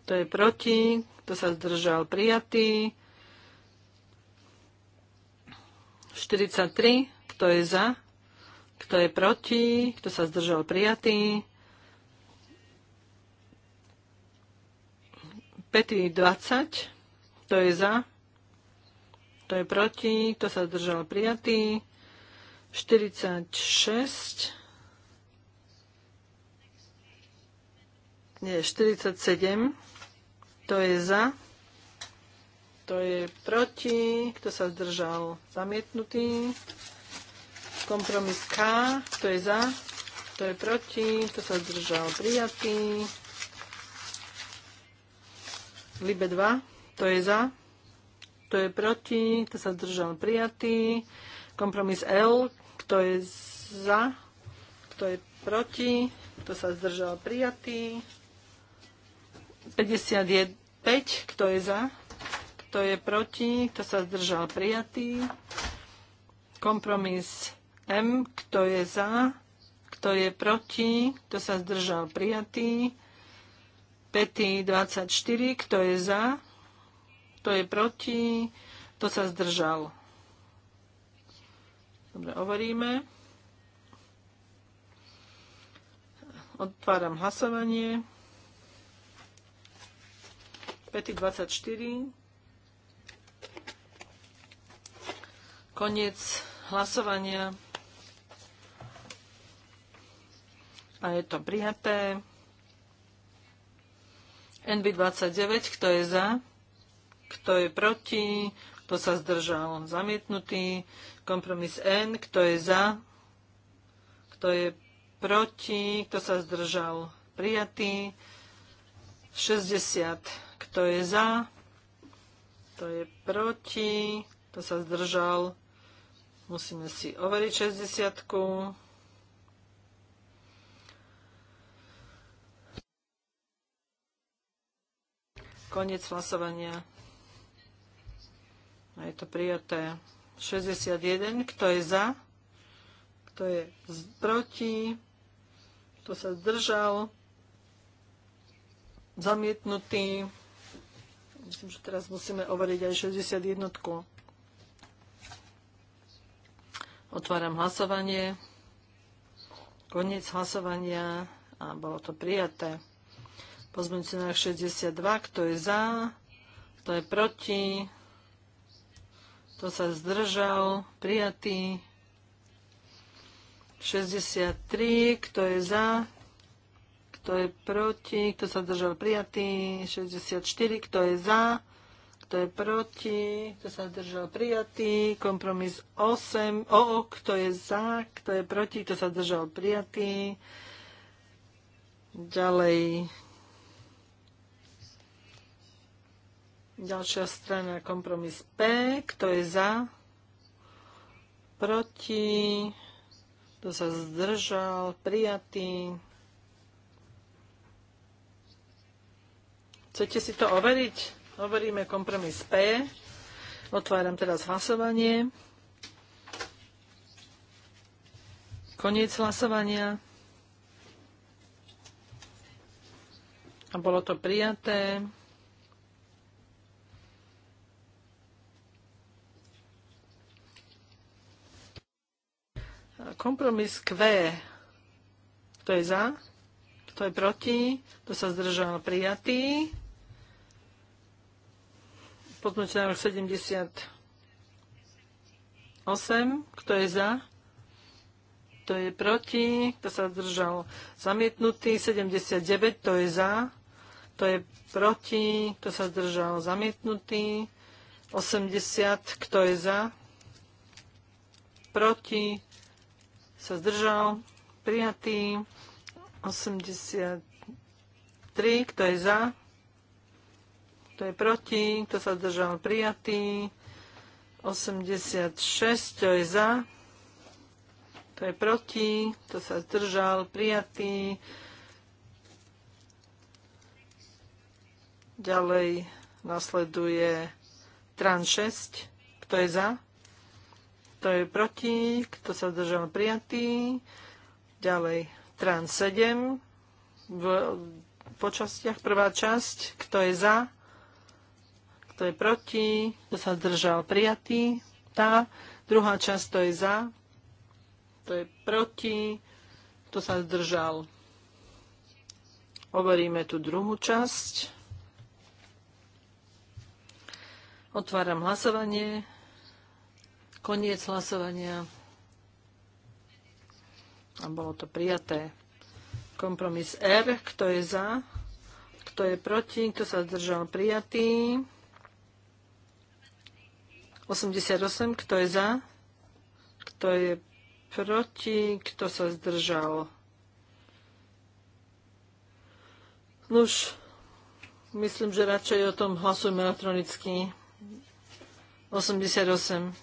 Kto je proti? Kto sa zdržal? Prijatý. 43. Kto je za? Kto je proti? Kto sa zdržal? Prijatý. Petý 20, to je za, to je proti, to sa držal prijatý. 46, nie, 47, to je za, to je proti, kto sa zdržal, zamietnutý. Kompromis K, to je za, to je proti, kto sa zdržal, prijatý. Libe 2, to je za, to je proti, to sa zdržal prijatý. Kompromis L, kto je za, kto je proti, kto sa zdržal prijatý. 55, kto je za, kto je proti, kto sa zdržal prijatý. Kompromis M, kto je za, kto je proti, kto sa zdržal prijatý. Pety 24, kto je za, kto je proti, kto sa zdržal. Dobre, hovoríme. Otváram hlasovanie. Pety 24. Koniec hlasovania. A je to prijaté. NB29, kto je za, kto je proti, kto sa zdržal, zamietnutý. Kompromis N, kto je za, kto je proti, kto sa zdržal, prijatý. 60, kto je za, kto je proti, kto sa zdržal, musíme si overiť 60. -ku. Konec hlasovania. A je to prijaté. 61. Kto je za? Kto je proti? Kto sa zdržal? Zamietnutý. Myslím, že teraz musíme overiť aj 61. Otváram hlasovanie. Koniec hlasovania a bolo to prijaté. Pozmeňte na 62, kto je za, kto je proti, kto sa zdržal, prijatý. 63, kto je za, kto je proti, kto sa zdržal prijatý, 64, kto je za, kto je proti, kto sa zdržal prijatý, kompromis 8, o, kto je za, kto je proti, kto sa zdržal prijatý, ďalej Ďalšia strana, kompromis P. Kto je za? Proti? Kto sa zdržal? Prijatý? Chcete si to overiť? Overíme kompromis P. Otváram teraz hlasovanie. Koniec hlasovania. A bolo to prijaté. Kompromis Q. Kto je za? Kto je proti? Kto sa zdržal? Prijatý. Podmienčný návrh 78. Kto je za? Kto je proti? Kto sa zdržal? Zamietnutý. 79. Kto je za? Kto je proti? Kto sa zdržal? Zamietnutý. 80. Kto je za? Proti? sa zdržal, prijatý. 83, kto je za, kto je proti, kto sa zdržal, prijatý. 86, kto je za, kto je proti, kto sa zdržal, prijatý. Ďalej nasleduje tran 6, kto je za, kto je proti? Kto sa zdržal? Prijatý. Ďalej. Trans 7 v počastiach. Prvá časť. Kto je za? Kto je proti? Kto sa zdržal? Prijatý. Tá. Druhá časť. Kto je za? Kto je proti? Kto sa zdržal? Overíme tu druhú časť. Otváram hlasovanie. Koniec hlasovania. A bolo to prijaté. Kompromis R. Kto je za? Kto je proti? Kto sa zdržal? Prijatý. 88. Kto je za? Kto je proti? Kto sa zdržal? Nuž, myslím, že radšej o tom hlasujeme elektronicky. 88.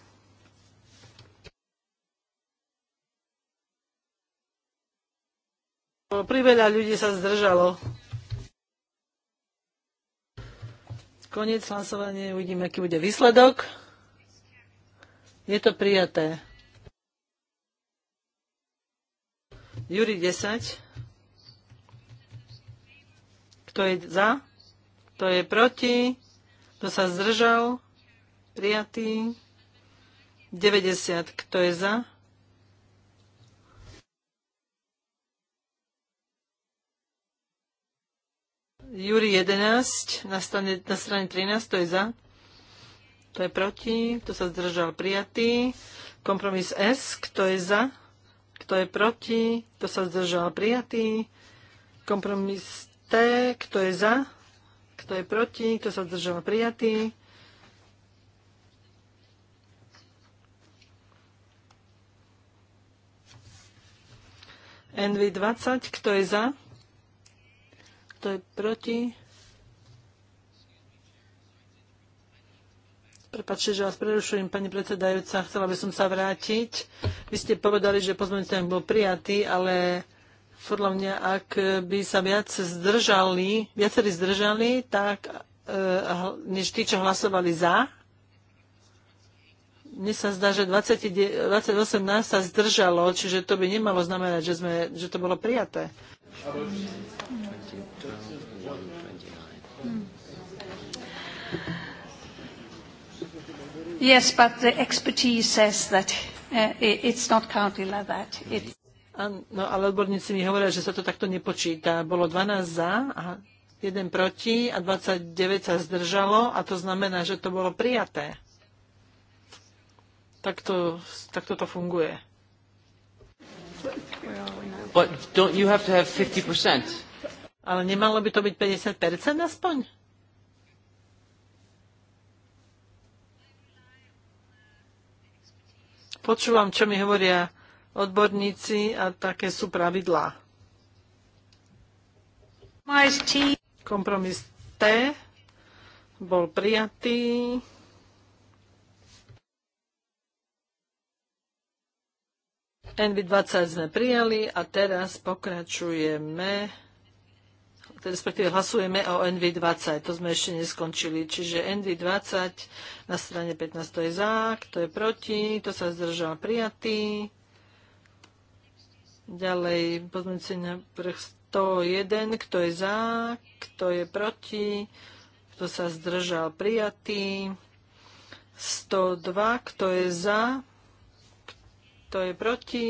No, Priveľa ľudí sa zdržalo. Koniec hlasovania, uvidíme, aký bude výsledok. Je to prijaté. Júri 10. Kto je za? Kto je proti? Kto sa zdržal? Prijatý. 90. Kto je za? Júri 11 na strane, na strane 13, to je za. To je proti. Kto sa zdržal? Prijatý. Kompromis S. Kto je za? Kto je proti? Kto sa zdržal? Prijatý. Kompromis T. Kto je za? Kto je proti? Kto sa zdržal? Prijatý. NV20. Kto je za? Kto je proti? Prepačte, že vás prerušujem, pani predsedajúca. Chcela by som sa vrátiť. Vy ste povedali, že pozmeňujúci bol prijatý, ale podľa mňa, ak by sa viac zdržali, viacerí zdržali, tak eh, než tí, čo hlasovali za, mne sa zdá, že 20, 28 nás sa zdržalo, čiže to by nemalo znamenať, že, sme, že to bolo prijaté. Yes, but the expertise says that uh, it's not counted like that. It's No, ale odborníci mi hovoria, že sa to takto nepočíta. Bolo 12 za a 1 proti a 29 sa zdržalo a to znamená, že to bolo prijaté. Takto, takto to funguje. But don't you have to have 50%? Ale nemalo by to byť 50% aspoň? Počúvam, čo mi hovoria odborníci a také sú pravidlá. Kompromis T bol prijatý. NB20 sme prijali a teraz pokračujeme, teda respektíve hlasujeme o NV20. To sme ešte neskončili. Čiže NV20 na strane 15 to je za, kto je proti, to sa zdržal prijatý. Ďalej pozmeňujúci návrh 101, kto je za, kto je proti, kto sa zdržal prijatý. 102, kto je za, kto je proti?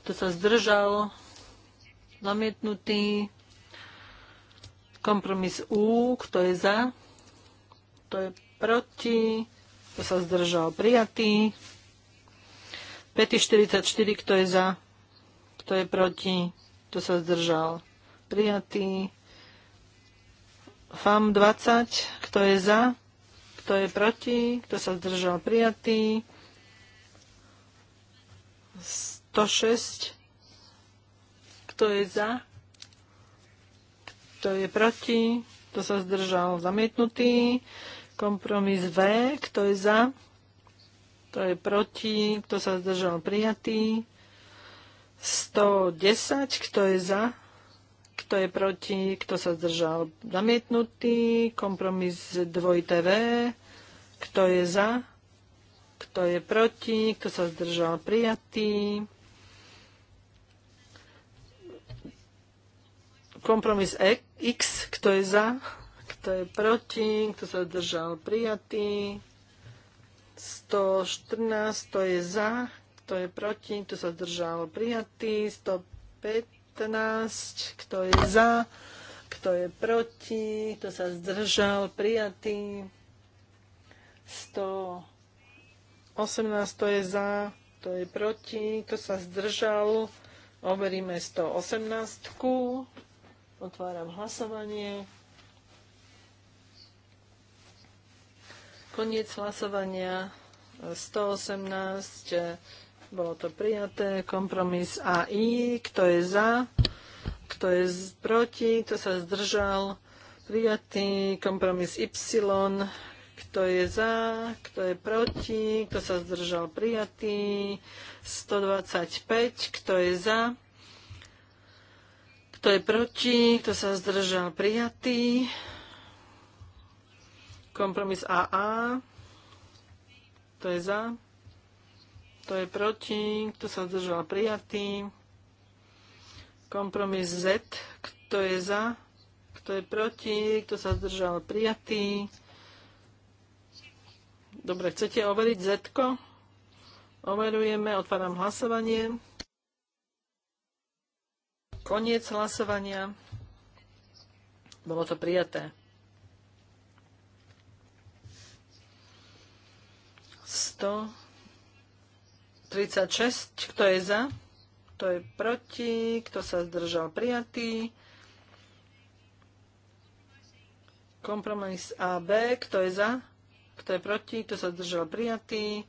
Kto sa zdržal? Zamietnutý. Kompromis U. Kto je za? Kto je proti? Kto sa zdržal? Prijatý. 544. Kto je za? Kto je proti? Kto sa zdržal? Prijatý. FAM 20. Kto je za? Kto je proti? Kto sa zdržal? Prijatý. 106. Kto je za? Kto je proti? Kto sa zdržal? Zamietnutý. Kompromis V. Kto je za? Kto je proti? Kto sa zdržal? Prijatý. 110. Kto je za? Kto je proti? Kto sa zdržal? Zamietnutý. Kompromis dvojité V. Kto je za? Kto je proti? Kto sa zdržal? Prijatý. Kompromis e, X. Kto je za? Kto je proti? Kto sa zdržal? Prijatý. 114. Kto je za? Kto je proti? Kto sa zdržal? Prijatý. 115. Kto je za? Kto je proti? Kto sa zdržal? Prijatý. 100. 18, to je za, to je proti, to sa zdržal. Overíme 118. Otváram hlasovanie. Koniec hlasovania 118. Bolo to prijaté. Kompromis AI. Kto je za? Kto je proti? Kto sa zdržal? Prijatý. Kompromis Y. Kto je za? Kto je proti? Kto sa zdržal? Prijatý. 125. Kto je za? Kto je proti? Kto sa zdržal? Prijatý. Kompromis AA. Kto je za? Kto je proti? Kto sa zdržal? Prijatý. Kompromis Z. Kto je za? Kto je proti? Kto sa zdržal? Prijatý. Dobre, chcete overiť z -ko? Overujeme, otváram hlasovanie. Koniec hlasovania. Bolo to prijaté. 36, Kto je za? Kto je proti? Kto sa zdržal prijatý? Kompromis AB. Kto je za? Kto je proti? Kto sa zdržal? Prijatý.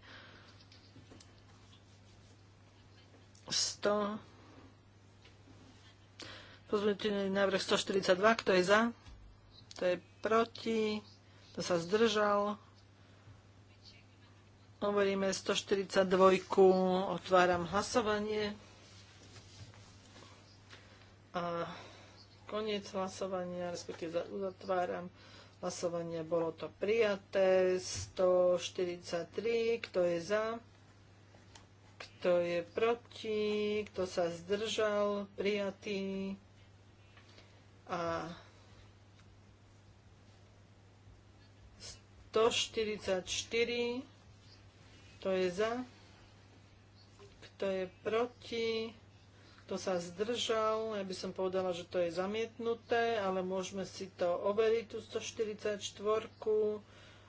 100. Pozmeňujúci návrh 142. Kto je za? Kto je proti? Kto sa zdržal? Hovoríme 142. Otváram hlasovanie. A koniec hlasovania, respektíve uzatváram. Hlasovanie Bolo to prijaté. 143. Kto je za? Kto je proti? Kto sa zdržal? Prijatý. A 144. Kto je za? Kto je proti? To sa zdržal? Ja by som povedala, že to je zamietnuté, ale môžeme si to overiť, tú 144.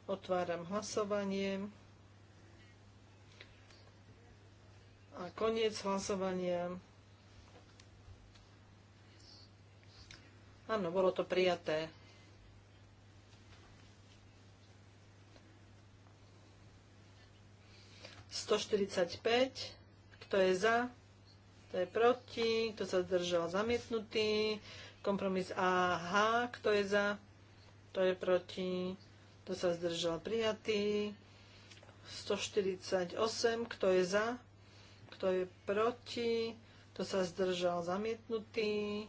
Otváram hlasovanie. A koniec hlasovania. Áno, bolo to prijaté. Sto štyridsať Kto je za? kto je proti, kto sa zdržal zamietnutý, kompromis AH, kto je za, kto je proti, kto sa zdržal prijatý, 148, kto je za, kto je proti, kto sa zdržal zamietnutý,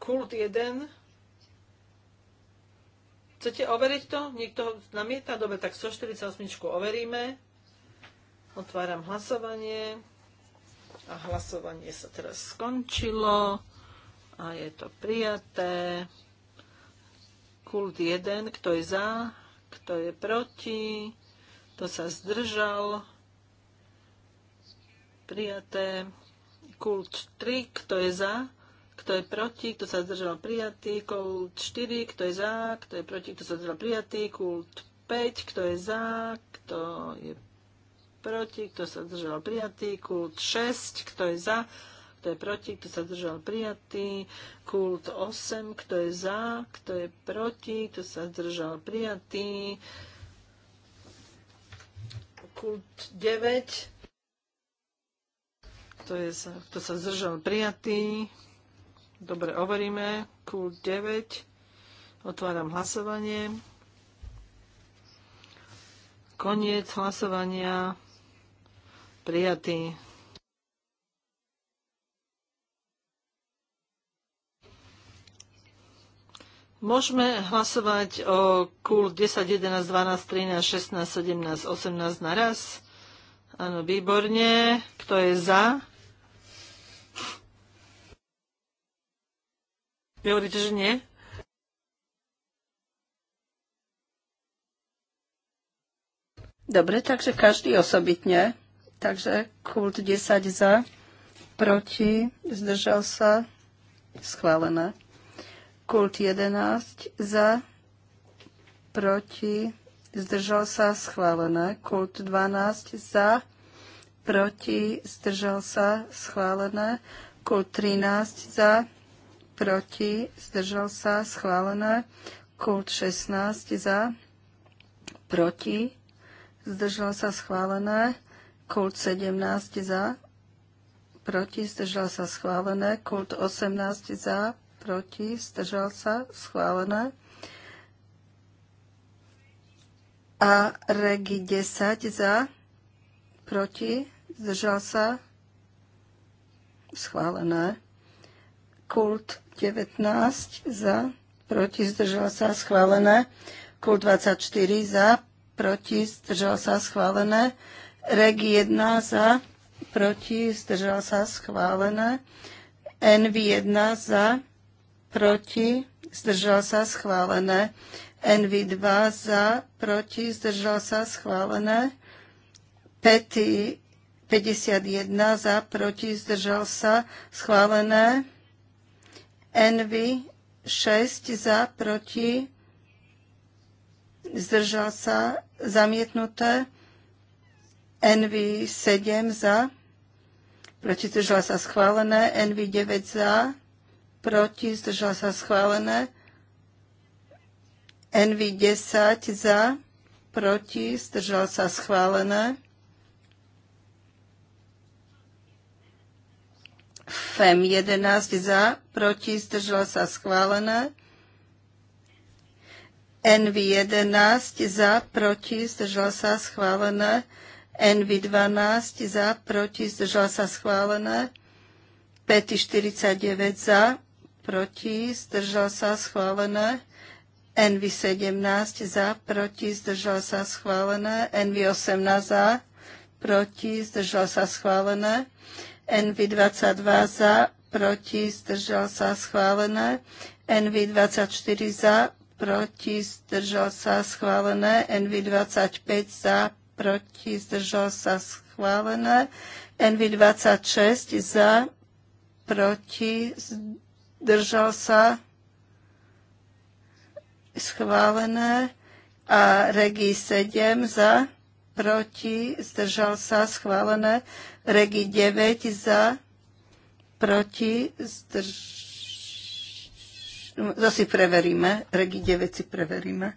1, Chcete overiť to? Niekto namieta? Dobre, tak 148 overíme. Otváram hlasovanie. A hlasovanie sa teraz skončilo. A je to prijaté. Kult 1, kto je za, kto je proti, kto sa zdržal. Prijaté. Kult 3, kto je za, kto je proti, kto sa zdržal prijatý, kult 4, kto je za, kto je proti, kto sa zdržal prijatý, kult 5, kto je za, kto je proti, kto sa zdržal prijatý, kult 6, kto je za, kto je proti, kto sa zdržal prijatý, kult 8, kto je za, kto je proti, kto sa zdržal prijatý, kult 9, kto, je za, kto sa zdržal prijatý, Dobre, overíme. Kult 9. Otváram hlasovanie. Koniec hlasovania. Prijatý. Môžeme hlasovať o kul 10, 11, 12, 13, 16, 17, 18 naraz. Áno, výborne. Kto je za? Vy hovoríte, že nie? Dobre, takže každý osobitne. Takže kult 10 za, proti, zdržal sa, schválené. Kult 11 za, proti, zdržal sa, schválené. Kult 12 za, proti, zdržal sa, schválené. Kult 13 za, proti, zdržal sa, schválené. Kult 16 za, proti, zdržal sa, schválené. Kult 17 za, proti, zdržal sa, schválené. Kult 18 za, proti, zdržal sa, schválené. A regi 10 za, proti, zdržal sa, schválené. Kult 19 za, proti, zdržal sa, schválené. Kult 24 za, proti, zdržal sa, schválené. Reg 1 za, proti, zdržal sa, schválené. NV1 za, proti, zdržal sa, schválené. NV2 za, proti, zdržal sa, schválené. PETI 51 za, proti, zdržal sa, schválené. Envy 6 za, proti, zdržal sa, zamietnuté. Envy 7 za, proti, zdržal sa, schválené. Envy 9 za, proti, zdržal sa, schválené. Envy 10 za, proti, zdržal sa, schválené. FEM 11 za, proti, zdržala sa schválené. NV11 za, proti, zdržala sa schválené. NV12 za, proti, zdržala sa schválené. PETI 49 za, proti, zdržala sa schválené. NV17 za, proti, zdržala sa schválené. NV18 za, proti, zdržala sa schválené. NV22 za, proti, zdržal sa schválené. NV24 za, proti, zdržal sa schválené. NV25 za, proti, zdržal sa schválené. NV26 za, proti, zdržal sa schválené. A Regi 7 za, proti, zdržal sa schválené. Regi 9 za, proti, zdrž... Zasi no, preveríme. Regi 9 si preveríme.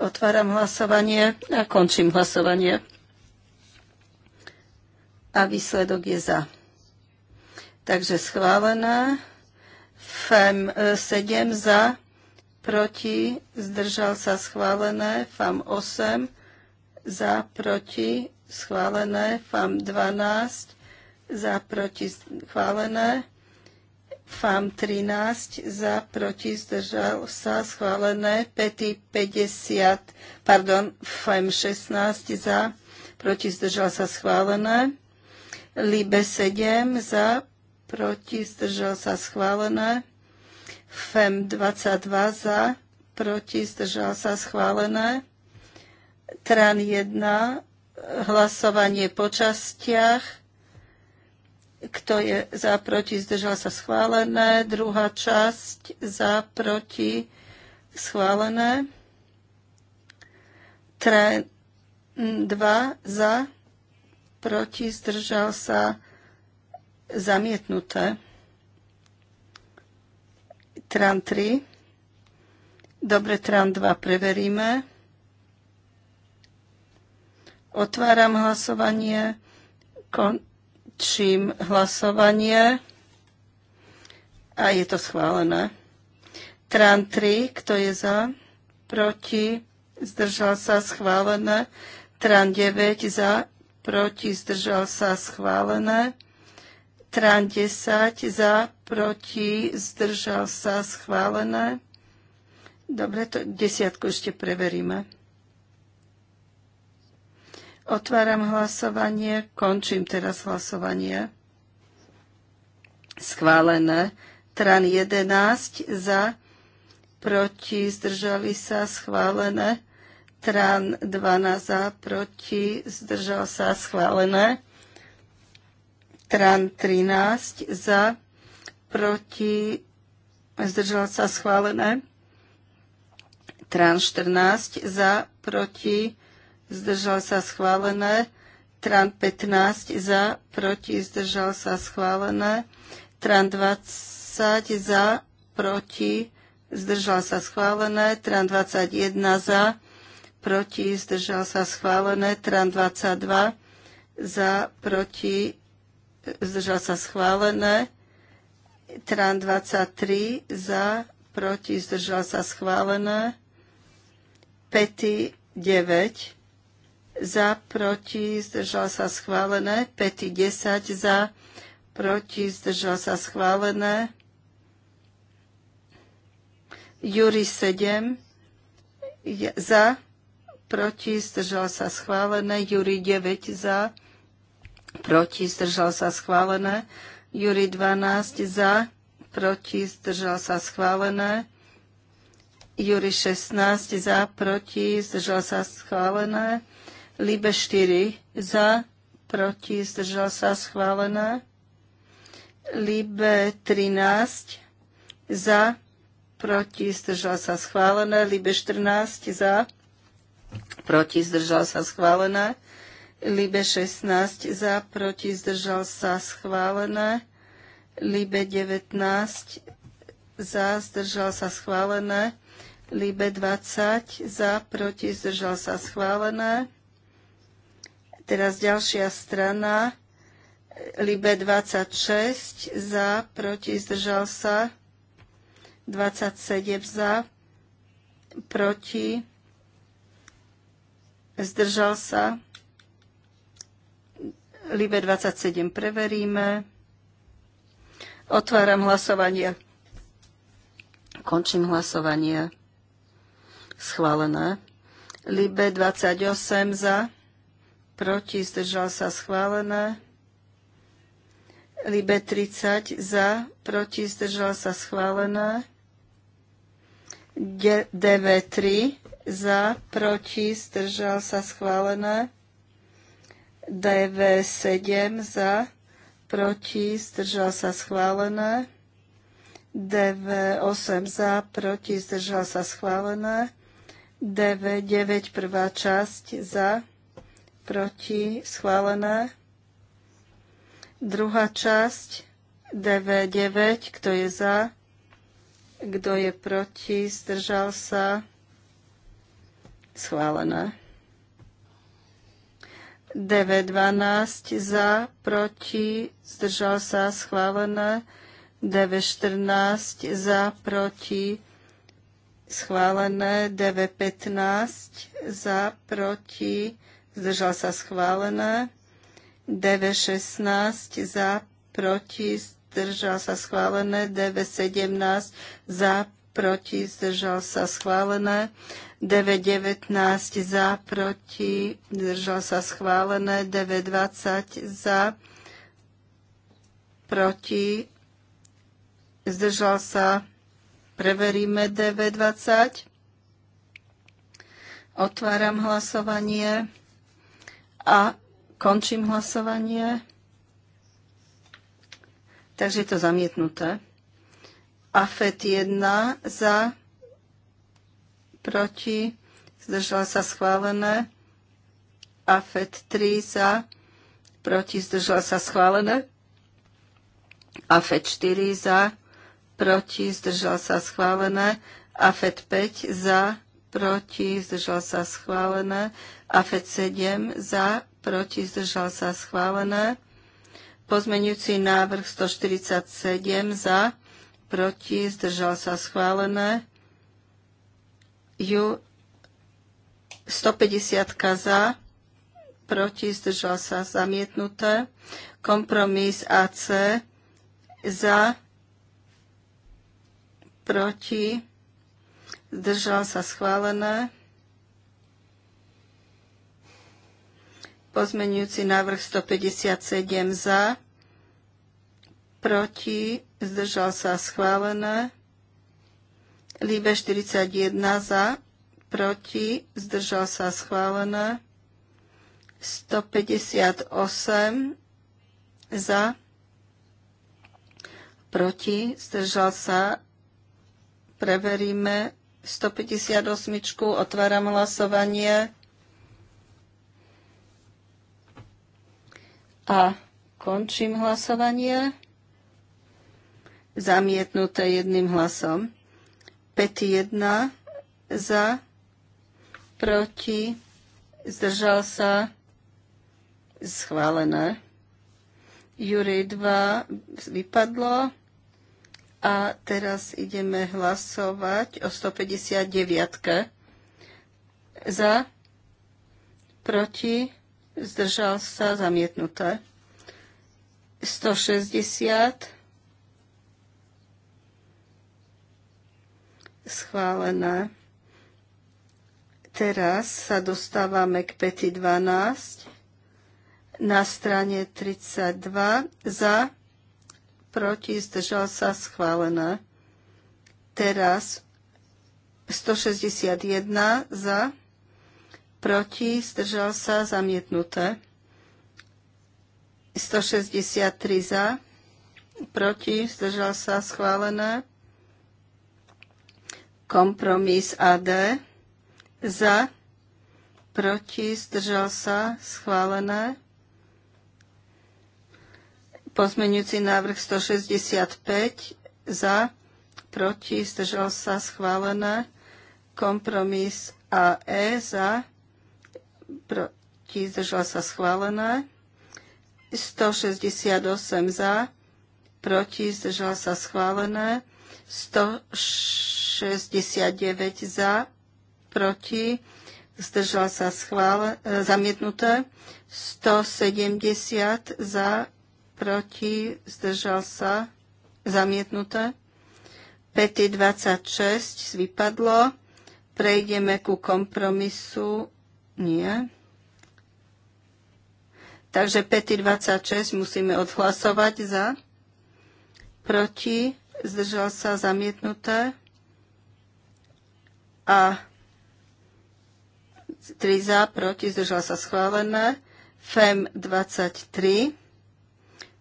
Otváram hlasovanie a končím hlasovanie. A výsledok je za. Takže schválená. FEM e e, 7 za, proti, zdržal sa schválené. FAM 8 za, proti, schválené, FAM 12 za proti schválené, FAM 13 za proti zdržal sa schválené, PETI 50, pardon, FAM 16 za proti zdržal sa schválené, LIBE 7 za proti zdržal sa schválené, FEM 22 za proti zdržal sa schválené, TRAN 1 hlasovanie po častiach. Kto je za, proti, zdržal sa schválené. Druhá časť za, proti, schválené. Tre, dva za, proti, zdržal sa zamietnuté. Tran 3. Dobre, tran 2 preveríme. Otváram hlasovanie. Končím hlasovanie. A je to schválené. Tran 3, kto je za? Proti? Zdržal sa schválené. Tran 9 za? Proti? Zdržal sa schválené. Tran 10 za? Proti? Zdržal sa schválené. Dobre, to desiatku ešte preveríme. Otváram hlasovanie, končím teraz hlasovanie. Schválené. Tran 11 za, proti, zdržali sa, schválené. Tran 12 za, proti, zdržal sa, schválené. Tran 13 za, proti, zdržal sa, schválené. Tran 14 za, proti, zdržal sa schválené. Tran 15 za, proti, zdržal sa schválené. Tran 20 za, proti, zdržal sa schválené. Tran 21 za, proti, zdržal sa schválené. Tran 22 za, proti, zdržal sa schválené. Tran 23 za, proti, zdržal sa schválené. Pety 9 za, proti, zdržal sa schválené. 5. 10 za, proti, zdržal sa schválené. Juri 7 za, proti, zdržal sa schválené. Juri 9 za, proti, zdržal sa schválené. Juri 12 za, proti, zdržal sa schválené. Juri 16 za, proti, zdržal sa schválené. Libe 4 za, proti, zdržal sa schválené. Libe 13 za, proti, zdržal sa schválené. Libe 14 za, proti, zdržal sa schválené. Libe 16 za, proti, zdržal sa schválené. Libe 19 za, zdržal sa schválené. Libe 20 za, proti, zdržal sa schválené. Teraz ďalšia strana, Libe 26 za, proti, zdržal sa, 27 za, proti, zdržal sa, Libe 27 preveríme. Otváram hlasovanie. Končím hlasovanie. Schválené. Libe 28 za proti, zdržal sa schválené. Libe 30 za, proti, zdržal sa schválené. DV3 za, proti, zdržal sa schválené. DV7 za, proti, zdržal sa schválené. DV8 za, proti, zdržal sa schválené. DV9 prvá časť za, proti, schválené. Druhá časť, DV9, kto je za, kto je proti, zdržal sa, schválené. DV12 za, proti, zdržal sa, schválené. DV14 za, proti, schválené. DV15 za, proti, zdržal sa schválené. DV16 za, proti, zdržal sa schválené. DV17 za, proti, zdržal sa schválené. DV19 za, proti, zdržal sa schválené. DV20 za, proti, zdržal sa Preveríme DV20. Otváram hlasovanie. A končím hlasovanie. Takže je to zamietnuté. AFET 1 za, proti, zdržala sa schválené. AFET 3 za, proti, zdržala sa schválené. AFET 4 za, proti, zdržala sa schválené. AFET 5 za, proti, zdržal sa schválené. AFED 7 za, proti, zdržal sa schválené. Pozmenujúci návrh 147 za, proti, zdržal sa schválené. Ju 150 za, proti, zdržal sa zamietnuté. Kompromis AC za, proti, Zdržal sa schválené. Pozmenujúci návrh 157 za. Proti. Zdržal sa schválené. Líbe 41 za. Proti. Zdržal sa schválené. 158 za. Proti. Zdržal sa. Preveríme 158. Otváram hlasovanie. A končím hlasovanie. Zamietnuté jedným hlasom. 5-1 za, proti, zdržal sa, schválené. Jurej 2 vypadlo. A teraz ideme hlasovať o 159. Za, proti, zdržal sa, zamietnuté. 160. Schválené. Teraz sa dostávame k 5.12 na strane 32 za proti, zdržal sa, schválené. Teraz 161 za, proti, zdržal sa, zamietnuté. 163 za, proti, zdržal sa, schválené. Kompromis AD za, proti, zdržal sa, schválené. Pozmeňujúci návrh 165 za, proti, zdržal sa schválené. Kompromis AE za, proti, zdržal sa schválené. 168 za, proti, zdržal sa schválené. 169 za, proti, zdržal sa schválené, e, zamietnuté. 170 za, proti, zdržal sa, zamietnuté. Pety 26 vypadlo. Prejdeme ku kompromisu. Nie. Takže pety 26 musíme odhlasovať za. Proti. Zdržal sa zamietnuté. A 3 za, proti, zdržal sa schválené. FEM 23.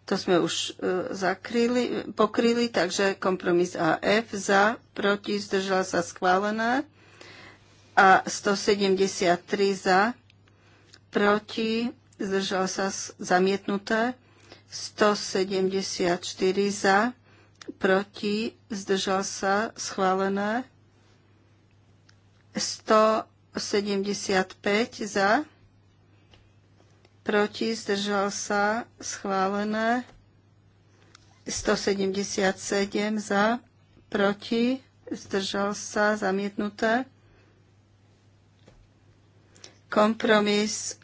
To sme už e, zakryli, pokryli, takže kompromis AF za, proti, zdržala sa schválená a 173 za, proti, zdržala sa zamietnuté, 174 za, proti, zdržala sa schválené, 175 za, proti, zdržal sa, schválené. 177 za, proti, zdržal sa, zamietnuté. Kompromis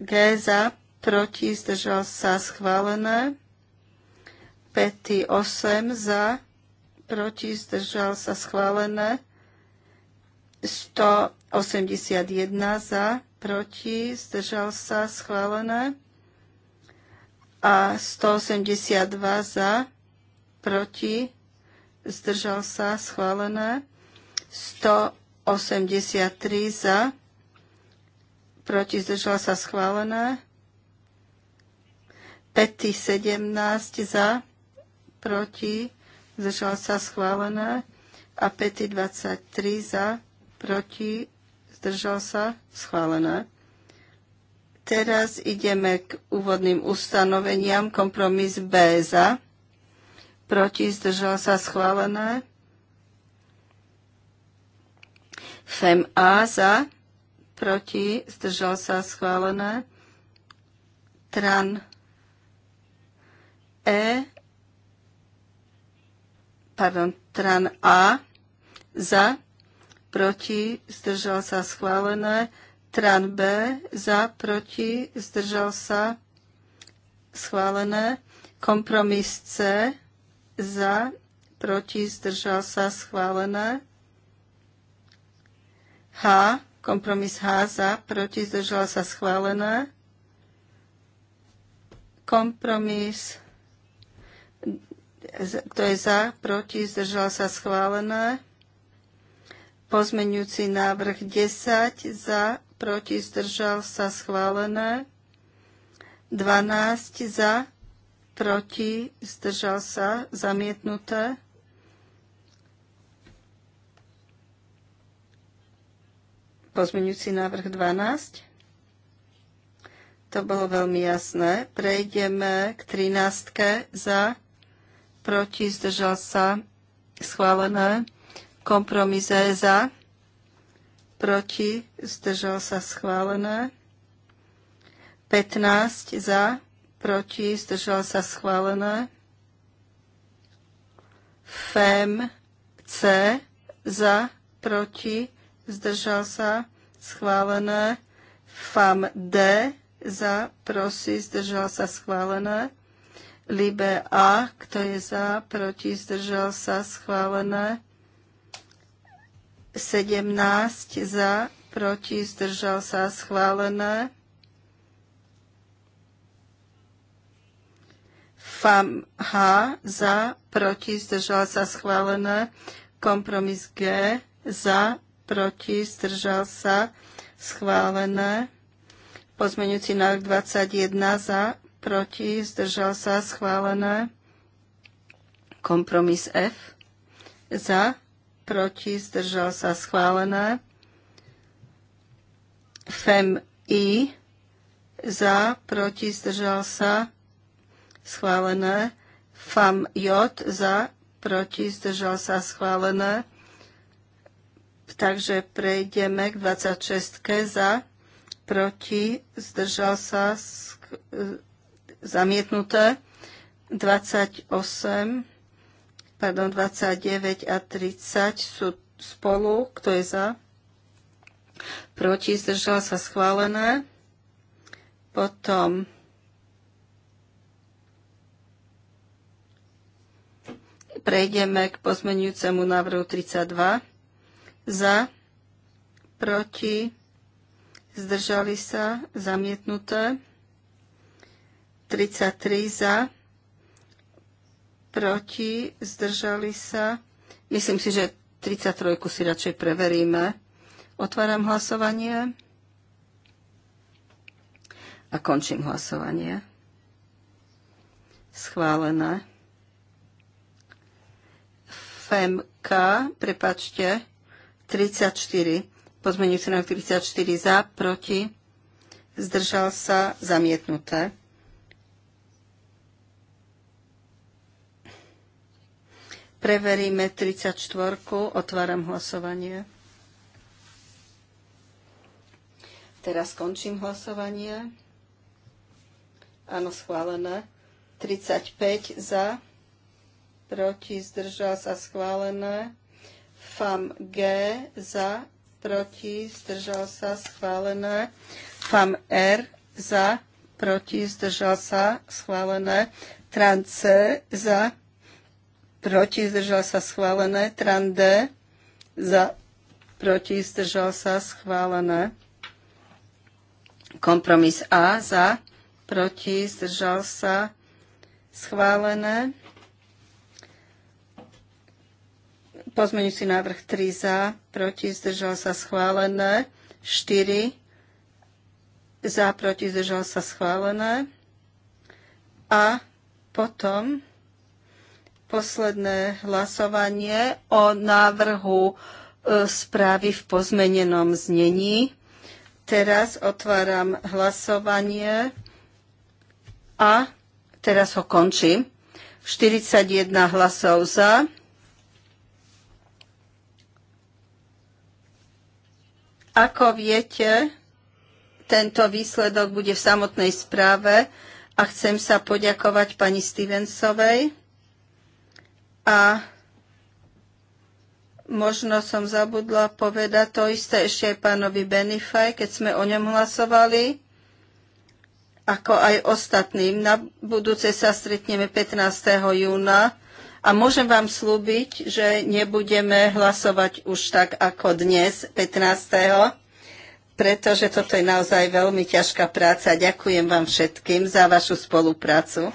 G za, proti, zdržal sa, schválené. 5 8 za, proti, zdržal sa, schválené. 181 za, proti, zdržal sa, schválené. A 182 za, proti, zdržal sa, schválené. 183 za, proti, zdržal sa, schválené. 517 za, proti, zdržal sa, schválené. A 523 za, proti, zdržal sa, schválené. Teraz ideme k úvodným ustanoveniam. Kompromis B za, proti, zdržal sa, schválené. FEM A za, proti, zdržal sa, schválené. TRAN E, pardon, TRAN A za, proti, zdržal sa schválené. Tran B za, proti, zdržal sa schválené. Kompromis C za, proti, zdržal sa schválené. H, kompromis H za, proti, zdržal sa schválené. Kompromis, kto je za, proti, zdržal sa schválené. Pozmeňujúci návrh 10 za, proti, zdržal sa schválené. 12 za, proti, zdržal sa, zamietnuté. Pozmeňujúci návrh 12. To bolo veľmi jasné. Prejdeme k 13. za, proti, zdržal sa, schválené je za, proti, zdržal sa schválené. 15 za, proti, zdržal sa schválené. FEM C za, proti, zdržal sa schválené. FAM D za, prosi, zdržal sa schválené. Libe A, kto je za, proti, zdržal sa schválené. 17 za, proti, zdržal sa, schválené. FAM H za, proti, zdržal sa, schválené. Kompromis G za, proti, zdržal sa, schválené. Pozmeňujúci návrh 21 za, proti, zdržal sa, schválené. Kompromis F za, proti, zdržal sa schválené. FEM I za, proti, zdržal sa schválené. FAM J za, proti, zdržal sa schválené. Takže prejdeme k 26 za, proti, zdržal sa sk- e, zamietnuté. 28 pardon, 29 a 30 sú spolu. Kto je za? Proti, zdržala sa schválené. Potom prejdeme k pozmenujúcemu návrhu 32. Za, proti, zdržali sa, zamietnuté. 33 za, proti, zdržali sa. Myslím si, že 33 si radšej preveríme. Otváram hlasovanie a končím hlasovanie. Schválené. FEMK, prepačte, 34. Pozmeňujúce na 34 za, proti, zdržal sa, zamietnuté. Preveríme 34. Otváram hlasovanie. Teraz skončím hlasovanie. Áno, schválené. 35 za, proti, zdržal sa, schválené. FAM G za, proti, zdržal sa, schválené. FAM R za, proti, zdržal sa, schválené. C za, proti, zdržal sa schválené. Tran D za, proti, zdržal sa schválené. Kompromis A za, proti, zdržal sa schválené. Pozmeňujúci návrh 3 za, proti, zdržal sa schválené. 4 za, proti, zdržal sa schválené. A potom posledné hlasovanie o návrhu e, správy v pozmenenom znení. Teraz otváram hlasovanie a teraz ho končím. 41 hlasov za. Ako viete, tento výsledok bude v samotnej správe a chcem sa poďakovať pani Stevensovej a možno som zabudla povedať to isté ešte aj pánovi Benifaj, keď sme o ňom hlasovali, ako aj ostatným. Na budúce sa stretneme 15. júna a môžem vám slúbiť, že nebudeme hlasovať už tak ako dnes, 15. pretože toto je naozaj veľmi ťažká práca. Ďakujem vám všetkým za vašu spoluprácu.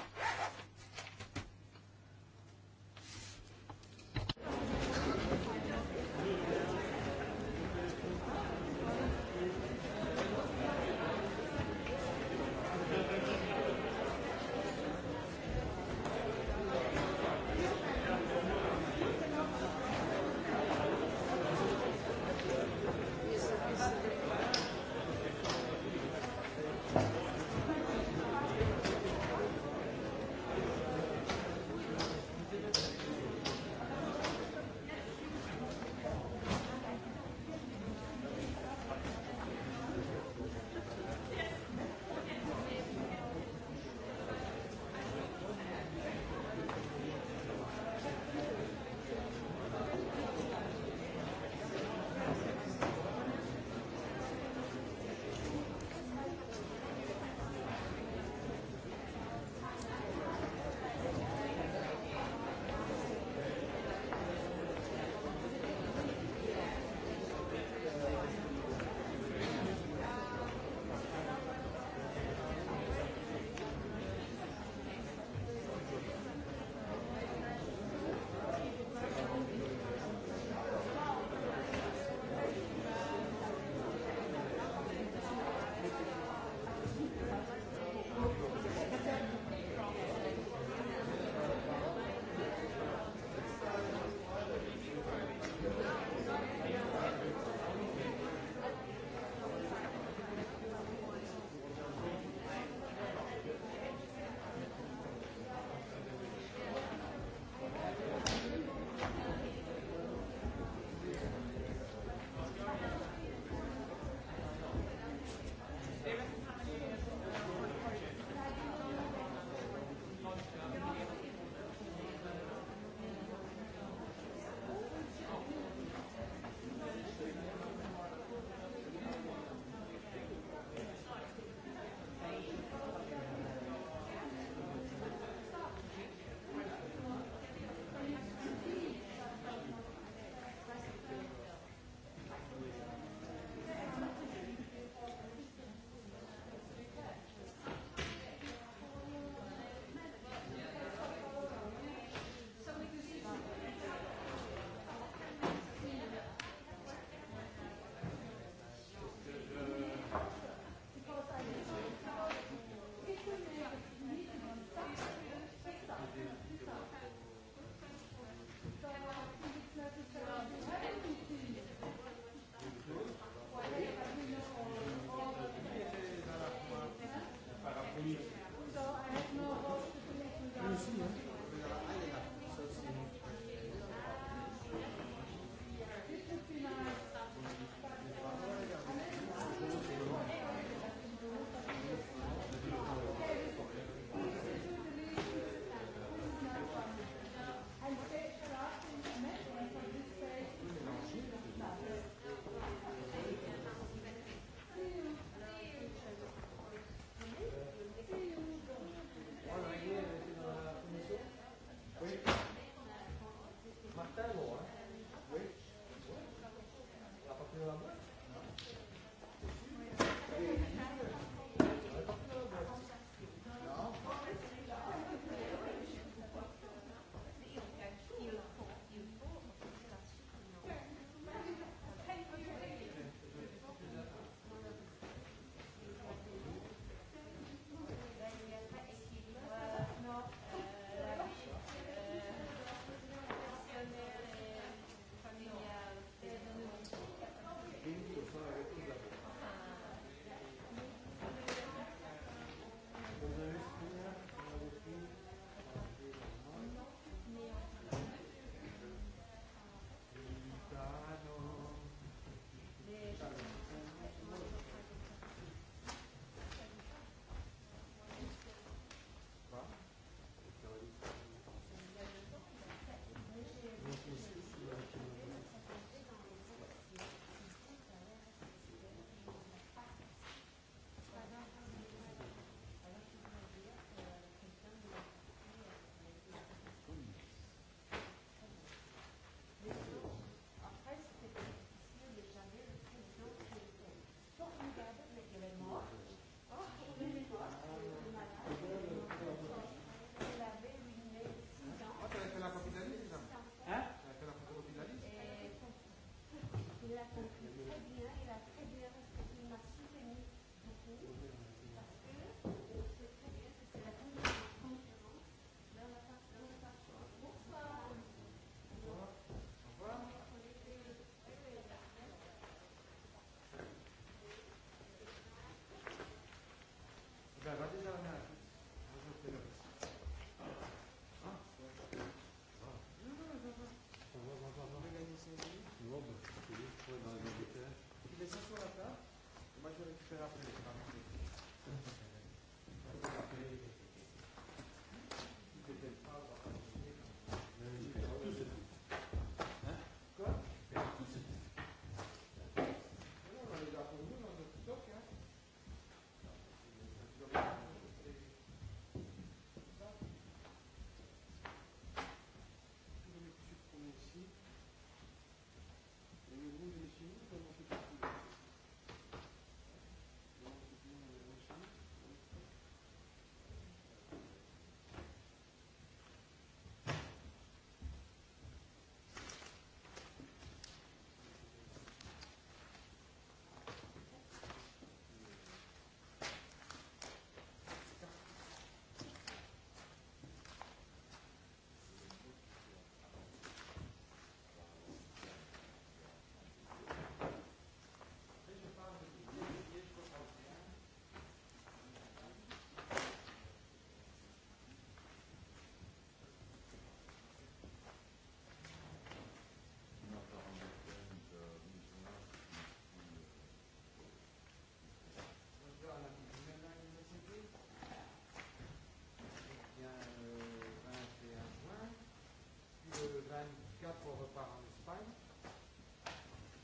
pour repart en Espagne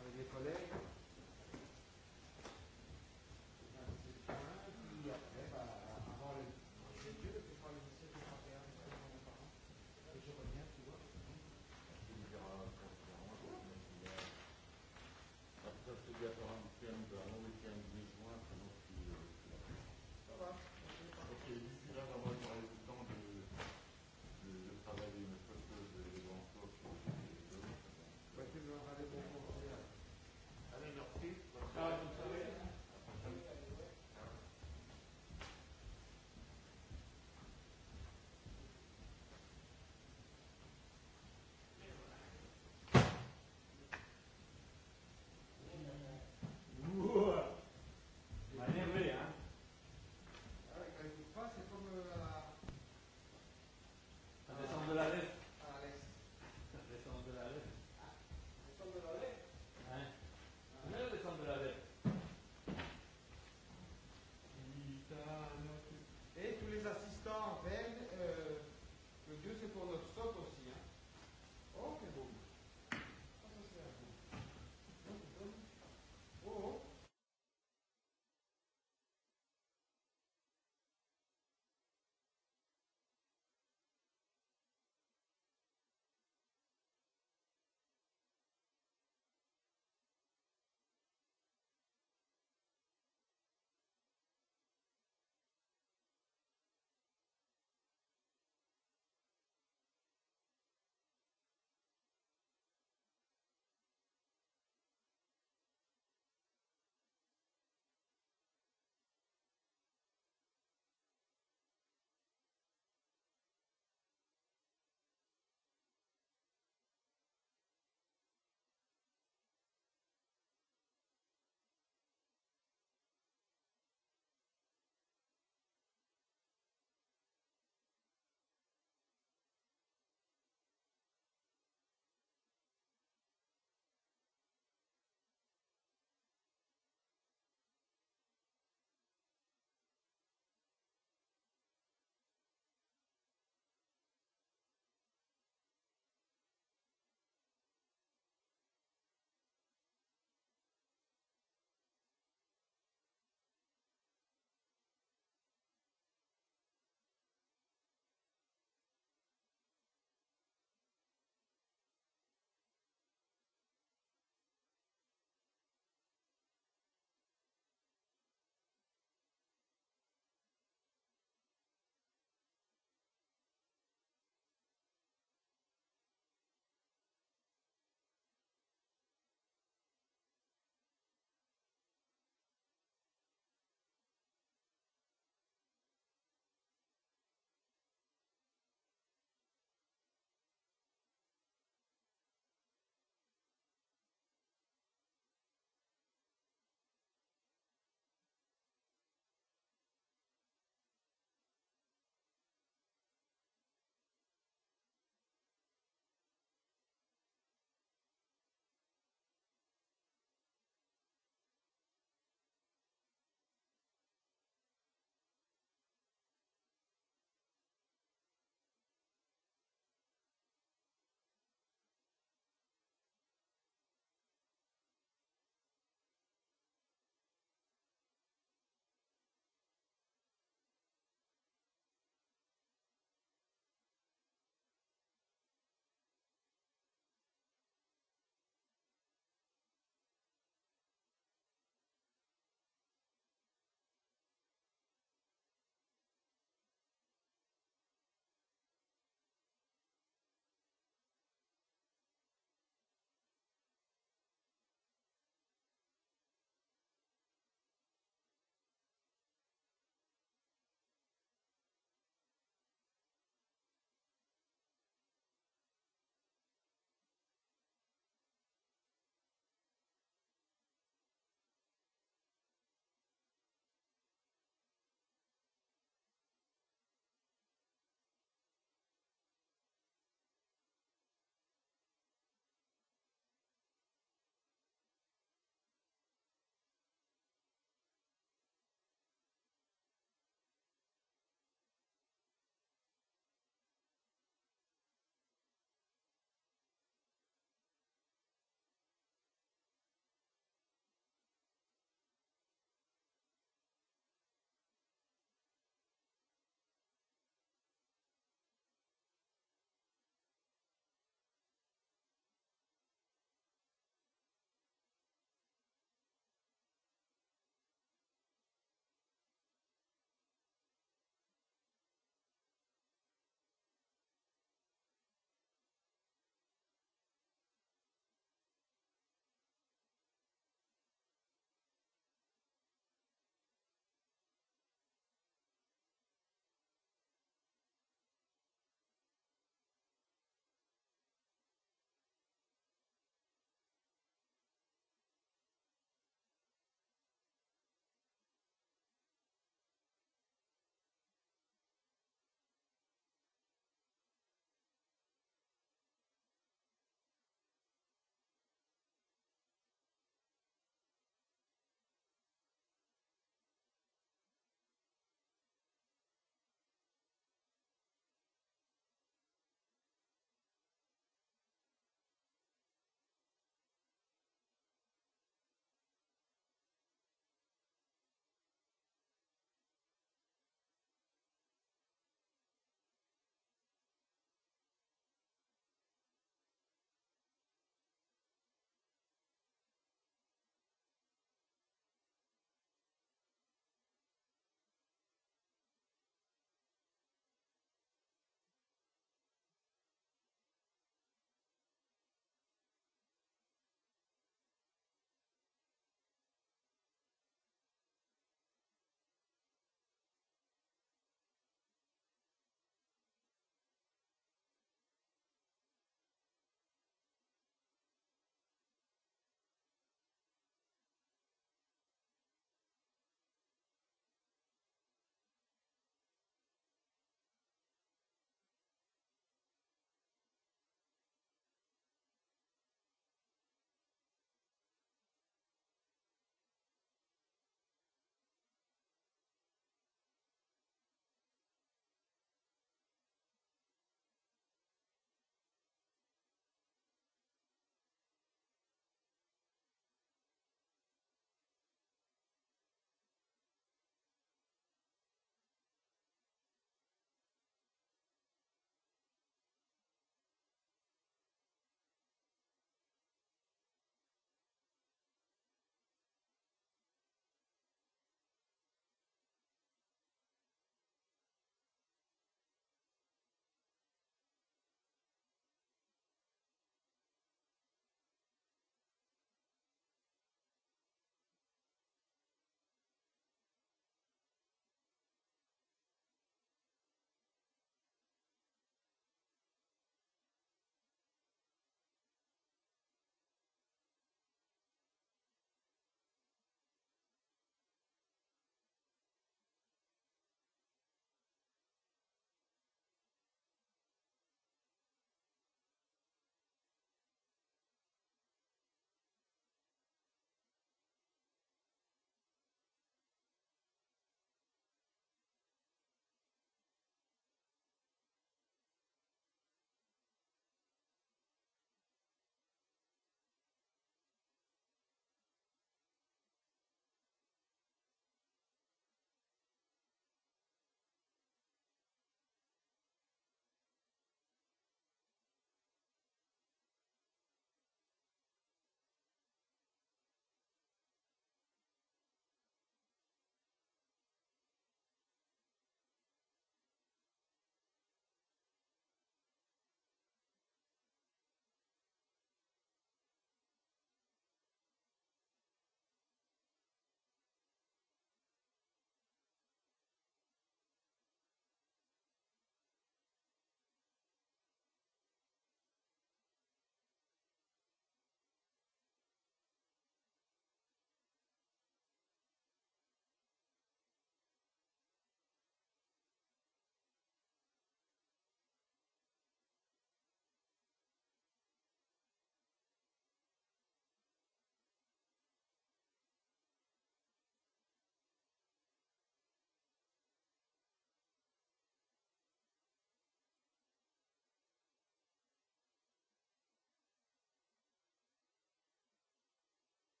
avec mes collègues. Gracias.